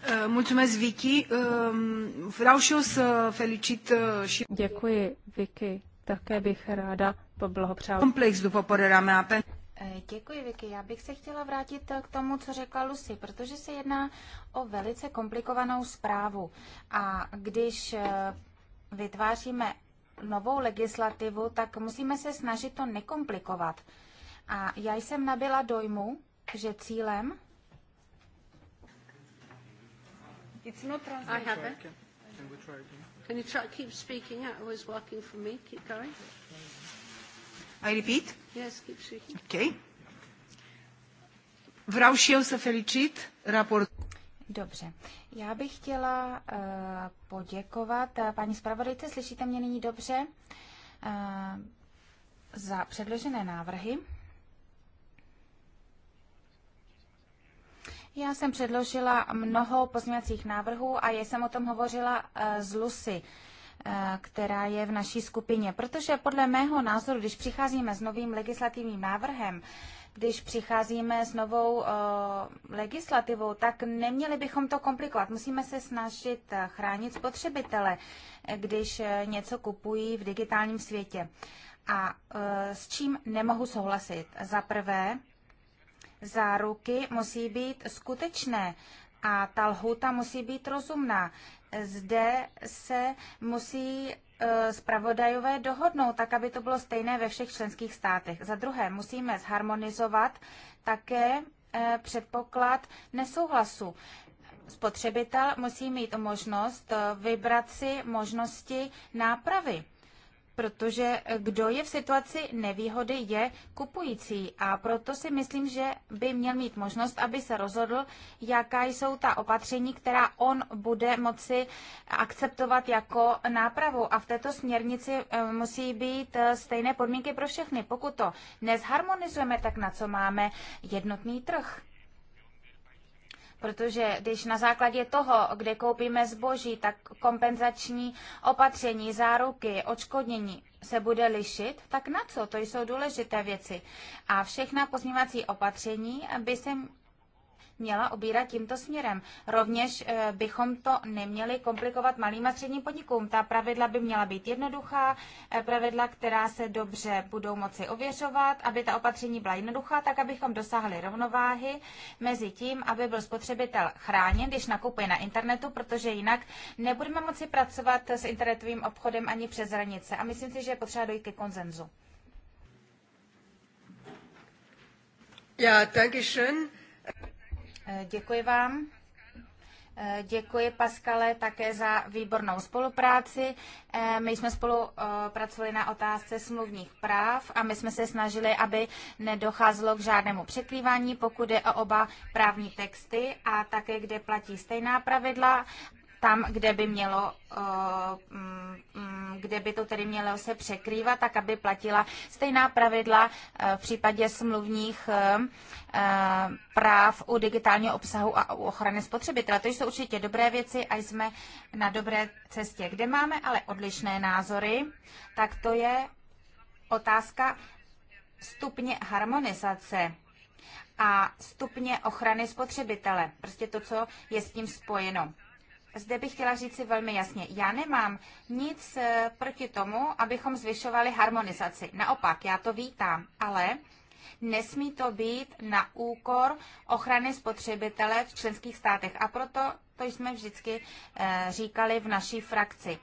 Eh, mulțumesc, Vicky. Ehm, vreau și eu să felicit eh, și... Děkuji, Vicky. Také bych ráda poblahopřála. Komplex, după părerea mea. Děkuji, Vicky. Já bych se chtěla vrátit k tomu, co řekla Lucy, protože se jedná o velice komplikovanou zprávu. A když vytváříme novou legislativu, tak musíme se snažit to nekomplikovat. A já jsem nabila dojmu, že cílem... It's not I have it. Can we try again? Can you try, keep speaking? It was working for me. Keep going. I repeat? Yes, keep speaking. Okay. Vreau și felicit raport. Dobře. Já bych chtěla uh, poděkovat eh, paní zpravodajce, slyšíte mě nyní dobře, uh, za předložené návrhy. Já jsem předložila mnoho pozměňovacích návrhů a já jsem o tom hovořila z eh, Lucy eh, která je v naší skupině. Protože podle mého názoru, když přicházíme s novým legislativním návrhem, když přicházíme s novou uh, legislativou, tak neměli bychom to komplikovat. Musíme se snažit chránit spotřebitele, když něco kupují v digitálním světě. A uh, s čím nemohu souhlasit? Za prvé, záruky musí být skutečné a ta lhůta musí být rozumná. Zde se musí e, zpravodajové dohodnou, tak aby to bylo stejné ve všech členských státech. Za druhé, musíme zharmonizovat také e, předpoklad nesouhlasu. Spotřebitel musí mít možnost e, vybrat si možnosti nápravy protože kdo je v situaci nevýhody, je kupující. A proto si myslím, že by měl mít možnost, aby se rozhodl, jaká jsou ta opatření, která on bude moci akceptovat jako nápravu. A v této směrnici eh, musí být eh, stejné podmínky pro všechny. Pokud to nezharmonizujeme, tak na co máme jednotný trh? Protože když na základě toho, kde koupíme zboží, tak kompenzační opatření, záruky, očkodnění se bude lišit, tak na co? To jsou důležité věci. A všechna pozměňovací opatření by se měla obírat tímto směrem. Rovněž eh, bychom to neměli komplikovat malým a středním podnikům. Ta pravidla by měla být jednoduchá, eh, pravidla, která se dobře budou moci ověřovat, aby ta opatření byla jednoduchá, tak abychom dosáhli rovnováhy mezi tím, aby byl spotřebitel chráněn, když nakupuje na internetu, protože jinak nebudeme moci pracovat s internetovým obchodem ani přes hranice. A myslím si, že je potřeba dojít ke konzenzu. Ja, danke schön. Eh, děkuji vám. Eh, děkuji, Paskale, také za výbornou spolupráci. Eh, my jsme spolu pracovali na otázce smluvních práv a my jsme se snažili, aby nedocházelo k žádnému překrývání, pokud je o oba právní texty a také, kde platí stejná pravidla tam, kde by mělo, eh, mm, kde by to tedy mělo se překrývat, tak aby platila stejná pravidla eh, v případě smluvních eh, práv u digitálního obsahu a u ochrany spotřebitele. To jsou určitě dobré věci a jsme na dobré cestě. Kde máme ale odlišné názory, tak to je otázka stupně harmonizace a stupně ochrany spotřebitele. Prostě to, co je s tím spojeno zde bych chtěla říct si velmi jasně, já nemám nic eh, proti tomu, abychom zvyšovali harmonizaci. Naopak, já to vítám, ale nesmí to být na úkor ochrany spotřebitele v členských státech. A proto to jsme vždycky eh, říkali v naší frakci.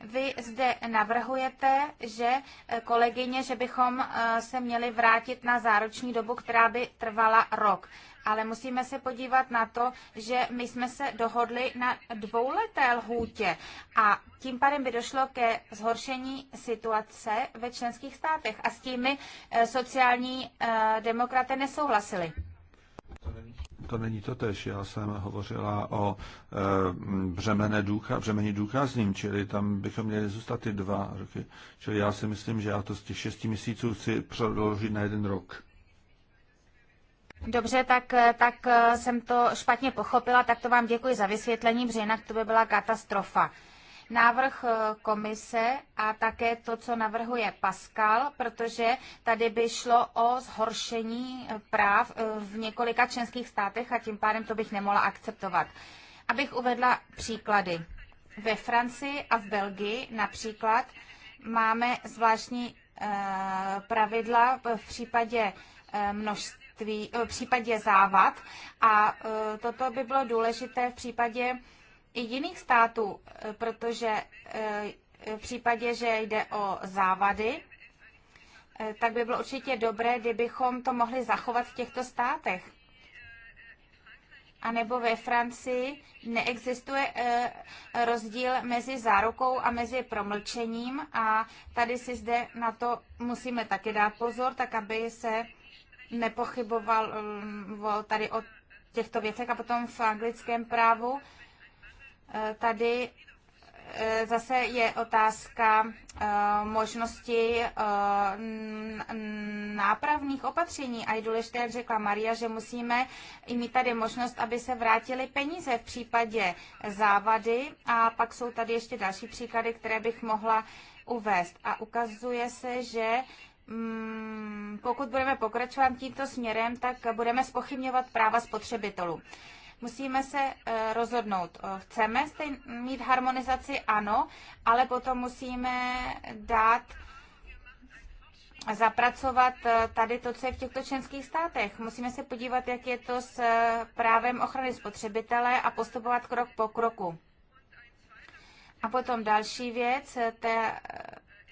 Vy zde navrhujete, že eh, kolegyně, že bychom se měli vrátit na zároční dobu, která by trvala rok ale musíme se podívat na to, že my jsme se dohodli na dvouleté lhůtě a tím pádem by došlo ke zhoršení situace ve členských státech a s tím eh, sociální eh, demokraté nesouhlasili. To není to tež. Já jsem hovořila o e, břemene důka, břemeni důkazním, čili tam bychom měli zůstat ty dva roky. Čili já si myslím, že já to z těch šesti měsíců chci prodloužit na jeden rok. Dobře, tak, tak eh, jsem to špatně pochopila, tak to vám děkuji za vysvětlení, protože jinak to by byla katastrofa. Návrh eh, komise a také to, co navrhuje Pascal, protože tady by šlo o zhoršení eh, práv v několika členských státech a tím pádem to bych nemohla akceptovat. Abych uvedla příklady. Ve Francii a v Belgii například máme zvláštní pravidla v případě množství odvětví, eh, v případě závad a eh, toto by bylo důležité v případě i jiných států, eh, protože v případě, že jde o závady, tak by bylo určitě dobré, kdybychom to mohli zachovat v těchto státech. A nebo ve Francii neexistuje rozdíl mezi zárukou a mezi promlčením a tady si zde na to musíme také dát pozor, tak aby se nepochyboval um, tady o těchto věcech a potom v anglickém právu eh, tady eh, zase je otázka eh, možnosti nápravných opatření a je důležité, jak řekla Maria, že musíme i mít tady možnost, aby se vrátily peníze v případě závady a pak jsou tady ještě další příklady, které bych mohla uvést. A ukazuje se, že Mm, pokud budeme pokračovat tímto směrem, tak budeme spochybňovat práva spotřebitelů. Musíme se eh, rozhodnout. Eh, chceme mít harmonizaci? Ano, ale potom musíme dát zapracovat eh, tady to, co je v těchto členských státech. Musíme se podívat, jak je to s právem ochrany spotřebitele a postupovat krok po kroku. A potom další věc, ta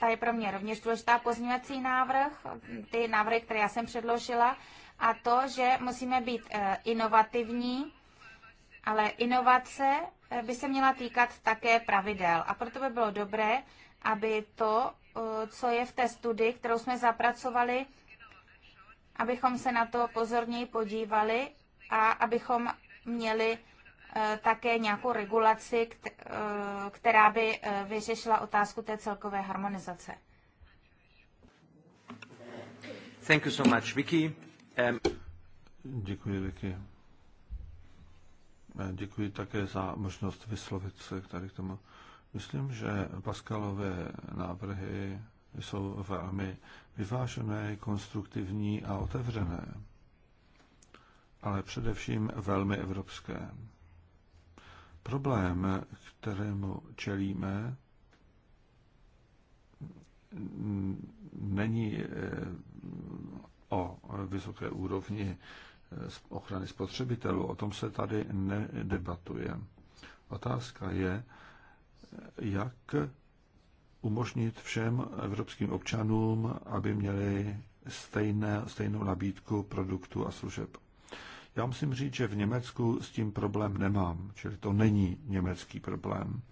ta je pro mě rovněž důležitá pozměňovací návrh, ty návrhy, které já jsem předložila, a to, že musíme být eh, inovativní, ale inovace eh, by se měla týkat také pravidel. A proto by bylo dobré, aby to, eh, co je v té studii, kterou jsme zapracovali, abychom se na to pozorněji podívali a abychom měli Eh, také nějakou regulaci, eh, která by eh, vyřešila otázku té celkové harmonizace. Thank you so much, Vicky. Um... Děkuji, Vicky. Děkuji také za možnost vyslovit se k tady k tomu. Myslím, že Pascalové návrhy jsou velmi vyvážené, konstruktivní a otevřené, ale především velmi evropské. Problém, kterému čelíme, není eh, o vysoké úrovni eh, ochrany spotřebitelů. O tom se tady nedebatuje. Otázka je, eh, jak umožnit všem evropským občanům, aby měli stejné, stejnou nabídku produktů a služeb. Já musím říct, že v Německu s tím problém nemám, čili to není německý problém.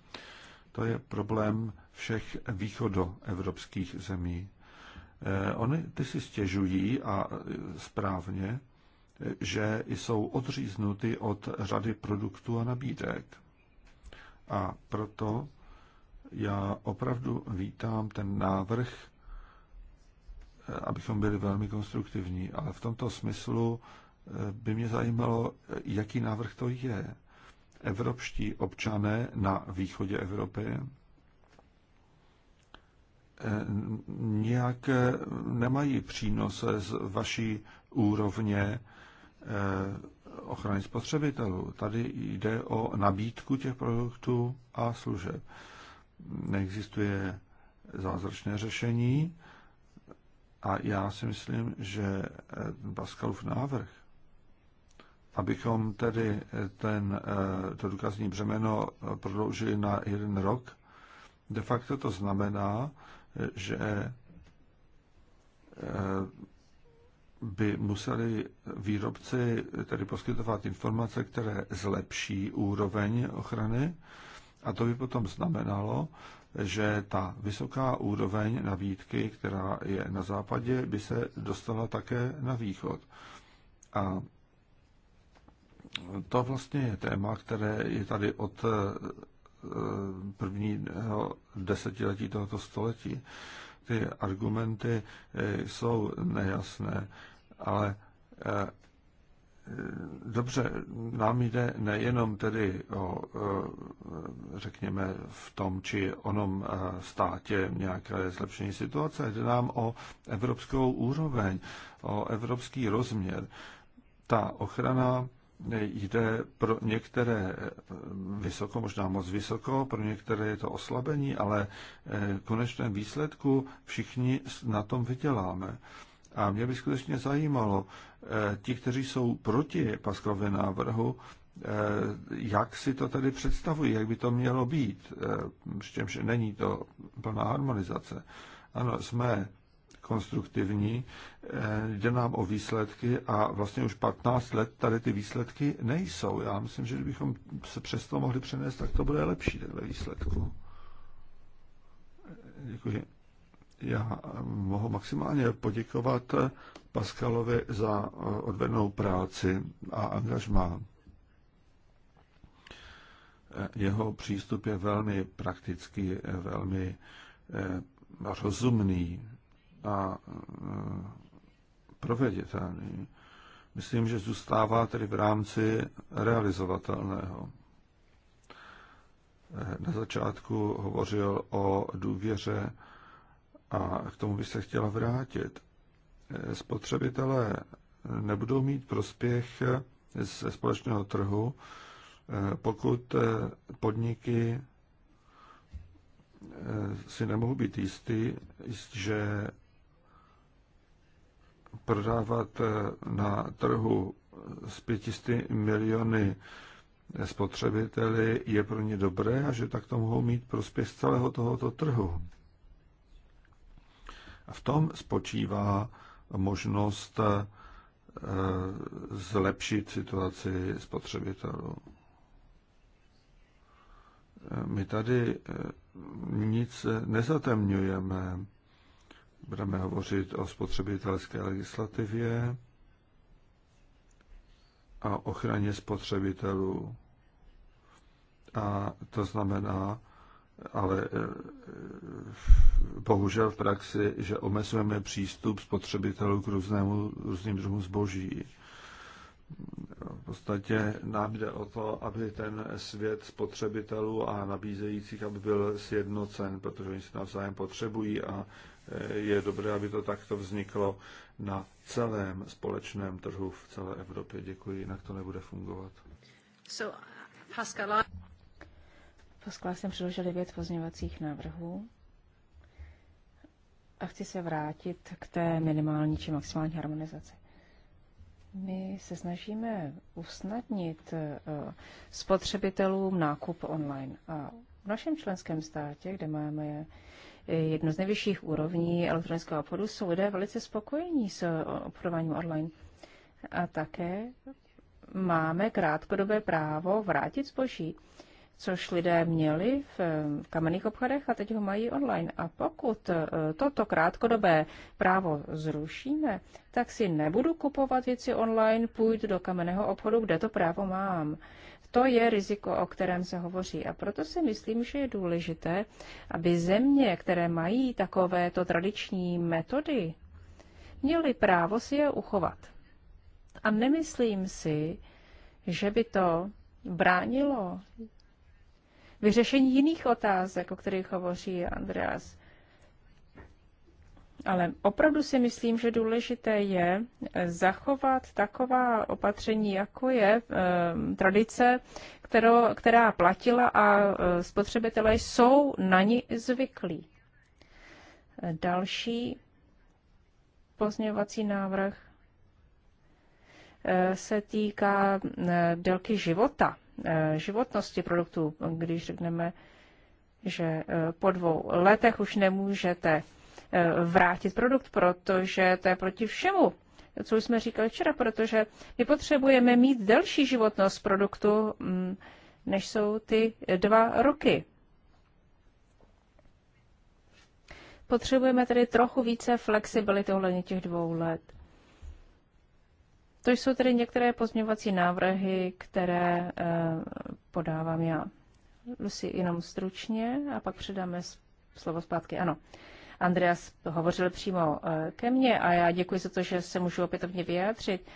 To je problém všech východoevropských zemí. Eh, oni ty si stěžují a eh, správně, eh, že jsou odříznuty od řady produktů a nabídek. A proto já opravdu vítám ten návrh, abychom byli velmi konstruktivní, ale v tomto smyslu by mě zajímalo, jaký návrh to je. Evropští občané na východě Evropy eh, nějak eh, nemají přínos z vaší úrovně eh, ochrany spotřebitelů. Tady jde o nabídku těch produktů a služeb. Neexistuje zázračné řešení a já si myslím, že Baskalův návrh abychom tedy eh, ten, eh, to důkazní břemeno eh, prodloužili na jeden rok, de facto to znamená, že by museli výrobci tedy poskytovat informace, které zlepší úroveň ochrany a to by potom znamenalo, že ta vysoká úroveň nabídky, která je na západě, by se dostala také na východ. A to vlastně je téma, které je tady od eh, prvního desetiletí tohoto století. Ty argumenty eh, jsou nejasné, ale eh, dobře, nám jde nejenom tedy o, řekněme, v tom či onom státě nějaké zlepšení situace, jde nám o evropskou úroveň, o evropský rozměr. Ta ochrana jde pro některé vysoko, možná moc vysoko, pro některé je to oslabení, ale eh, v konečném výsledku všichni na tom vyděláme. A mě by skutečně zajímalo, eh, ti, kteří jsou proti Paskrově návrhu, eh, jak si to tedy představují, jak by to mělo být, s přičemž není to plná harmonizace. Ano, jsme konstruktivní. Eh, jde nám o výsledky a vlastně už 15 let tady ty výsledky nejsou. Já myslím, že kdybychom se přesto mohli přenést, tak to bude lepší ten ve výsledku. Eh, děkuji. Já mohu maximálně poděkovat Paskalovi za eh, odvednou práci a angažmá. Jeho přístup je velmi praktický, velmi rozumný a e, proveditelný, myslím, že zůstává tedy v rámci realizovatelného. E, na začátku hovořil o důvěře a k tomu bych se chtěla vrátit. E, spotřebitelé nebudou mít prospěch ze společného trhu, pokud podniky si nemohu být jistý, že prodávat eh, na trhu s 500 miliony spotřebiteli je pro ně dobré a že takto mohou mít prospěch z celého tohoto trhu. A v tom spočívá možnost eh, zlepšit situaci spotřebitelů. Eh, my tady nic nezatemňujeme Budeme hovořit o spotřebitelské legislativě a ochraně spotřebitelů. A to znamená, ale e, bohužel v praxi, že omezujeme přístup spotřebitelů k různému, různým druhům zboží. V podstatě nám jde o to, aby ten svět spotřebitelů a nabízejících aby byl sjednocen, protože oni se navzájem potřebují a je dobré, aby to takto vzniklo na celém společném trhu v celé Evropě. Děkuji, jinak to nebude fungovat. So, Haskala. Haskala jsem předložil devět pozměvacích návrhů a chci se vrátit k té minimální či maximální harmonizaci. My se snažíme usnadnit eh, spotřebitelům nákup online. A v našem členském státě, kde máme jednu z nejvyšších úrovní elektronického obchodu, jsou lidé velice spokojení s obchodováním online. A také máme krátkodobé právo vrátit zboží, což lidé měli v, v kamenných obchodech a teď ho mají online. A pokud e, toto krátkodobé právo zrušíme, tak si nebudu kupovat věci online, půjdu do kamenného obchodu, kde to právo mám. To je riziko, o kterém se hovoří. A proto si myslím, že je důležité, aby země, které mají takovéto tradiční metody, měly právo si je uchovat. A nemyslím si, že by to bránilo vyřešení jiných otázek, o kterých hovoří Andreas. Ale opravdu si myslím, že důležité je eh, zachovat taková opatření, jako je e, tradice, kterou, která platila a eh, spotřebitelé jsou na ní zvyklí. Další pozměňovací návrh se týká délky života, životnosti produktů, když řekneme, že po dvou letech už nemůžete Eh, vrátit produkt, protože to je proti všemu co už jsme říkali včera, protože my potřebujeme mít delší životnost produktu, mm, než jsou ty dva roky. Potřebujeme tedy trochu více flexibility ohledně těch dvou let. To jsou tedy některé pozměňovací návrhy, které eh, podávám já. Lucy, jenom stručně a pak předáme slovo zpátky. Ano. Andreas hovořil přímo eh, ke mně a já děkuji za to, že se můžu opětovně vyjádřit.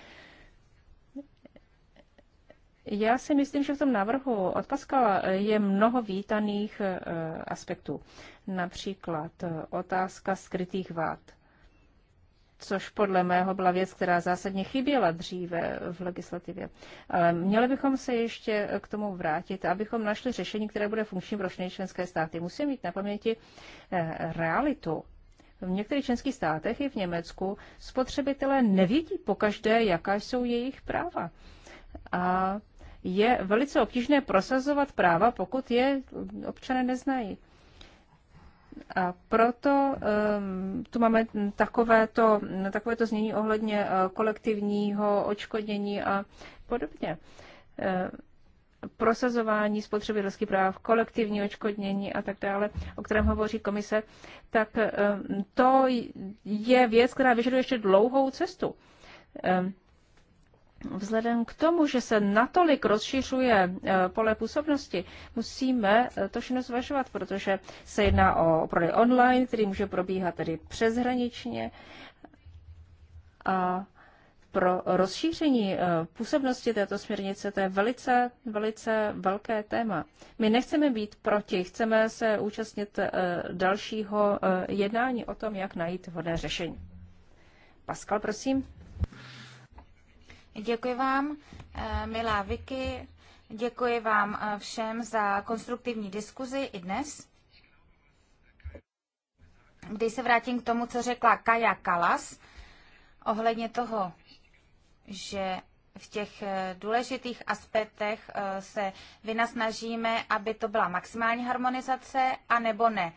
Já si myslím, že v tom návrhu od Paskala eh, je mnoho vítaných eh, aspektů. Například otázka skrytých vád což podle mého byla věc, která zásadně chyběla dříve v legislativě. Ale měli bychom se ještě k tomu vrátit, abychom našli řešení, které bude funkční pro všechny členské státy. Musíme mít na paměti eh, realitu. V některých členských státech i v Německu spotřebitelé nevědí pokaždé, jaká jsou jejich práva. A je velice obtížné prosazovat práva, pokud je občané neznají. A proto um, tu máme takovéto, takovéto znění ohledně eh, kolektivního očkodnění a podobně. E, prosazování spotřebitelských práv, kolektivní očkodnění a tak dále, o kterém hovoří komise, tak um, to je věc, která vyžaduje ještě dlouhou cestu. E, Vzhledem k tomu, že se natolik rozšiřuje eh, pole působnosti, musíme eh, to všechno zvažovat, protože se jedná o prodej online, který může probíhat tedy přeshraničně. A pro rozšíření eh, působnosti této směrnice to je velice, velice velké téma. My nechceme být proti, chceme se účastnit dalšího jednání o tom, jak najít vhodné řešení. Pascal, prosím. Děkuji vám, eh, milá Vicky, děkuji vám eh, všem za konstruktivní diskuzi i dnes. Když se vrátím k tomu, co řekla Kaja Kalas, ohledně toho, že v těch eh, důležitých aspektech se vynasnažíme, aby to byla maximální harmonizace, a nebo ne.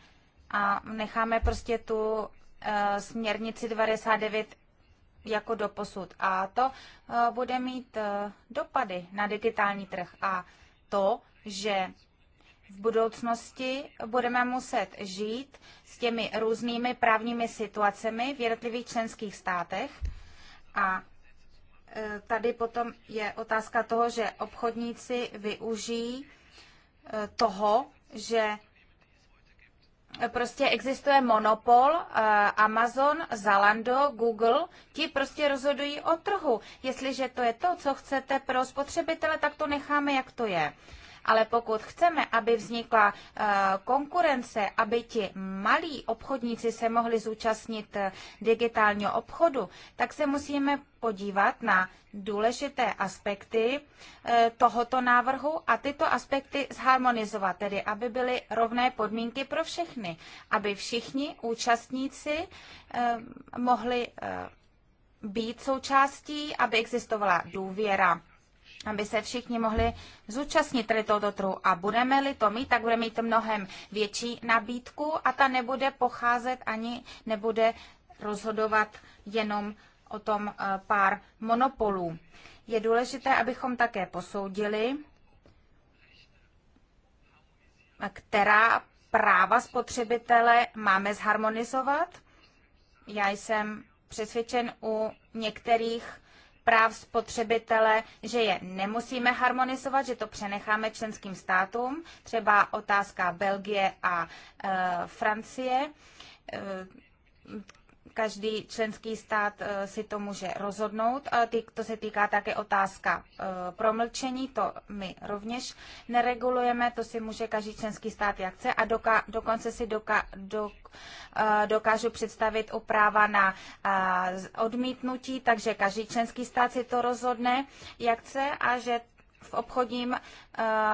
A necháme prostě tu směrnici 29 jako doposud. A to eh, bude mít eh, dopady na digitální trh a to, že v budoucnosti budeme muset žít s těmi různými právními situacemi v jednotlivých členských státech a eh, tady potom je otázka toho, že obchodníci využijí toho, že prostě existuje monopol, eh, Amazon, Zalando, Google, ti prostě rozhodují o trhu. Jestliže to je to, co chcete pro spotřebitele, tak to necháme, jak to je ale pokud chceme, aby vznikla eh, konkurence, aby ti malí obchodníci se mohli zúčastnit eh, digitálního obchodu, tak se musíme podívat na důležité aspekty eh, tohoto návrhu a tyto aspekty zharmonizovat, tedy aby byly rovné podmínky pro všechny, aby všichni účastníci mohli být součástí, aby existovala důvěra aby se všichni mohli zúčastnit tady tohoto trhu. A budeme-li to mít, tak budeme mít mnohem větší nabídku a ta nebude pocházet ani nebude rozhodovat jenom o tom eh, pár monopolů. Je důležité, abychom také posoudili, která práva spotřebitele máme zharmonizovat. Já jsem přesvědčen u některých práv spotřebitele, že je nemusíme harmonizovat, že to přenecháme členským státům, třeba otázka Belgie a e, Francie. E, každý členský stát eh, si to může rozhodnout. To se týká také otázka eh, promlčení, to my rovněž neregulujeme, to si může každý členský stát jak chce a doka, dokonce si doka, do, eh, dokážu představit u práva na odmítnutí, takže každý členský stát si to rozhodne jak chce a že v obchodním eh,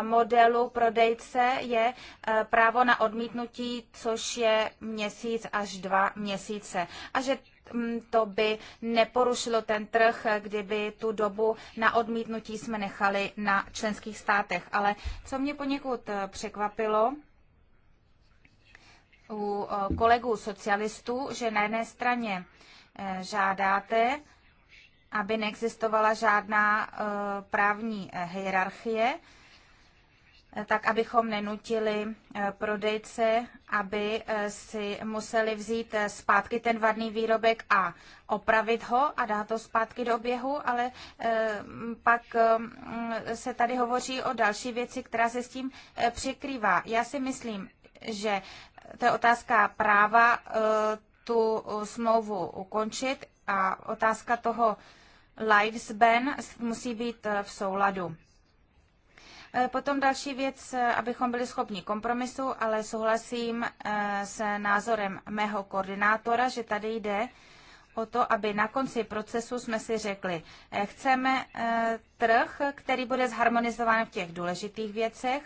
modelu prodejce je eh, právo na odmítnutí, což je měsíc až dva měsíce. A že mm, to by neporušilo ten trh, eh, kdyby tu dobu na odmítnutí jsme nechali na členských státech. Ale co mě poněkud překvapilo, u kolegů socialistů, že na jedné straně žádáte, aby neexistovala žádná eh, právní eh, hierarchie, eh, tak abychom nenutili prodejce, aby si museli vzít zpátky ten vadný výrobek a opravit ho a dát to zpátky do oběhu, ale pak se tady hovoří o další věci, která se s tím překrývá. Já si myslím, že to je otázka práva tu smlouvu ukončit a otázka toho, lifespan musí být eh, v souladu. Eh, potom další věc, eh, abychom byli schopni kompromisu, ale souhlasím s názorem mého koordinátora, že tady jde o to, aby na konci procesu jsme si řekli, eh, chceme eh, trh, který bude zharmonizován v těch důležitých věcech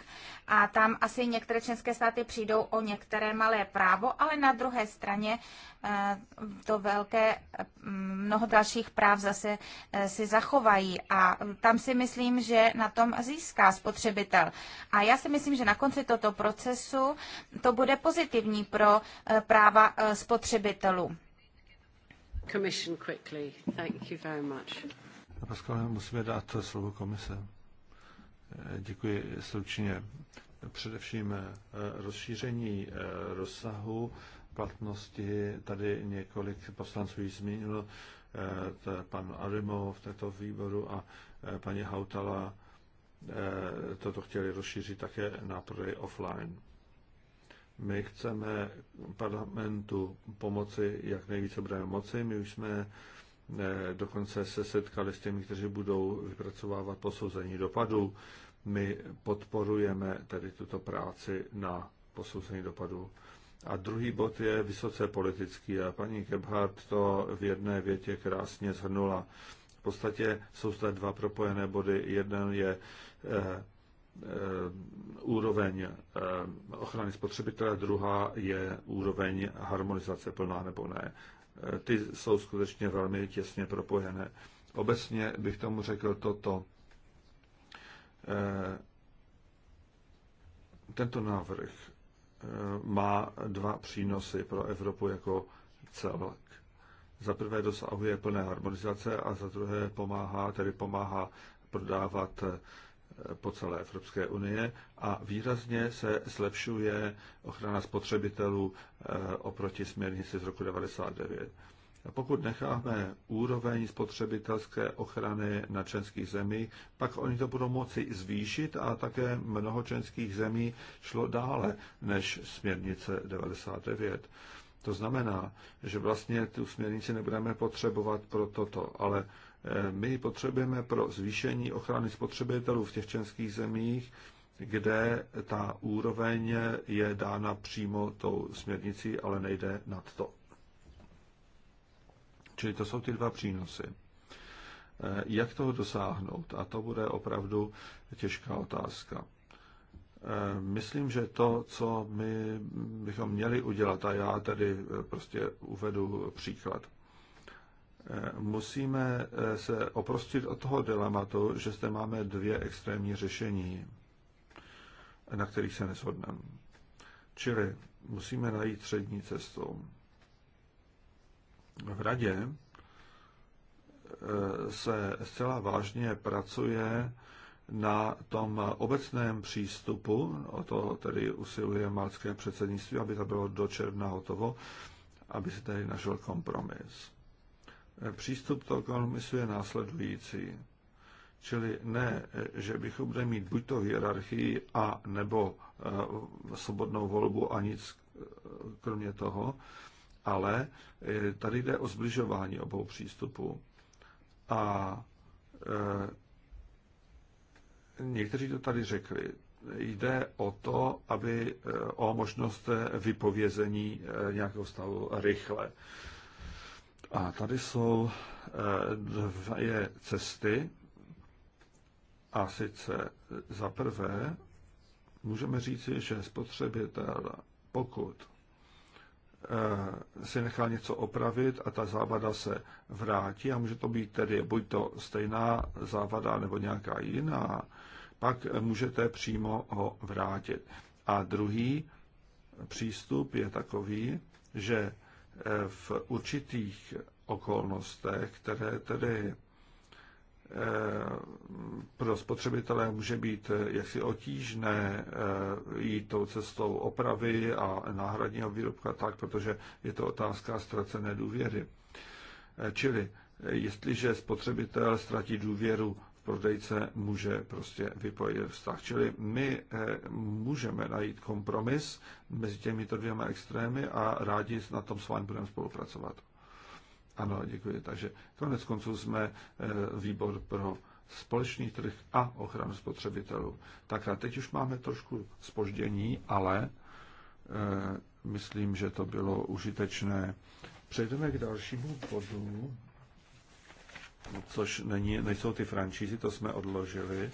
a tam asi některé členské státy přijdou o některé malé právo, ale na druhé straně eh, to velké mm, mnoho dalších práv zase si zachovají a tam si myslím, že na tom získá spotřebitel. A já si myslím, že na konci tohoto procesu to bude pozitivní pro práva spotřebitelů. Commission quickly. Thank you very much. Pascal, musíme dát slovo komise. Eh, děkuji stručně. Především eh, rozšíření eh, rozsahu platnosti. Tady několik poslanců již zmínilo, pan Arimo v této výboru a paní Hautala toto chtěli rozšířit také na prodej offline. My chceme parlamentu pomoci, jak nejvíce budeme moci. My už jsme eh, dokonce se setkali s těmi, kteří budou vypracovávat posouzení dopadu. My podporujeme tedy tuto práci na posouzení dopadu. A druhý bod je vysoce politický a paní Gebhardt to v jedné větě krásně zhrnula. V podstatě jsou zde dva propojené body. Jeden je eh, Eh, úroveň eh, ochrany spotřebitele, druhá je úroveň harmonizace plná nebo ne. Eh, ty jsou skutečně velmi těsně propojené. Obecně bych tomu řekl toto. Tento návrh má dva přínosy pro Evropu jako celek. Za prvé dosahuje plné harmonizace a za druhé pomáhá, tedy pomáhá prodávat po celé Evropské unie a výrazně se zlepšuje ochrana spotřebitelů eh, oproti směrnici z roku 99. Pokud necháme úroveň spotřebitelské ochrany na členských zemích, pak oni to budou moci zvýšit a také mnoho členských zemí šlo dále než směrnice 99. To znamená, že vlastně tu směrnici nebudeme potřebovat pro toto, ale my potřebujeme pro zvýšení ochrany spotřebitelů v těch českých zemích, kde ta úroveň je dána přímo tou směrnicí, ale nejde nad to. Čili to jsou ty dva přínosy. Eh, jak toho dosáhnout? A to bude opravdu těžká otázka. Eh, myslím, že to, co my bychom měli udělat, a já tedy eh, prostě uvedu příklad musíme eh, se oprostit od toho dilematu, že zde máme dvě extrémní řešení, na kterých se neshodneme. Čili musíme najít střední cestu. V radě eh, se zcela vážně pracuje na tom obecném přístupu, o to tedy usiluje malské předsednictví, aby to bylo do června hotovo, aby se tedy našel kompromis. Přístup toho kompromisu je následující. Čili ne, že bychom měli mít buď to hierarchii a nebo eh, svobodnou volbu a nic eh, kromě toho, ale eh, tady jde o zbližování obou přístupů. A e, někteří to tady řekli. Jde o to, aby o možnost vypovězení nějakého stavu rychle. E, a tady jsou eh, dvě cesty. A sice za prvé můžeme říci, že spotřebitel, pokud eh, si nechá něco opravit a ta závada se vrátí a může to být tedy buď to stejná závada nebo nějaká jiná, pak můžete přímo ho vrátit. A druhý přístup je takový, že v určitých okolnostech, které tedy eh, pro spotřebitele může být eh, jaksi obtížné eh, jít tou cestou opravy a náhradního výrobka tak, protože je to otázka ztracené důvěry. Čili jestliže spotřebitel ztratí důvěru prodejce může prostě vypojit vztah. Čili my eh, můžeme najít kompromis mezi těmito dvěma extrémy a rádi na tom s vámi budeme spolupracovat. Ano, děkuji. Takže konec konců jsme eh, výbor pro společný trh a ochranu spotřebitelů. Tak a teď už máme trošku spoždění, ale eh, myslím, že to bylo užitečné. Přejdeme k dalšímu bodu což není, nejsou ty francízy, to jsme odložili.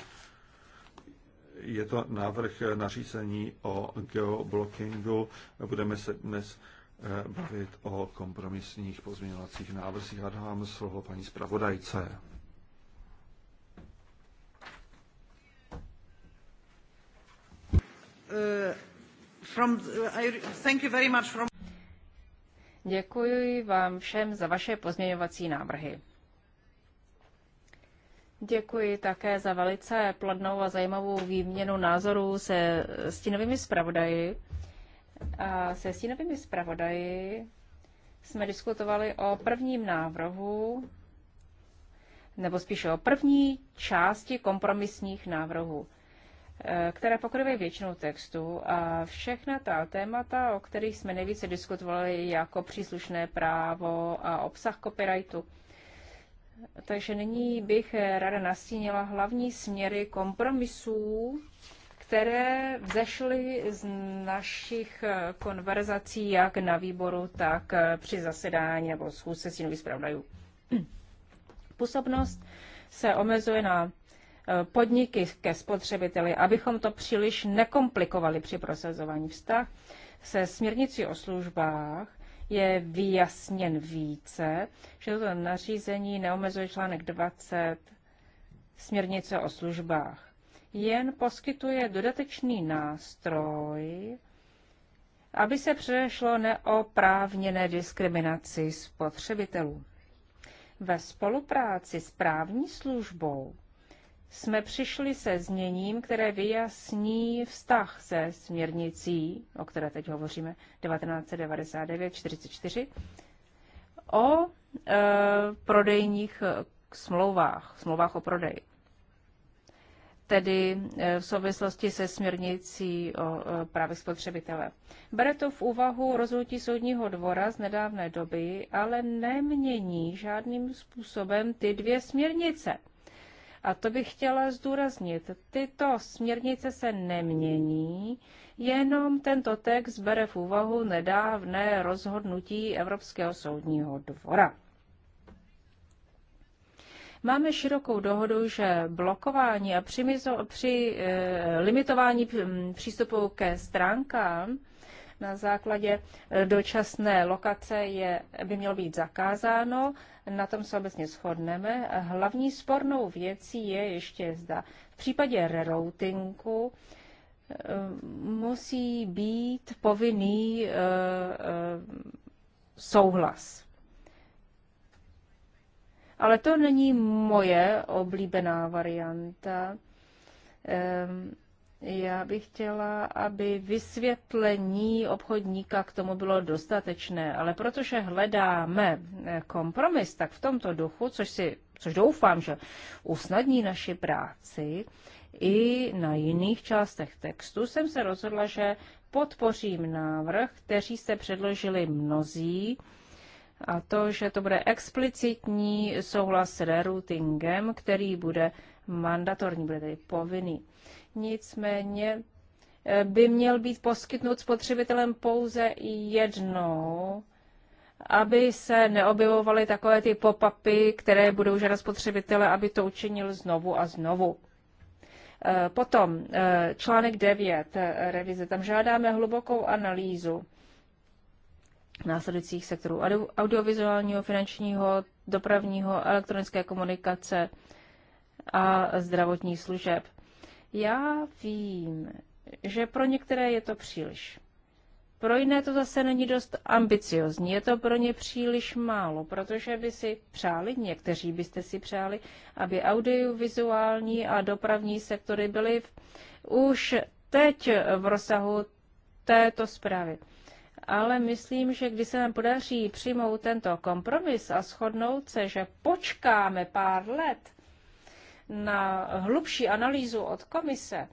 Je to návrh nařízení o geoblockingu. Budeme se dnes eh, bavit o kompromisních pozměňovacích návrzích Já dávám slovo paní zpravodajce. Eh, eh, Děkuji vám všem za vaše pozměňovací návrhy. Děkuji také za velice plodnou a zajímavou výměnu názorů se stínovými zpravodaji. A se stínovými zpravodaji jsme diskutovali o prvním návrhu, nebo spíše o první části kompromisních návrhů, e, které pokryvají většinu textu a všechna ta témata, o kterých jsme nejvíce diskutovali, jako příslušné právo a obsah copyrightu, takže nyní bych ráda nastínila hlavní směry kompromisů, které vzešly z našich konverzací jak na výboru, tak při zasedání nebo schůzce jinými zpravodajů. Působnost se omezuje na eh, podniky ke spotřebiteli, abychom to příliš nekomplikovali při prosazování vztah se směrnicí o službách je vyjasněn více, že toto nařízení neomezuje článek 20 směrnice o službách. Jen poskytuje dodatečný nástroj, aby se předešlo neoprávněné diskriminaci spotřebitelů. Ve spolupráci s právní službou jsme přišli se zněním, které vyjasní vztah se směrnicí, o které teď hovoříme, 1999-44, o e, prodejních e, smlouvách, smlouvách o prodeji. Tedy e, v souvislosti se směrnicí o e, právech spotřebitele. Bere to v úvahu rozhodnutí soudního dvora z nedávné doby, ale nemění žádným způsobem ty dvě směrnice – a to bych chtěla zdůraznit. Tyto směrnice se nemění, jenom tento text bere v úvahu nedávné rozhodnutí Evropského soudního dvora. Máme širokou dohodu, že blokování a při, při eh, limitování hm, přístupu ke stránkám na základě eh, dočasné lokace je, by mělo být zakázáno. Na tom se obecně shodneme. Hlavní spornou věcí je ještě zda. V případě reroutingu eh, musí být povinný eh, souhlas. Ale to není moje oblíbená varianta. Ehm, já bych chtěla, aby vysvětlení obchodníka k tomu bylo dostatečné, ale protože hledáme eh, kompromis, tak v tomto duchu, což, si, což doufám, že usnadní naši práci, i na jiných částech textu jsem se rozhodla, že podpořím návrh, který se předložili mnozí, a to, že to bude explicitní souhlas s reroutingem, který bude mandatorní, bude tedy povinný. Nicméně eh, by měl být poskytnut spotřebitelem pouze jednou, aby se neobjevovaly takové ty pop-upy, které budou žádat spotřebitele, aby to učinil znovu a znovu. Eh, potom eh, článek 9 revize. Tam žádáme hlubokou analýzu následujících sektorů audiovizuálního, finančního, dopravního, elektronické komunikace a zdravotních služeb. Já vím, že pro některé je to příliš. Pro jiné to zase není dost ambiciozní, je to pro ně příliš málo, protože by si přáli, někteří byste si přáli, aby audiovizuální a dopravní sektory byly v, už teď v rozsahu této zprávy. Ale myslím, že když se nám podaří přijmout tento kompromis a shodnout se, že počkáme pár let, na hlubší analýzu od komise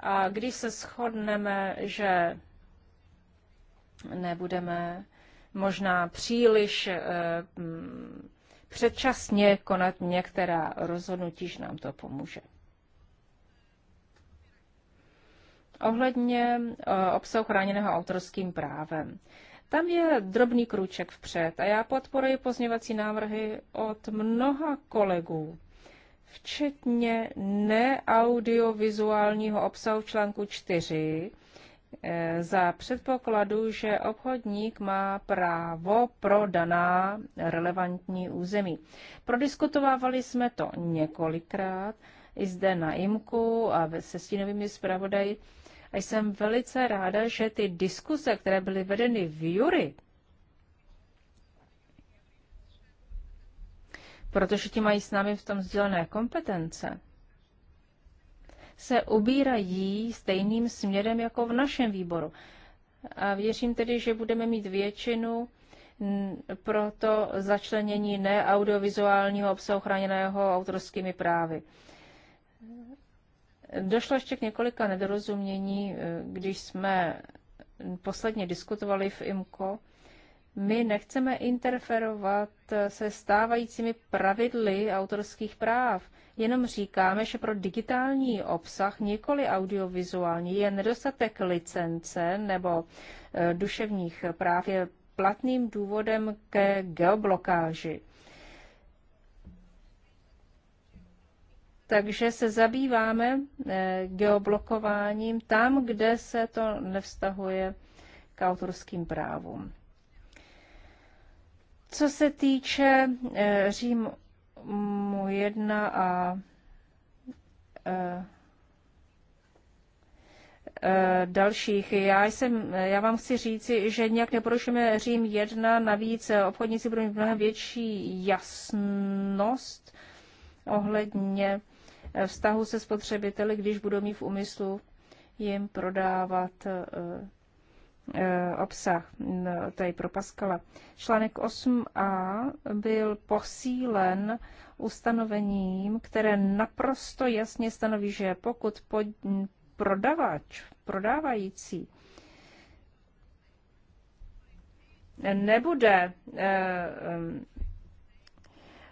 a když se shodneme, že nebudeme možná příliš eh, mm, předčasně konat některá rozhodnutí, že nám to pomůže. Ohledně eh, obsahu chráněného autorským právem. Tam je drobný krůček vpřed a já podporuji pozněvací návrhy od mnoha kolegů včetně neaudiovizuálního obsahu článku 4, eh, za předpokladu, že obchodník má právo pro daná relevantní území. Prodiskutovávali jsme to několikrát, i zde na IMKU a se stínovými zpravodaji. A jsem velice ráda, že ty diskuse, které byly vedeny v Jury, protože ti mají s námi v tom sdílené kompetence, se ubírají stejným směrem jako v našem výboru. A věřím tedy, že budeme mít většinu pro to začlenění neaudiovizuálního obsahu chráněného autorskými právy. Došlo ještě k několika nedorozumění, eh, když jsme posledně diskutovali v IMCO my nechceme interferovat se stávajícími pravidly autorských práv. Jenom říkáme, že pro digitální obsah, nikoli audiovizuální, je nedostatek licence nebo e, duševních práv je platným důvodem ke geoblokáži. Takže se zabýváme e, geoblokováním tam, kde se to nevztahuje k autorským právům. Co se týče eh, Římu 1 a eh, eh, dalších. Já, jsem, já vám chci říci, že nějak neporušujeme Řím 1, navíc obchodníci budou mít mnohem větší jasnost ohledně vztahu se spotřebiteli, když budou mít v úmyslu jim prodávat Eh, obsah, no, tady pro Paskala. Článek 8a byl posílen ustanovením, které naprosto jasně stanoví, že pokud pod, prodavač, prodávající nebude eh,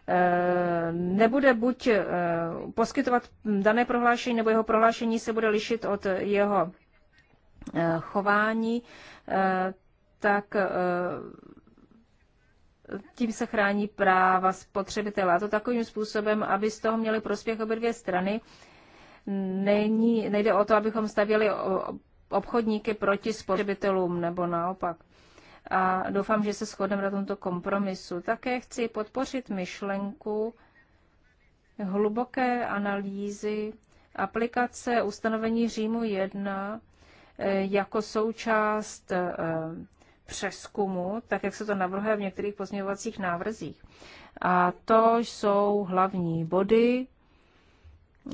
eh, nebude buď poskytovat dané prohlášení, nebo jeho prohlášení se bude lišit od jeho Eh, chování, eh, tak eh, tím se chrání práva spotřebitele. A to takovým způsobem, aby z toho měly prospěch obě dvě strany. Není, nejde o to, abychom stavěli obchodníky proti spotřebitelům nebo naopak. A doufám, že se shodneme na tomto kompromisu. Také chci podpořit myšlenku hluboké analýzy aplikace ustanovení Římu 1 E, jako součást e, přeskumu, tak jak se to navrhuje v některých pozměňovacích návrzích. A to jsou hlavní body,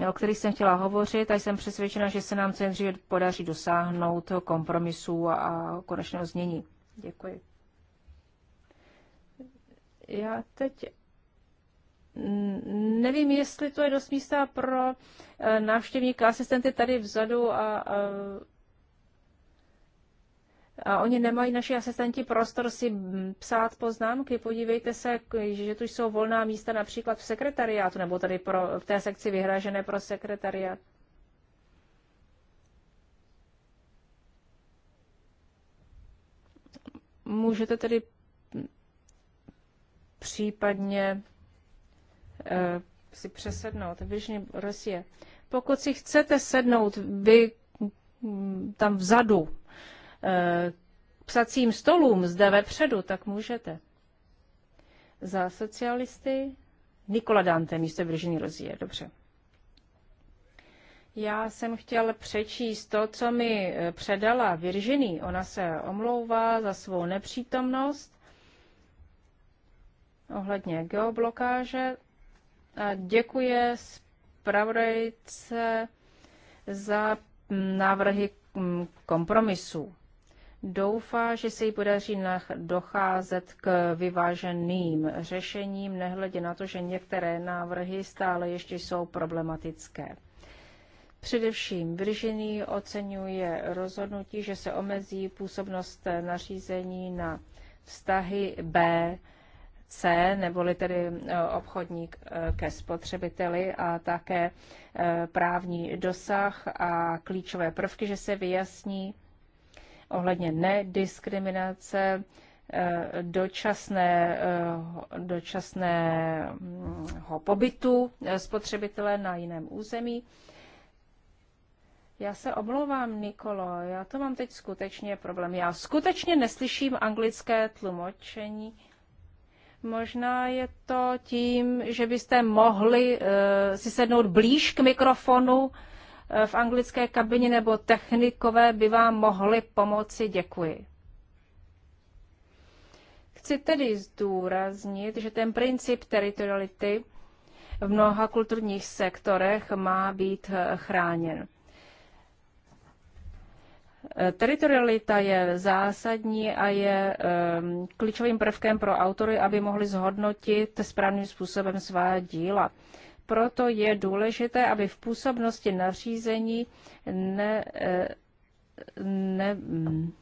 o kterých jsem chtěla hovořit a jsem přesvědčena, že se nám co nejdříve podaří dosáhnout kompromisu a konečného znění. Děkuji. Já teď nevím, jestli to je dost místa pro e, návštěvníka asistenty tady vzadu a, a a oni nemají naši asistenti prostor si mm, psát poznámky. Podívejte se, že tu jsou volná místa například v sekretariátu nebo tady pro, v té sekci vyhražené pro sekretariát. Můžete tedy mm, případně eh, si přesednout v Rosie. Pokud si chcete sednout vy mm, tam vzadu, Eh, psacím stolům zde vepředu, tak můžete. Za socialisty Nikola Dante, místo Virginie Rozie, dobře. Já jsem chtěl přečíst to, co mi eh, předala Virginie. Ona se omlouvá za svou nepřítomnost ohledně geoblokáže a děkuje zpravodajce za hm, návrhy hm, kompromisů doufá, že se jí podaří docházet k vyváženým řešením, nehledě na to, že některé návrhy stále ještě jsou problematické. Především Virginie oceňuje rozhodnutí, že se omezí působnost nařízení na vztahy B, C, neboli tedy e, obchodník e, ke spotřebiteli a také e, právní dosah a klíčové prvky, že se vyjasní ohledně nediskriminace eh, dočasné, eh, dočasného pobytu eh, spotřebitele na jiném území. Já se omlouvám, Nikolo, já to mám teď skutečně problém. Já skutečně neslyším anglické tlumočení. Možná je to tím, že byste mohli uh, si sednout blíž k mikrofonu. Uh, v anglické kabině nebo technikové by vám mohli pomoci. Děkuji. Chci tedy zdůraznit, že ten princip teritoriality v mnoha kulturních sektorech má být chráněn. Teritorialita je zásadní a je ehm, klíčovým prvkem pro autory, aby mohli zhodnotit správným způsobem svá díla. Proto je důležité, aby v působnosti nařízení ne, eh, ne, mm,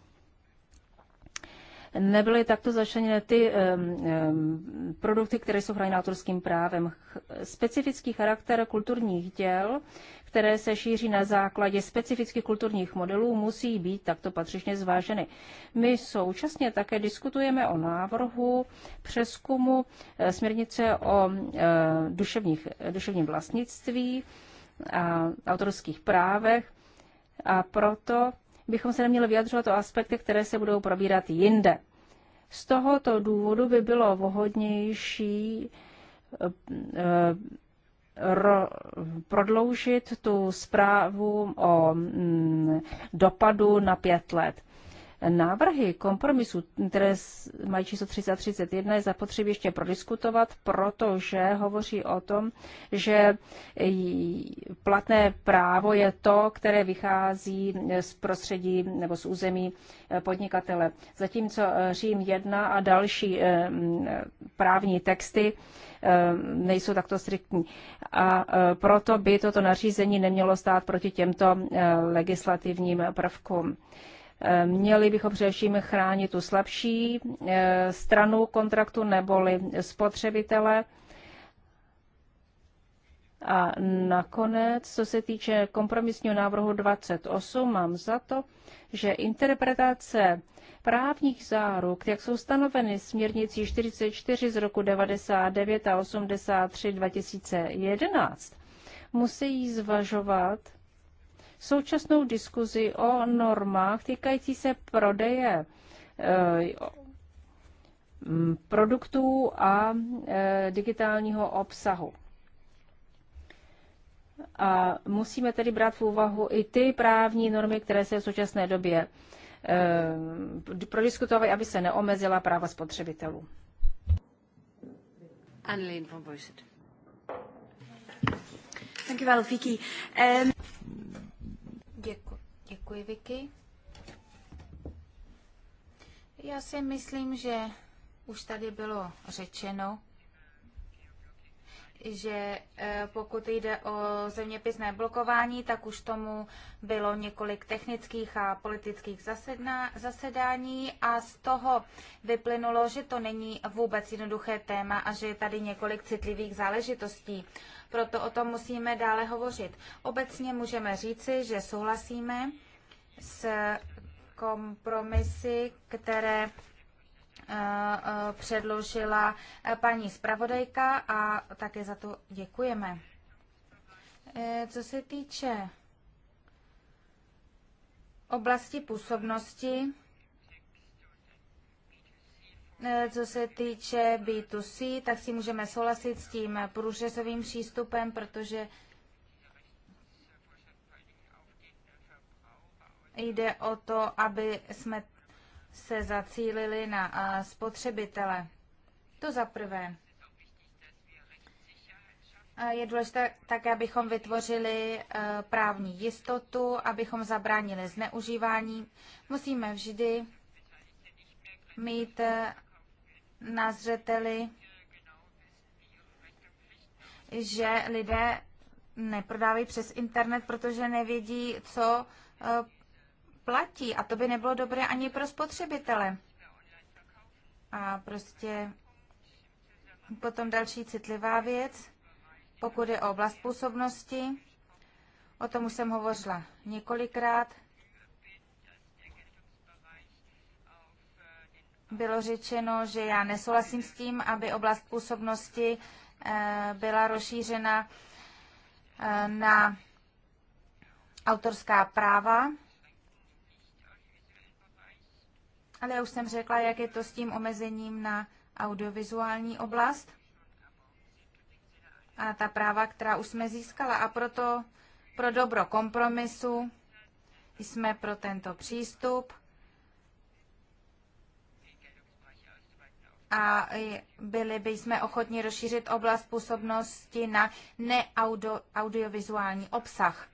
nebyly takto začleněny ty um, um, produkty, které jsou chráněny autorským právem. Specifický charakter kulturních děl které se šíří na základě specifických kulturních modelů, musí být takto patřičně zváženy. My současně také diskutujeme o návrhu přeskumu eh, směrnice o eh, duševních, duševním vlastnictví a autorských právech a proto bychom se neměli vyjadřovat o aspektech, které se budou probírat jinde. Z tohoto důvodu by bylo vhodnější eh, ro- prodloužit tu zprávu o mm, dopadu na pět let. Návrhy kompromisu, které mají číslo 331, je zapotřebí ještě prodiskutovat, protože hovoří o tom, že platné právo je to, které vychází z prostředí nebo z území eh, podnikatele. Zatímco eh, Řím 1 a další eh, právní texty Eh, nejsou takto striktní. A eh, proto by toto nařízení nemělo stát proti těmto eh, legislativním prvkům. Měli bychom především chránit tu slabší stranu kontraktu neboli spotřebitele. A nakonec, co se týče kompromisního návrhu 28, mám za to, že interpretace právních záruk, jak jsou stanoveny směrnicí 44 z roku 99 a 83 2011, musí zvažovat současnou diskuzi o normách týkající se prodeje e, produktů a e, digitálního obsahu. A musíme tedy brát v úvahu i ty právní normy, které se v současné době Eh, prodiskutovali, aby se neomezila práva spotřebitelů. Annelien von Boyset. Dankjewel, Vicky. Um... Ehm, děkuji, děkuji, Vicky. Já si myslím, že už tady bylo řečeno, že eh, pokud jde o zeměpisné blokování, tak už tomu bylo několik technických a politických zasedání a z toho vyplynulo, že to není vůbec jednoduché téma a že je tady několik citlivých záležitostí. Proto o tom musíme dále hovořit. Obecně můžeme říci, že souhlasíme s kompromisy, které Eh, eh, předložila eh, paní zpravodajka a také za to děkujeme. Co se týče oblasti působnosti, co se týče B2C, tak si můžeme souhlasit s tím průřezovým přístupem, protože jde o to, aby jsme se zacílili na spotřebitele. To za prvé. Je důležité také, abychom vytvořili e, právní jistotu, abychom zabránili zneužívání. Musíme vždy mít e, na zřeteli, že lidé neprodávají přes internet, protože nevědí, co e, platí a to by nebylo dobré ani pro spotřebitele. A prostě potom další citlivá věc, pokud je o oblast působnosti, o tom už jsem hovořila několikrát. Bylo řečeno, že já nesouhlasím s tím, aby oblast působnosti eh, byla rozšířena eh, na autorská práva. Ale já už jsem řekla, jak je to s tím omezením na audiovizuální oblast a ta práva, která už jsme získala. A proto pro dobro kompromisu jsme pro tento přístup. A byli by jsme ochotni rozšířit oblast působnosti na neaudiovizuální obsah.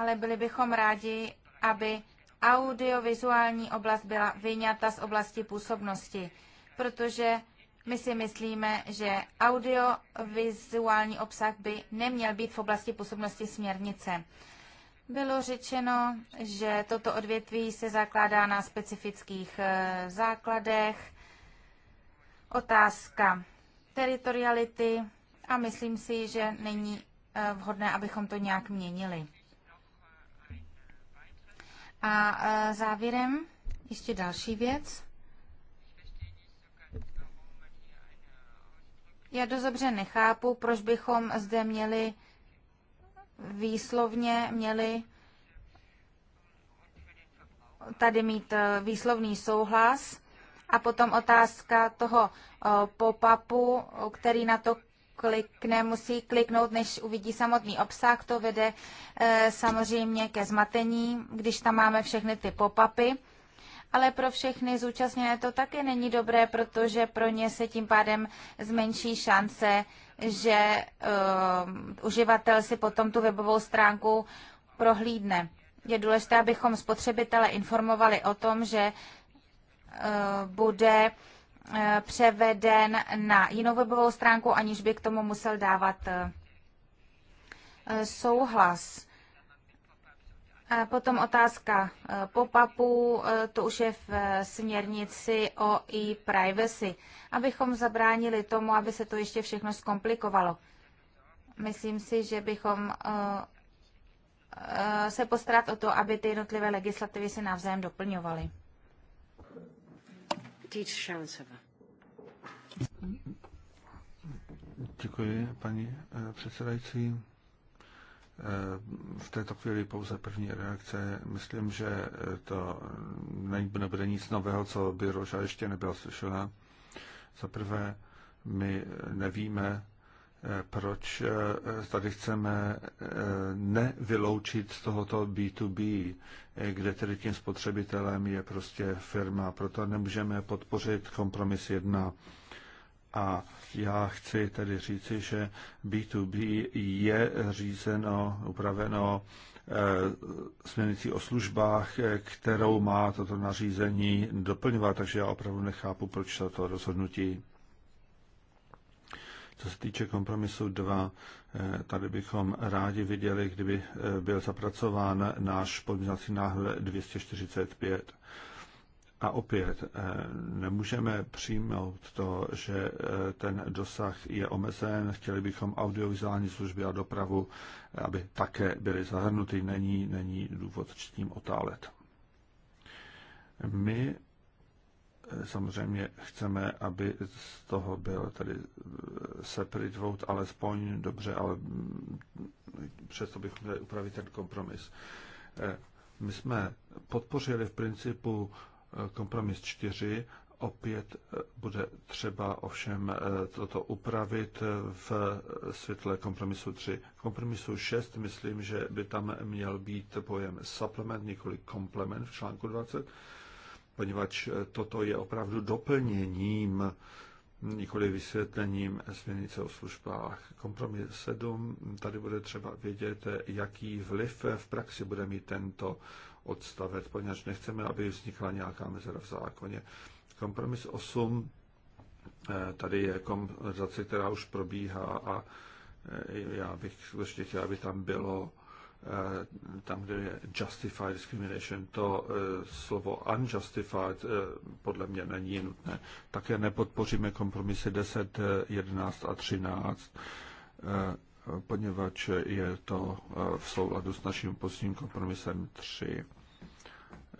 ale byli bychom rádi, aby audiovizuální oblast byla vyňata z oblasti působnosti, protože my si myslíme, že audiovizuální obsah by neměl být v oblasti působnosti směrnice. Bylo řečeno, že toto odvětví se zakládá na specifických eh, základech. Otázka teritoriality a myslím si, že není eh, vhodné, abychom to nějak měnili. A e, závěrem ještě další věc. Já to dobře nechápu, proč bychom zde měli výslovně měli tady mít e, výslovný souhlas a potom otázka toho e, pop-upu, který na to klikne, musí kliknout, než uvidí samotný obsah. To vede eh, samozřejmě ke zmatení, když tam máme všechny ty pop-upy. Ale pro všechny zúčastněné to také není dobré, protože pro ně se tím pádem zmenší šance, že uh, uživatel si potom tu webovou stránku prohlídne. Je důležité, abychom spotřebitele informovali o tom, že uh, bude uh, Eh, převeden na jinou webovou stránku, aniž by k tomu musel dávat eh, eh, souhlas. A potom otázka pop-upů, to už je v směrnici o e-privacy, abychom zabránili tomu, aby se to ještě všechno zkomplikovalo. Myslím si, že bychom se postarat o to, aby ty jednotlivé legislativy se navzájem doplňovaly. Dítě Šarancová. Děkuji, paní eh, předsedající. Eh, v této chvíli pouze první reakce. Myslím, že eh, to nebude nic nového, co by Roža ještě nebyla slyšela. Za prvé, my nevíme, proč tady chceme nevyloučit z tohoto B2B, kde tedy tím spotřebitelem je prostě firma. Proto nemůžeme podpořit kompromis jedna. A já chci tedy říci, že B2B je řízeno, upraveno eh, směrnicí o službách, eh, kterou má toto nařízení doplňovat, takže já opravdu nechápu, proč toto rozhodnutí. Co se týče kompromisu 2, eh, tady bychom rádi viděli, kdyby byl zapracován náš podmínací náhled 245. A opět eh, nemůžeme přijmout to, že eh, ten dosah je omezen. Chtěli bychom audiovizuální služby a dopravu, eh, aby také byly zahrnuty. Není, není důvod s tím otálet. My samozřejmě chceme, aby z toho byl tedy separate vote alespoň dobře, ale mm, přesto bychom měli upravit ten kompromis. My jsme podpořili v principu kompromis 4. Opět eh, bude třeba ovšem eh, toto upravit eh, v světle kompromisu 3. kompromisu 6 myslím, že by tam měl být pojem supplement, nikoli komplement v článku 20, poněvadž toto je opravdu doplněním nikoli vysvětlením směrnice o službách. Kompromis 7, tady bude třeba vědět, jaký vliv v praxi bude mít tento odstavec, poněvadž nechceme, aby vznikla nějaká mezera v zákoně. Kompromis 8, eh, tady je konverzace, která už probíhá a eh, já bych skutečně chtěl, aby tam bylo eh, tam, kde je justified discrimination, to slovo unjustified podle mě není nutné. Také nepodpoříme kompromisy 10, 11 a 13, poněvadž je to v souladu s naším posledním kompromisem 3.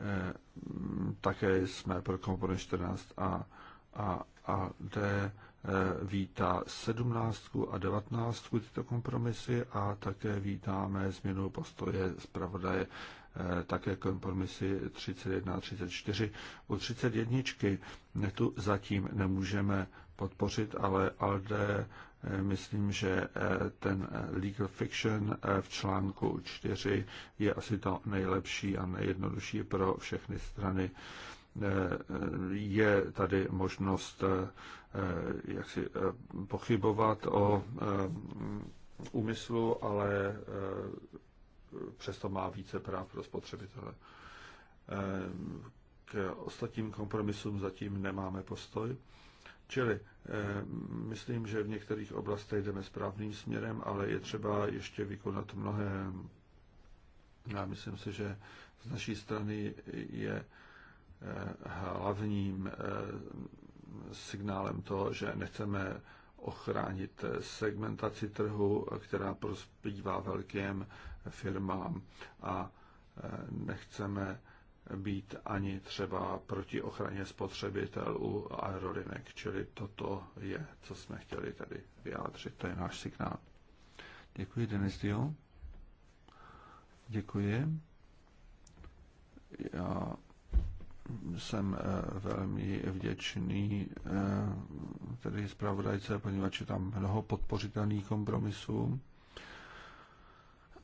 Eh, také jsme pro komponent 14 a, a, a D eh, vítá 17 a 19 tyto kompromisy a také vítáme změnu postoje zpravodaje Eh, také kompromisy 31 a 34. U 31 tu zatím nemůžeme podpořit, ale ALDE eh, myslím, že eh, ten legal fiction v článku 4 je asi to nejlepší a nejjednodušší pro všechny strany. Je tady možnost jak si pochybovat o úmyslu, ale přesto má více práv pro spotřebitele. K ostatním kompromisům zatím nemáme postoj. Čili eh, myslím, že v některých oblastech jdeme správným směrem, ale je třeba ještě vykonat mnohé. Já myslím si, že z naší strany je eh, hlavním eh, signálem to, že nechceme ochránit segmentaci trhu, která prospívá velkým firmám a e, nechceme být ani třeba proti ochraně spotřebitelů aerolinek, čili toto je, co jsme chtěli tady vyjádřit, to je náš signál. Děkuji, Denis Dio. Děkuji. Já jsem e, velmi vděčný e, tedy zpravodajce, poněvadž je tam mnoho podpořitelných kompromisů.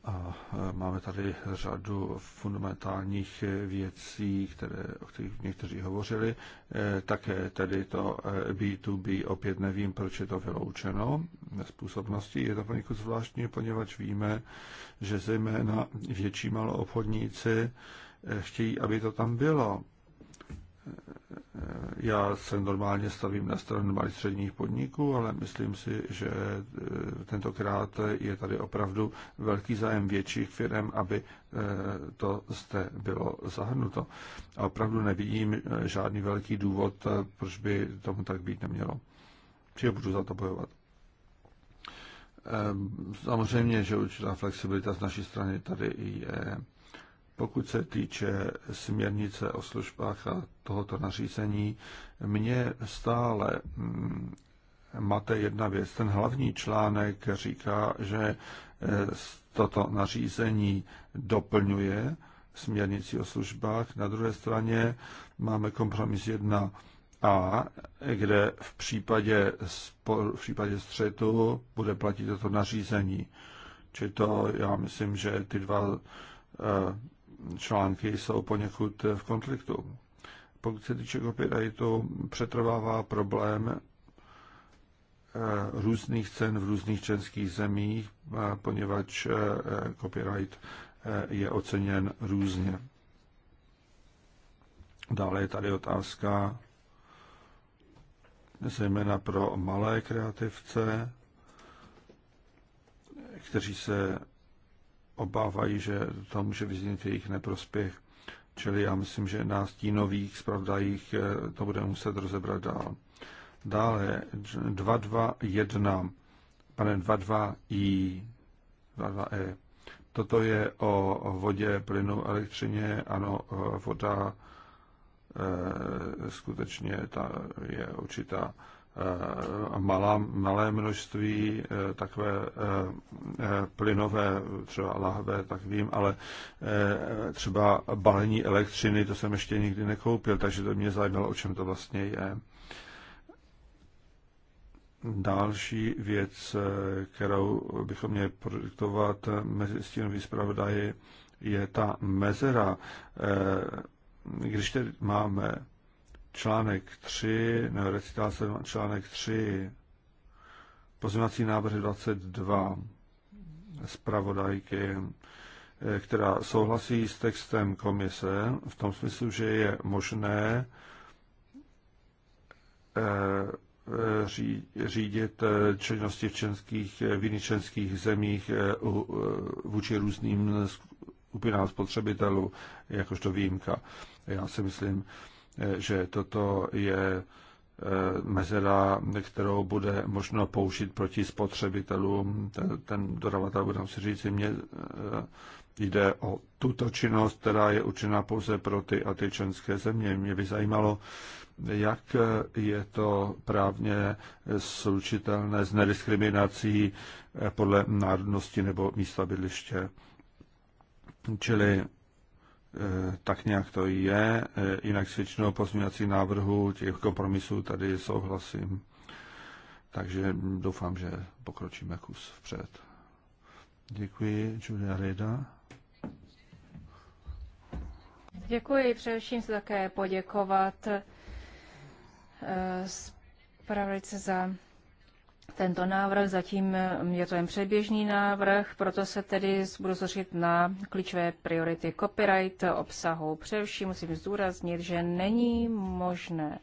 A e, máme tady řadu fundamentálních věcí, které, o kterých někteří hovořili. E, také tedy to B2B, e, opět nevím, proč je to vyloučeno. Způsobnosti je to poněkud zvláštní, poněvadž víme, že zejména větší maloobchodníci chtějí, aby to tam bylo já se normálně stavím na stranu malých středních podniků, ale myslím si, že eh, tentokrát je tady opravdu velký zájem větších firm, aby eh, to zde bylo zahrnuto. A opravdu nevidím eh, žádný velký důvod, proč by tomu tak být nemělo. Čili budu za to bojovat. Ehm, samozřejmě, že určitá flexibilita z naší strany tady je. Pokud se týče směrnice o službách a tohoto nařízení, mě stále mm, máte jedna věc. Ten hlavní článek říká, že e, toto nařízení doplňuje směrnici o službách. Na druhé straně máme kompromis 1a, kde v případě, v případě střetu bude platit toto nařízení. Či to, já myslím, že ty dva e, články jsou poněkud v konfliktu. Pokud se týče copyrightu, přetrvává problém eh, různých cen v různých členských zemích, eh, poněvadž eh, copyright je oceněn různě. Dále je tady otázka zejména pro malé kreativce, kteří se obávají, že to může vyznít jejich neprospěch. Čili já myslím, že na stínových zpravdajích eh, to bude muset rozebrat dál. Dále 221, pane 22i, 22e. Toto je o vodě, plynu, elektřině. Ano, voda e, skutečně ta je určitá Eh, malá, malé množství eh, takové eh, plynové, třeba lahve, tak vím, ale třeba balení elektřiny, to jsem ještě nikdy nekoupil, takže to mě zajímalo, o čem to vlastně je. Další věc, kterou bychom měli projektovat mezi stínový zpravodaji, je ta mezera. Když tedy máme článek 3, ne, recitál se článek 3, pozměňovací návrh 22 zpravodajky, eh, která souhlasí s textem komise v tom smyslu, že je možné eh, eh, řídit činnosti v, členských, v jiných členských zemích vůči různým skupinám spotřebitelů, jakožto výjimka. Já si myslím, že toto je eh, mezera, kterou bude možno použít proti spotřebitelům. Ten, ten dodavatel bude si říct, mě eh, jde o tuto činnost, která je určena pouze pro ty a ty členské země. Mě by zajímalo, jak eh, je to právně slučitelné s nediskriminací podle národnosti nebo místa bydliště. Čili Eh, tak nějak to je. Eh, jinak s většinou pozměňovacích návrhů těch kompromisů tady souhlasím. Takže doufám, že pokročíme kus vpřed. Děkuji, Julia Reda. Děkuji, především se také poděkovat eh, zpravodajce za tento návrh. Zatím mm, je to jen předběžný návrh, proto se tedy budu soustředit na klíčové priority copyright obsahu. Především musím zdůraznit, že není možné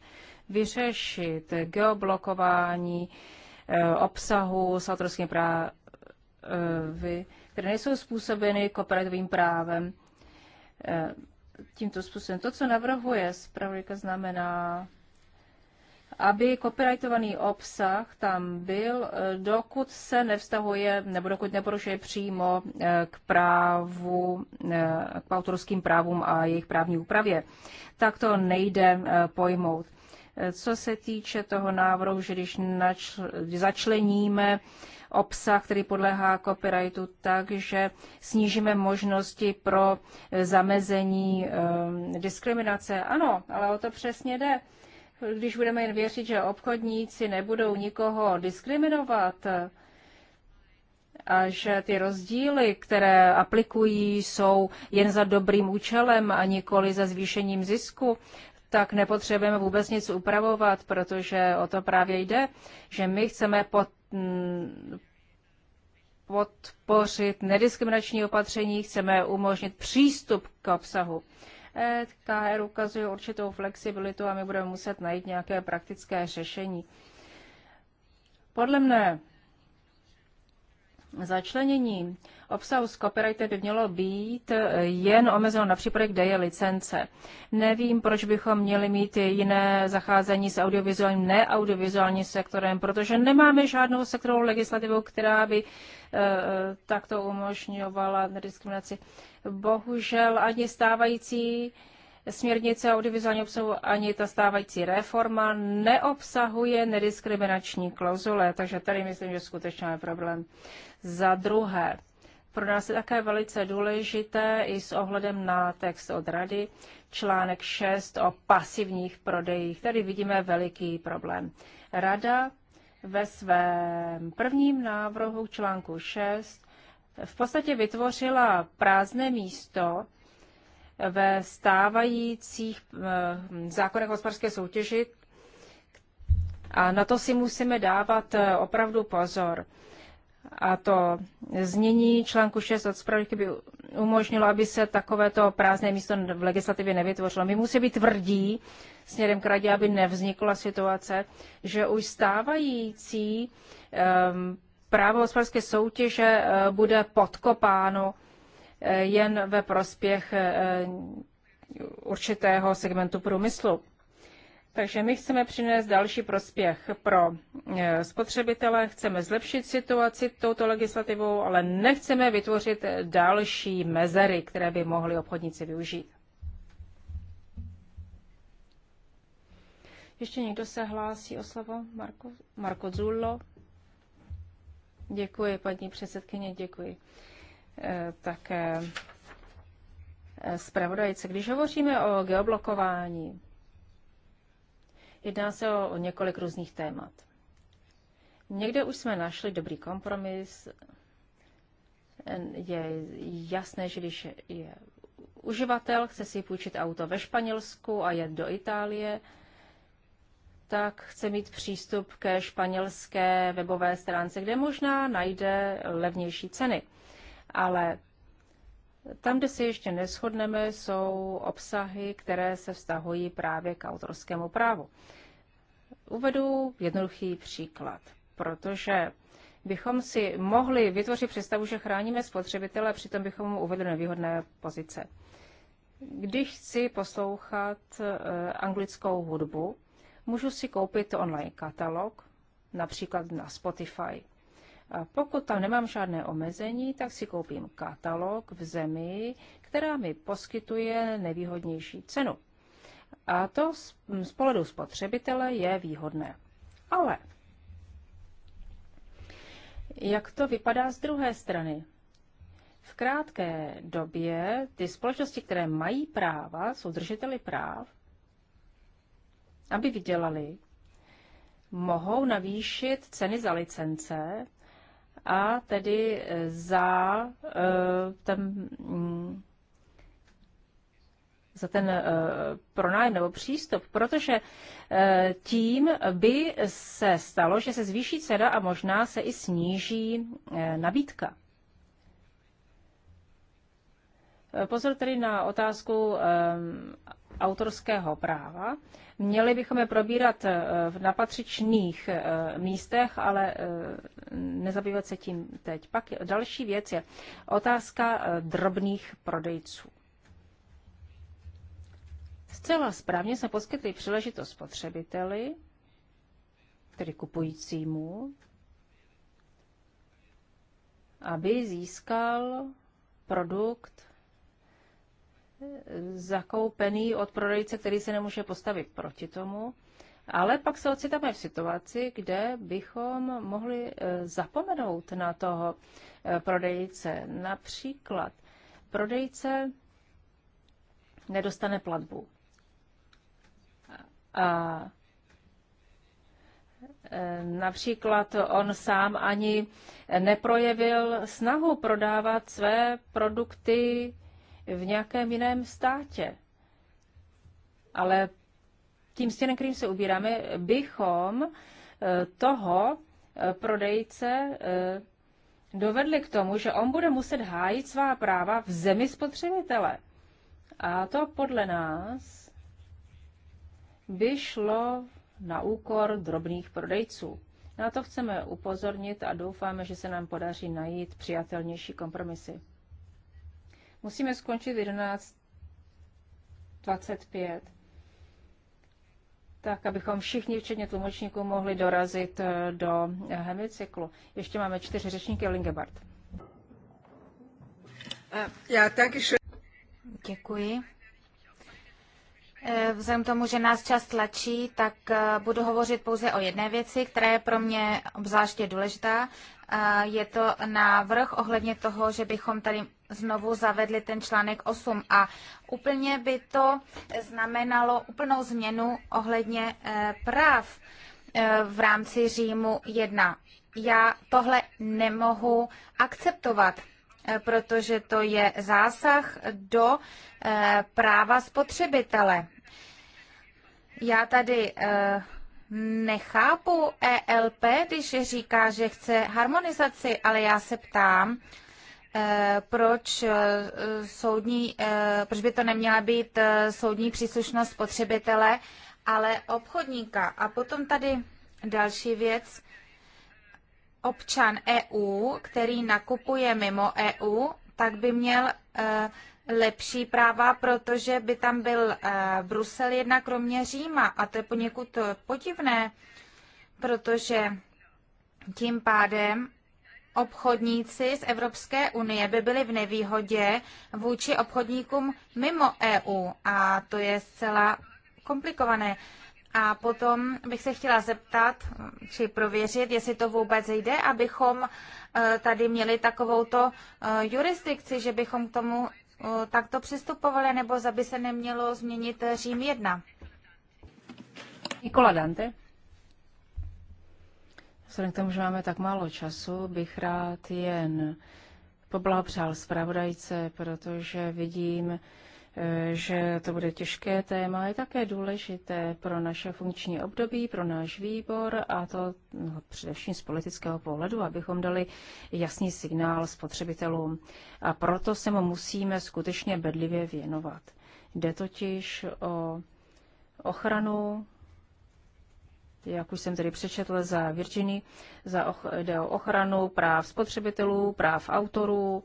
vyřešit geoblokování eh, obsahu s autorským právy, které nejsou způsobeny copyrightovým právem. Eh, tímto způsobem to, co navrhuje zpravodajka, znamená aby copyrightovaný obsah tam byl, eh, dokud se nevztahuje nebo dokud neporušuje přímo eh, k právu, eh, k autorským právům a jejich právní úpravě. Tak to nejde pojmout. Co se týče toho návrhu, že když začleníme obsah, který podléhá copyrightu, takže snížíme možnosti pro zamezení diskriminace. Ano, ale o to přesně jde když budeme jen věřit, že obchodníci nebudou nikoho diskriminovat a že ty rozdíly, které aplikují, jsou jen za dobrým účelem a nikoli za zvýšením zisku, tak nepotřebujeme vůbec nic upravovat, protože o to právě jde, že my chceme pod, podpořit nediskriminační opatření, chceme umožnit přístup k obsahu. KR ukazuje určitou flexibilitu a my budeme muset najít nějaké praktické řešení. Podle mne Začlenění obsahu z copyrightem by mělo být eh, jen omezeno na případek, kde je licence. Nevím, proč bychom měli mít jiné zacházení s audiovizuálním, neaudiovizuálním sektorem, protože nemáme žádnou sektorovou legislativu, která by eh, eh, takto umožňovala diskriminaci. Bohužel ani stávající směrnice o audiovizuálním obsahu ani ta stávající reforma neobsahuje nediskriminační klauzule, takže tady myslím, že skutečně je problém. Za druhé, pro nás je také velice důležité i s ohledem na text od rady, článek 6 o pasivních prodejích. Tady vidíme veliký problém. Rada ve svém prvním návrhu článku 6 v podstatě vytvořila prázdné místo, ve stávajících eh, zákonech hospodářské soutěži a na to si musíme dávat eh, opravdu pozor. A to znění článku 6 od zpravodajky by umožnilo, aby se takovéto prázdné místo v legislativě nevytvořilo. My musíme být tvrdí směrem k radě, aby nevznikla situace, že už stávající um, právo hospodářské soutěže uh, bude podkopáno jen ve prospěch eh, určitého segmentu průmyslu. Takže my chceme přinést další prospěch pro eh, spotřebitele, chceme zlepšit situaci touto legislativou, ale nechceme vytvořit další mezery, které by mohli obchodníci využít. Ještě někdo se hlásí o slovo? Marko, Marko Zullo? Děkuji, paní předsedkyně, děkuji. Eh, také eh, zpravodajce. Když hovoříme o geoblokování, jedná se o, o několik různých témat. Někde už jsme našli dobrý kompromis. Eh, je jasné, že když je uživatel, chce si půjčit auto ve Španělsku a jet do Itálie, tak chce mít přístup ke španělské webové stránce, kde možná najde levnější ceny ale tam, kde se ještě neschodneme, jsou obsahy, které se vztahují právě k autorskému právu. Uvedu jednoduchý příklad, protože bychom si mohli vytvořit představu, že chráníme spotřebitele, přitom bychom mu uvedli nevýhodné pozice. Když chci poslouchat eh, anglickou hudbu, můžu si koupit online katalog, například na Spotify. A pokud tam nemám žádné omezení, tak si koupím katalog v zemi, která mi poskytuje nevýhodnější cenu. A to z, z pohledu spotřebitele je výhodné. Ale jak to vypadá z druhé strany? V krátké době ty společnosti, které mají práva, jsou držiteli práv, aby vydělali, mohou navýšit ceny za licence a tedy eh, eh, mm, za ten, za eh, ten pronájem nebo přístup, protože tím by se stalo, že se zvýší cena a možná se i sníží nabídka. Pozor tedy na otázku autorského práva. Měli bychom je probírat eh, v napatřičných eh, místech, ale eh, nezabývat se tím teď. Pak další věc je otázka drobných prodejců. Zcela správně jsme poskytli příležitost spotřebiteli, tedy kupujícímu, aby získal produkt zakoupený od prodejce, který se nemůže postavit proti tomu. Ale pak se ocitáme v situaci, kde bychom mohli eh, zapomenout na toho eh, prodejce. Například prodejce nedostane platbu. A eh, Například on sám ani neprojevil snahu prodávat své produkty v nějakém jiném státě. Ale tím stěnem, kterým se ubíráme, bychom eh, toho eh, prodejce eh, dovedli k tomu, že on bude muset hájit svá práva v zemi spotřebitele. A to podle nás by šlo na úkor drobných prodejců. Na to chceme upozornit a doufáme, že se nám podaří najít přijatelnější kompromisy. Musíme skončit v 11.25, tak abychom všichni, včetně tlumočníků, mohli dorazit eh, do eh, hemicyklu. Ještě máme čtyři řečníky, Lingebart. Eh, já taky. Děkuji. Vzhledem k tomu, že nás čas tlačí, tak budu hovořit pouze o jedné věci, která je pro mě obzvláště důležitá. Je to návrh ohledně toho, že bychom tady znovu zavedli ten článek 8 a úplně by to znamenalo úplnou změnu ohledně eh, práv eh, v rámci Římu 1. Já tohle nemohu akceptovat, eh, protože to je zásah do práva spotřebitele. Já tady nechápu ELP, když říká, že chce harmonizaci, ale já se ptám, Eh, proč, eh, soudní, eh, proč by to neměla být soudní příslušnost spotřebitele, ale obchodníka. A potom tady další věc. Občan EU, který nakupuje mimo EU, tak by měl lepší práva, protože by tam byl Brusel jedna kromě Říma. A to je poněkud podivné, protože tím pádem obchodníci z Evropské unie by byli v nevýhodě vůči obchodníkům mimo EU a to je zcela komplikované. A potom bych se chtěla zeptat, či prověřit, jestli to vůbec jde, abychom e, tady měli takovouto e, jurisdikci, že bychom k tomu e, takto přistupovali, nebo zda by se nemělo změnit Řím 1. Nikola Dante. Vzhledem k tomu, že máme tak málo času, bych rád jen poblahopřál zpravodajce, protože vidím, eh, že to bude těžké téma, je také důležité pro naše funkční období, pro náš výbor a to no, především z politického pohledu, abychom dali jasný signál spotřebitelům. A proto se mu musíme skutečně bedlivě věnovat. Jde totiž o ochranu jak už jsem tedy přečetl, za Virginii, za och, jde o ochranu práv spotřebitelů, práv autorů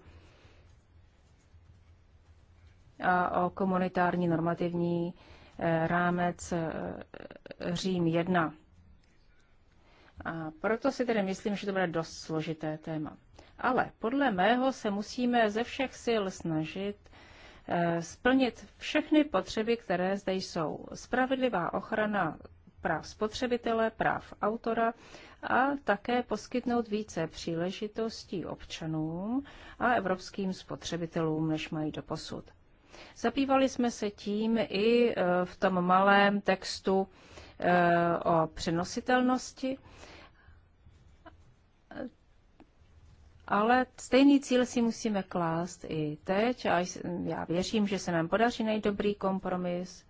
a o komunitární normativní eh, rámec eh, Řím 1. A proto si tedy myslím, že to bude dost složité téma. Ale podle mého se musíme ze všech sil snažit eh, splnit všechny potřeby, které zde jsou. Spravedlivá ochrana práv spotřebitele, práv autora a také poskytnout více příležitostí občanům a evropským spotřebitelům, než mají do posud. Zapívali jsme se tím i e, v tom malém textu e, o přenositelnosti, ale stejný cíl si musíme klást i teď a já věřím, že se nám podaří najít dobrý kompromis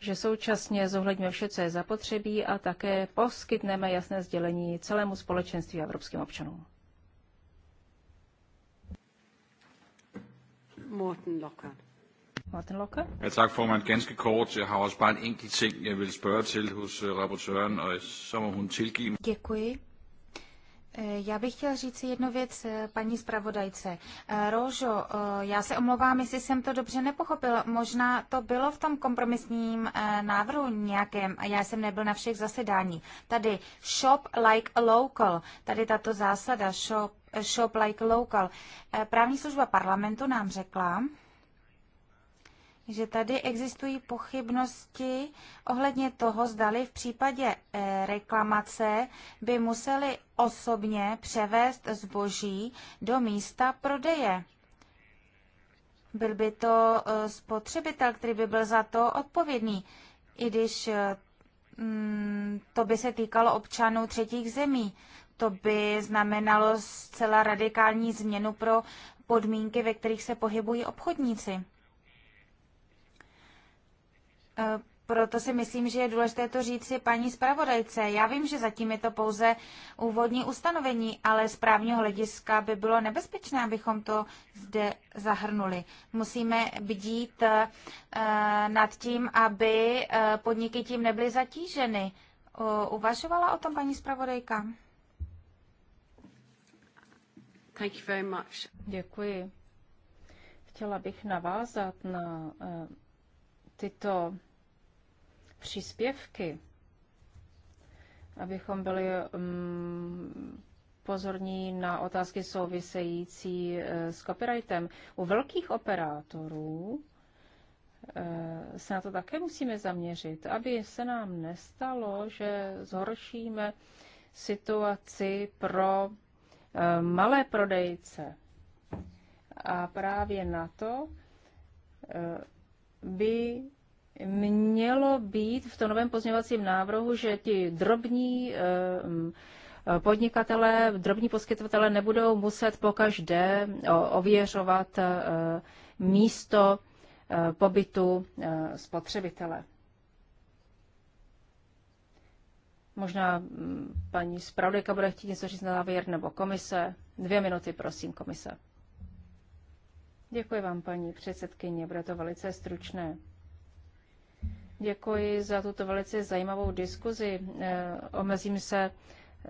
že současně zohledňuje vše, co je zapotřebí a také poskytneme jasné sdělení celému společenství a evropským občanům. Morten Locker. Morten Locker. Ja, tak formand. Ganske kort. Jeg har også bare en enkelt ting, jeg vil spørge til hos øh, rapportøren, og så må hun tilgive Děkuji. Já bych chtěla říct jednu věc eh, paní zpravodajce. Eh, Rožo, eh, já se omlouvám, jestli jsem to dobře nepochopil. Možná to bylo v tom kompromisním návrhu nějakém a já jsem nebyl na všech zasedání. Tady shop like a local, tady tato zásada shop, shop like local. Právní služba parlamentu nám řekla, že tady existují pochybnosti ohledně toho, zdali v případě eh, reklamace by museli osobně převést zboží do místa prodeje. Byl by to eh, spotřebitel, který by byl za to odpovědný, i když eh, mm, to by se týkalo občanů třetích zemí. To by znamenalo zcela radikální změnu pro podmínky, ve kterých se pohybují obchodníci. Eh, proto si myslím, že je důležité to říct si paní zpravodajce. Já vím, že zatím je to pouze úvodní ustanovení, ale z právního hlediska by bylo nebezpečné, abychom to zde zahrnuli. Musíme bdít eh, nad tím, aby eh, podniky tím nebyly zatíženy. Uvažovala o tom paní zpravodajka? Děkuji. Chtěla bych navázat na tyto příspěvky, abychom byli um, pozorní na otázky související eh, s copyrightem. U velkých operátorů eh, se na to také musíme zaměřit, aby se nám nestalo, že zhoršíme situaci pro eh, malé prodejce. A právě na to by mělo být v tom novém pozměvacím návrhu, že ti drobní eh, mm, podnikatelé, drobní poskytovatelé nebudou muset pokaždé eh, ověřovat eh, místo pobytu spotřebitele. Možná mm, paní zpravodajka bude chtít něco říct na závěr, nebo komise. Dvě minuty, prosím, komise. Děkuji vám, paní předsedkyně, bude to velice stručné. Děkuji za tuto velice zajímavou diskuzi. E, omezím se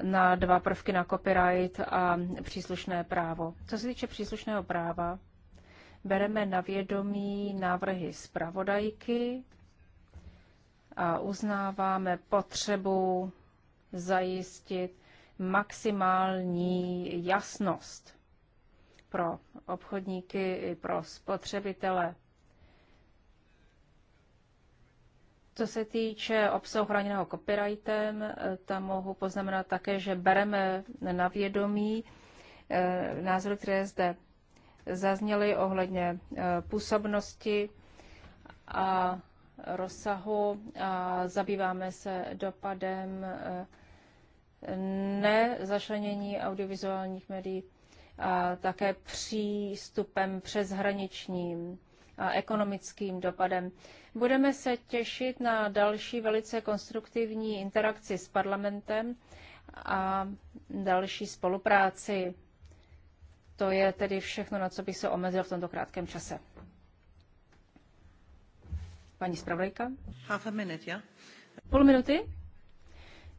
na dva prvky na copyright a příslušné právo. Co se týče příslušného práva, bereme na vědomí návrhy zpravodajky a uznáváme potřebu zajistit maximální jasnost pro obchodníky i pro spotřebitele. Co se týče obsahu chráněného copyrightem, eh, tam mohu poznamenat také, že bereme na vědomí eh, názory, které zde zazněly ohledně eh, působnosti a rozsahu a zabýváme se dopadem nezašlenění audiovizuálních médií a také přístupem přeshraničním a ekonomickým dopadem. Budeme se těšit na další velice konstruktivní interakci s parlamentem a další spolupráci. To je tedy všechno, na co bych se omezil v tomto krátkém čase. Paní zpravodajka? Half a minute, yeah? Půl minuty?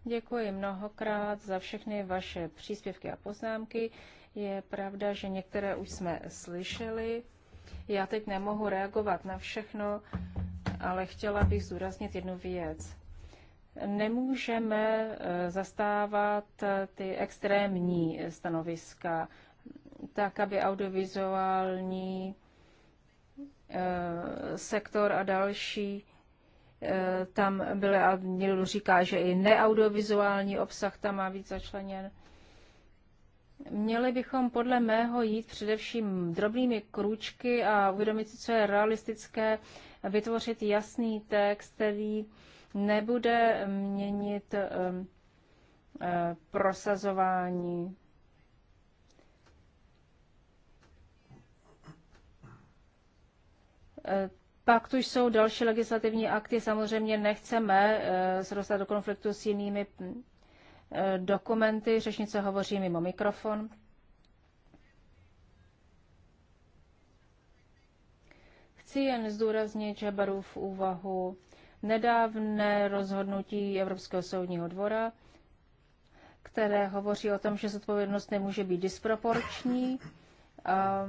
Děkuji mnohokrát za všechny vaše příspěvky a poznámky. Je pravda, že některé už jsme slyšeli. Já teď nemohu reagovat na všechno, ale chtěla bych zdůraznit jednu věc. Nemůžeme eh, zastávat eh, ty extrémní eh, stanoviska, tak aby audiovizuální sektor a další tam byly, a někdo říká, že i neaudiovizuální obsah tam má být začleněn. Měli bychom podle mého jít především drobnými krůčky a uvědomit si, co je realistické, vytvořit jasný text, který nebude měnit um, uh, prosazování. Eh, pak tu jsou další legislativní akty. Samozřejmě nechceme eh, se dostat do konfliktu s jinými Eh, dokumenty. Řečnice hovoří mimo mikrofon. Chci jen zdůraznit, že beru v úvahu nedávné rozhodnutí Evropského soudního dvora, které hovoří o tom, že zodpovědnost nemůže být disproporční. A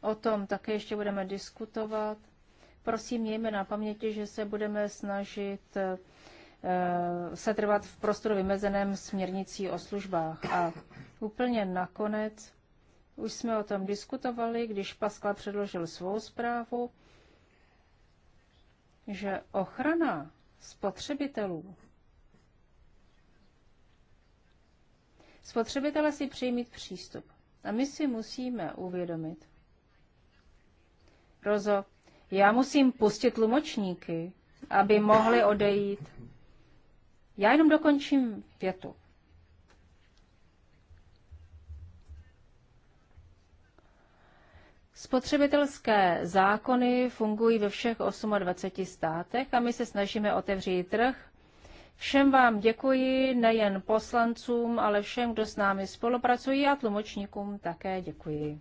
o tom také ještě budeme diskutovat. Prosím, mějme na paměti, že se budeme snažit eh, Eh, se trvat v prostoru vymezeném směrnicí o službách. A úplně nakonec už jsme o tom diskutovali, když Pascal předložil svou zprávu, že ochrana spotřebitelů Spotřebitele si přijmít přístup. A my si musíme uvědomit. Rozo, já musím pustit tlumočníky, aby mohli odejít. Já jenom dokončím větu. Spotřebitelské zákony fungují ve všech 28 státech a my se snažíme otevřít trh. Všem vám děkuji, nejen poslancům, ale všem, kdo s námi spolupracují a tlumočníkům také děkuji.